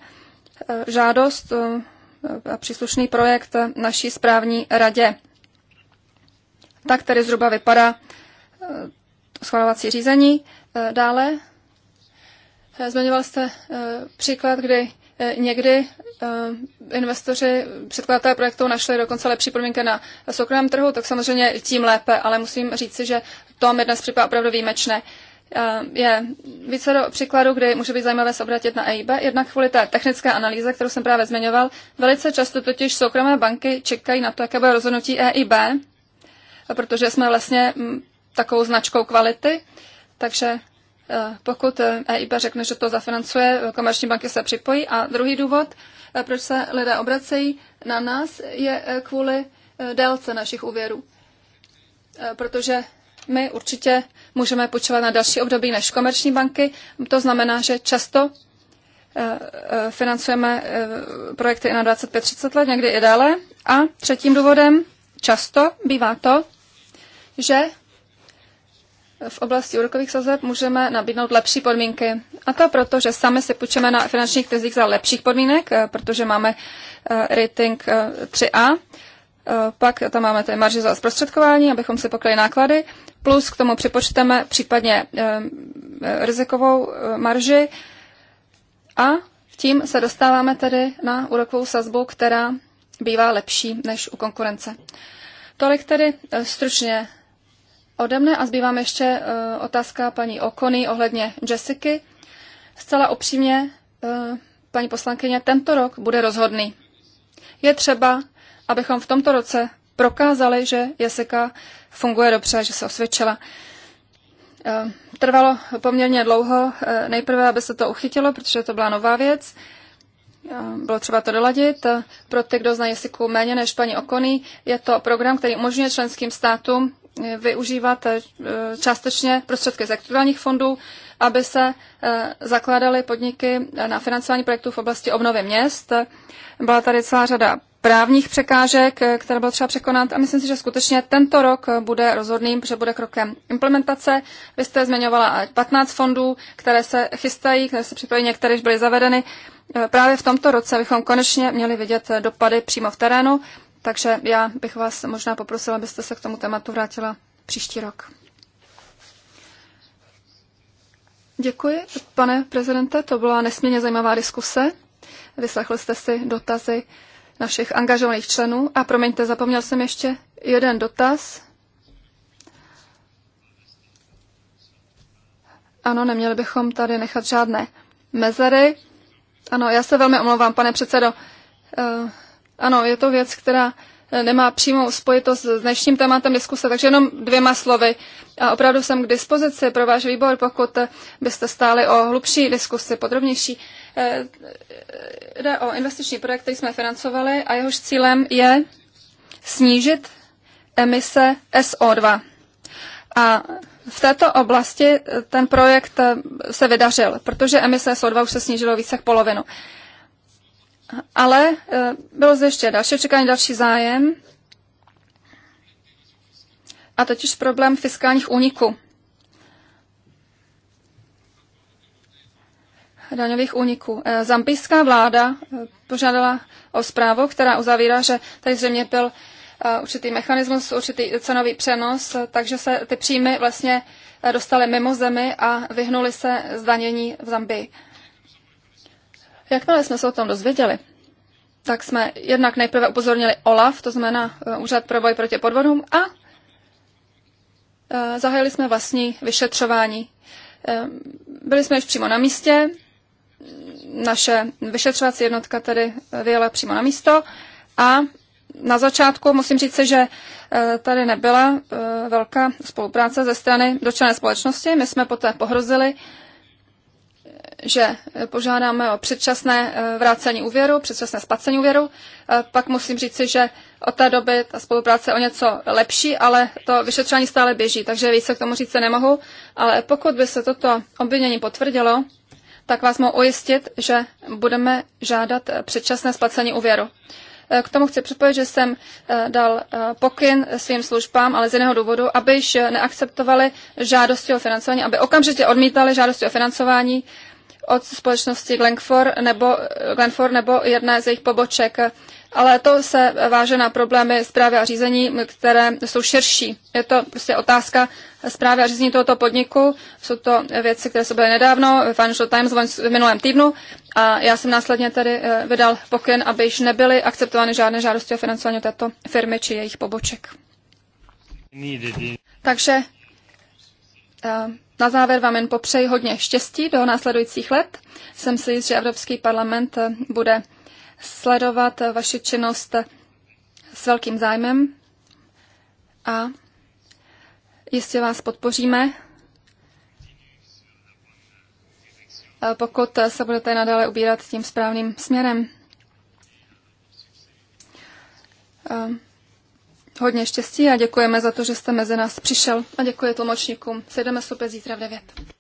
[SPEAKER 3] eh, žádost eh, a příslušný projekt naší správní radě. Tak tedy zhruba vypadá schvalovací řízení. Eh, dále eh, zmiňoval jste eh, příklad, kdy někdy investoři, předkladatelé projektu našli dokonce lepší podmínky na soukromém trhu, tak samozřejmě tím lépe, ale musím říci, že to mi dnes připadá opravdu výjimečné. Je více do příkladů, kdy může být zajímavé se obratit na EIB, jednak kvůli té technické analýze, kterou jsem právě zmiňoval. Velice často totiž soukromé banky čekají na to, jaké bude rozhodnutí EIB, protože jsme vlastně hm, takovou značkou kvality takže eh, pokud EIB eh, e řekne, že to zafinancuje, eh, komerční banky se připojí. A druhý důvod, proč se lidé obracejí na nás, je kvůli délce našich úvěrů. Protože my určitě můžeme počívat na další období než komerční banky. To znamená, že často financujeme projekty i na 25-30 let, někdy i déle. A třetím důvodem často bývá to, že v oblasti úrokových sazeb můžeme nabídnout lepší podmínky. A to proto, že sami si půjčeme na finančních trzích za lepších podmínek, eh, protože máme eh, rating 3A. Eh, pak tam máme tady marži za zprostředkování, abychom si pokryli náklady. Plus k tomu připočteme případně rizikovou marži. A tím se dostáváme tedy na úrokovou sazbu, která bývá lepší než u konkurence. Tolik tedy stručně ode mne a zbývá ještě eh, otázka paní Okony ohledně Jessiky. Zcela upřímně, eh, paní poslankyně, tento rok bude rozhodný. Je třeba, abychom v tomto roce prokázali, že Jessica funguje dobře, že se osvědčila. Eh, trvalo poměrně dlouho, nejprve, aby se to uchytilo, protože to byla nová věc. Bylo třeba to doladit. Pro ty, kdo znají Jessica méně než paní Okony, je to program, který umožňuje členským státům využívat eh, částečně prostředky z aktuálních fondů, aby se eh, zakládaly podniky na financování projektů v oblasti obnovy měst. Byla tady celá řada právních překážek, eh, které bylo třeba překonat a myslím si, že skutečně tento rok bude rozhodným, protože bude krokem implementace. Vy jste zmiňovala 15 fondů, které se chystají, které se připojí, některé už byly zavedeny. Právě v tomto roce bychom konečně měli vidět dopady přímo v terénu takže já bych vás možná poprosila, abyste se k tomu tématu vrátila příští rok. Děkuji, pane prezidente, to byla nesmírně zajímavá diskuse. Vyslechli jste si dotazy našich angažovaných členů. A promiňte, zapomněl jsem ještě jeden dotaz. Ano, neměli bychom tady nechat žádné mezery. Ano, já se velmi omlouvám, pane předsedo. Eh, ano, je to věc, která eh, nemá přímou spojitost s dnešním tématem diskuse, takže jenom dvěma slovy. A opravdu jsem k dispozici pro váš výbor, pokud eh, byste stáli o hlubší diskusi, podrobnější. Eh, jde o investiční projekt, který jsme financovali a jehož cílem je snížit emise SO2. A v této oblasti ten projekt se vydařil, protože emise SO2 už se snížilo více jak polovinu. Ale eh, bylo zde ještě další očekání, další zájem. A totiž problém fiskálních úniků. daňových úniků. Eh, Zambijská vláda eh, požádala o zprávu, která uzavírá, že tady zřejmě byl určitý mechanismus, určitý cenový přenos, takže se ty příjmy vlastně dostaly mimo zemi a vyhnuli se zdanění v Zambii. Jakmile jsme se o tom dozvěděli, tak jsme jednak nejprve upozornili OLAF, to znamená eh, Úřad pro boj proti podvodům, a eh, zahájili jsme vlastní vyšetřování. Eh, byli jsme již přímo na místě, naše vyšetřovací jednotka tedy vyjela přímo na místo a na začátku musím říct, že tady nebyla velká spolupráce ze strany dočené společnosti. My jsme poté pohrozili že eh, požádáme o předčasné eh, vrácení úvěru, předčasné splacení úvěru. Eh, pak musím říci, že od té doby ta spolupráce je o něco lepší, ale to vyšetřování stále běží, takže více k tomu říct se nemohu. Ale pokud by se toto obvinění potvrdilo, tak vás mohu ujistit, že budeme žádat předčasné splacení úvěru. K tomu chci připojit, že jsem dal pokyn svým službám, ale z jiného důvodu, aby již neakceptovali žádosti o financování, aby okamžitě odmítali žádosti o financování od společnosti Glenfor nebo, Glenfor nebo jedné z jejich poboček. Ale to se váže na problémy zprávy a řízení, které jsou širší. Je to prostě otázka zprávy a řízení tohoto podniku. Jsou to věci, které se byly nedávno v Financial Times v minulém týdnu. A já jsem následně tady eh, vydal pokyn, aby již nebyly akceptovány žádné žádosti o financování této firmy či jejich poboček. Takže Eh, na závěr vám jen popřeji hodně štěstí do následujících let. Jsem si jist, že Evropský parlament eh, bude sledovat eh, vaši činnost s velkým zájmem a jistě vás podpoříme, pokud se budete nadále ubírat tím správným směrem hodně štěstí a děkujeme za to, že jste mezi nás přišel a děkuji tlumočníkům. Sejdeme se opět zítra v 9.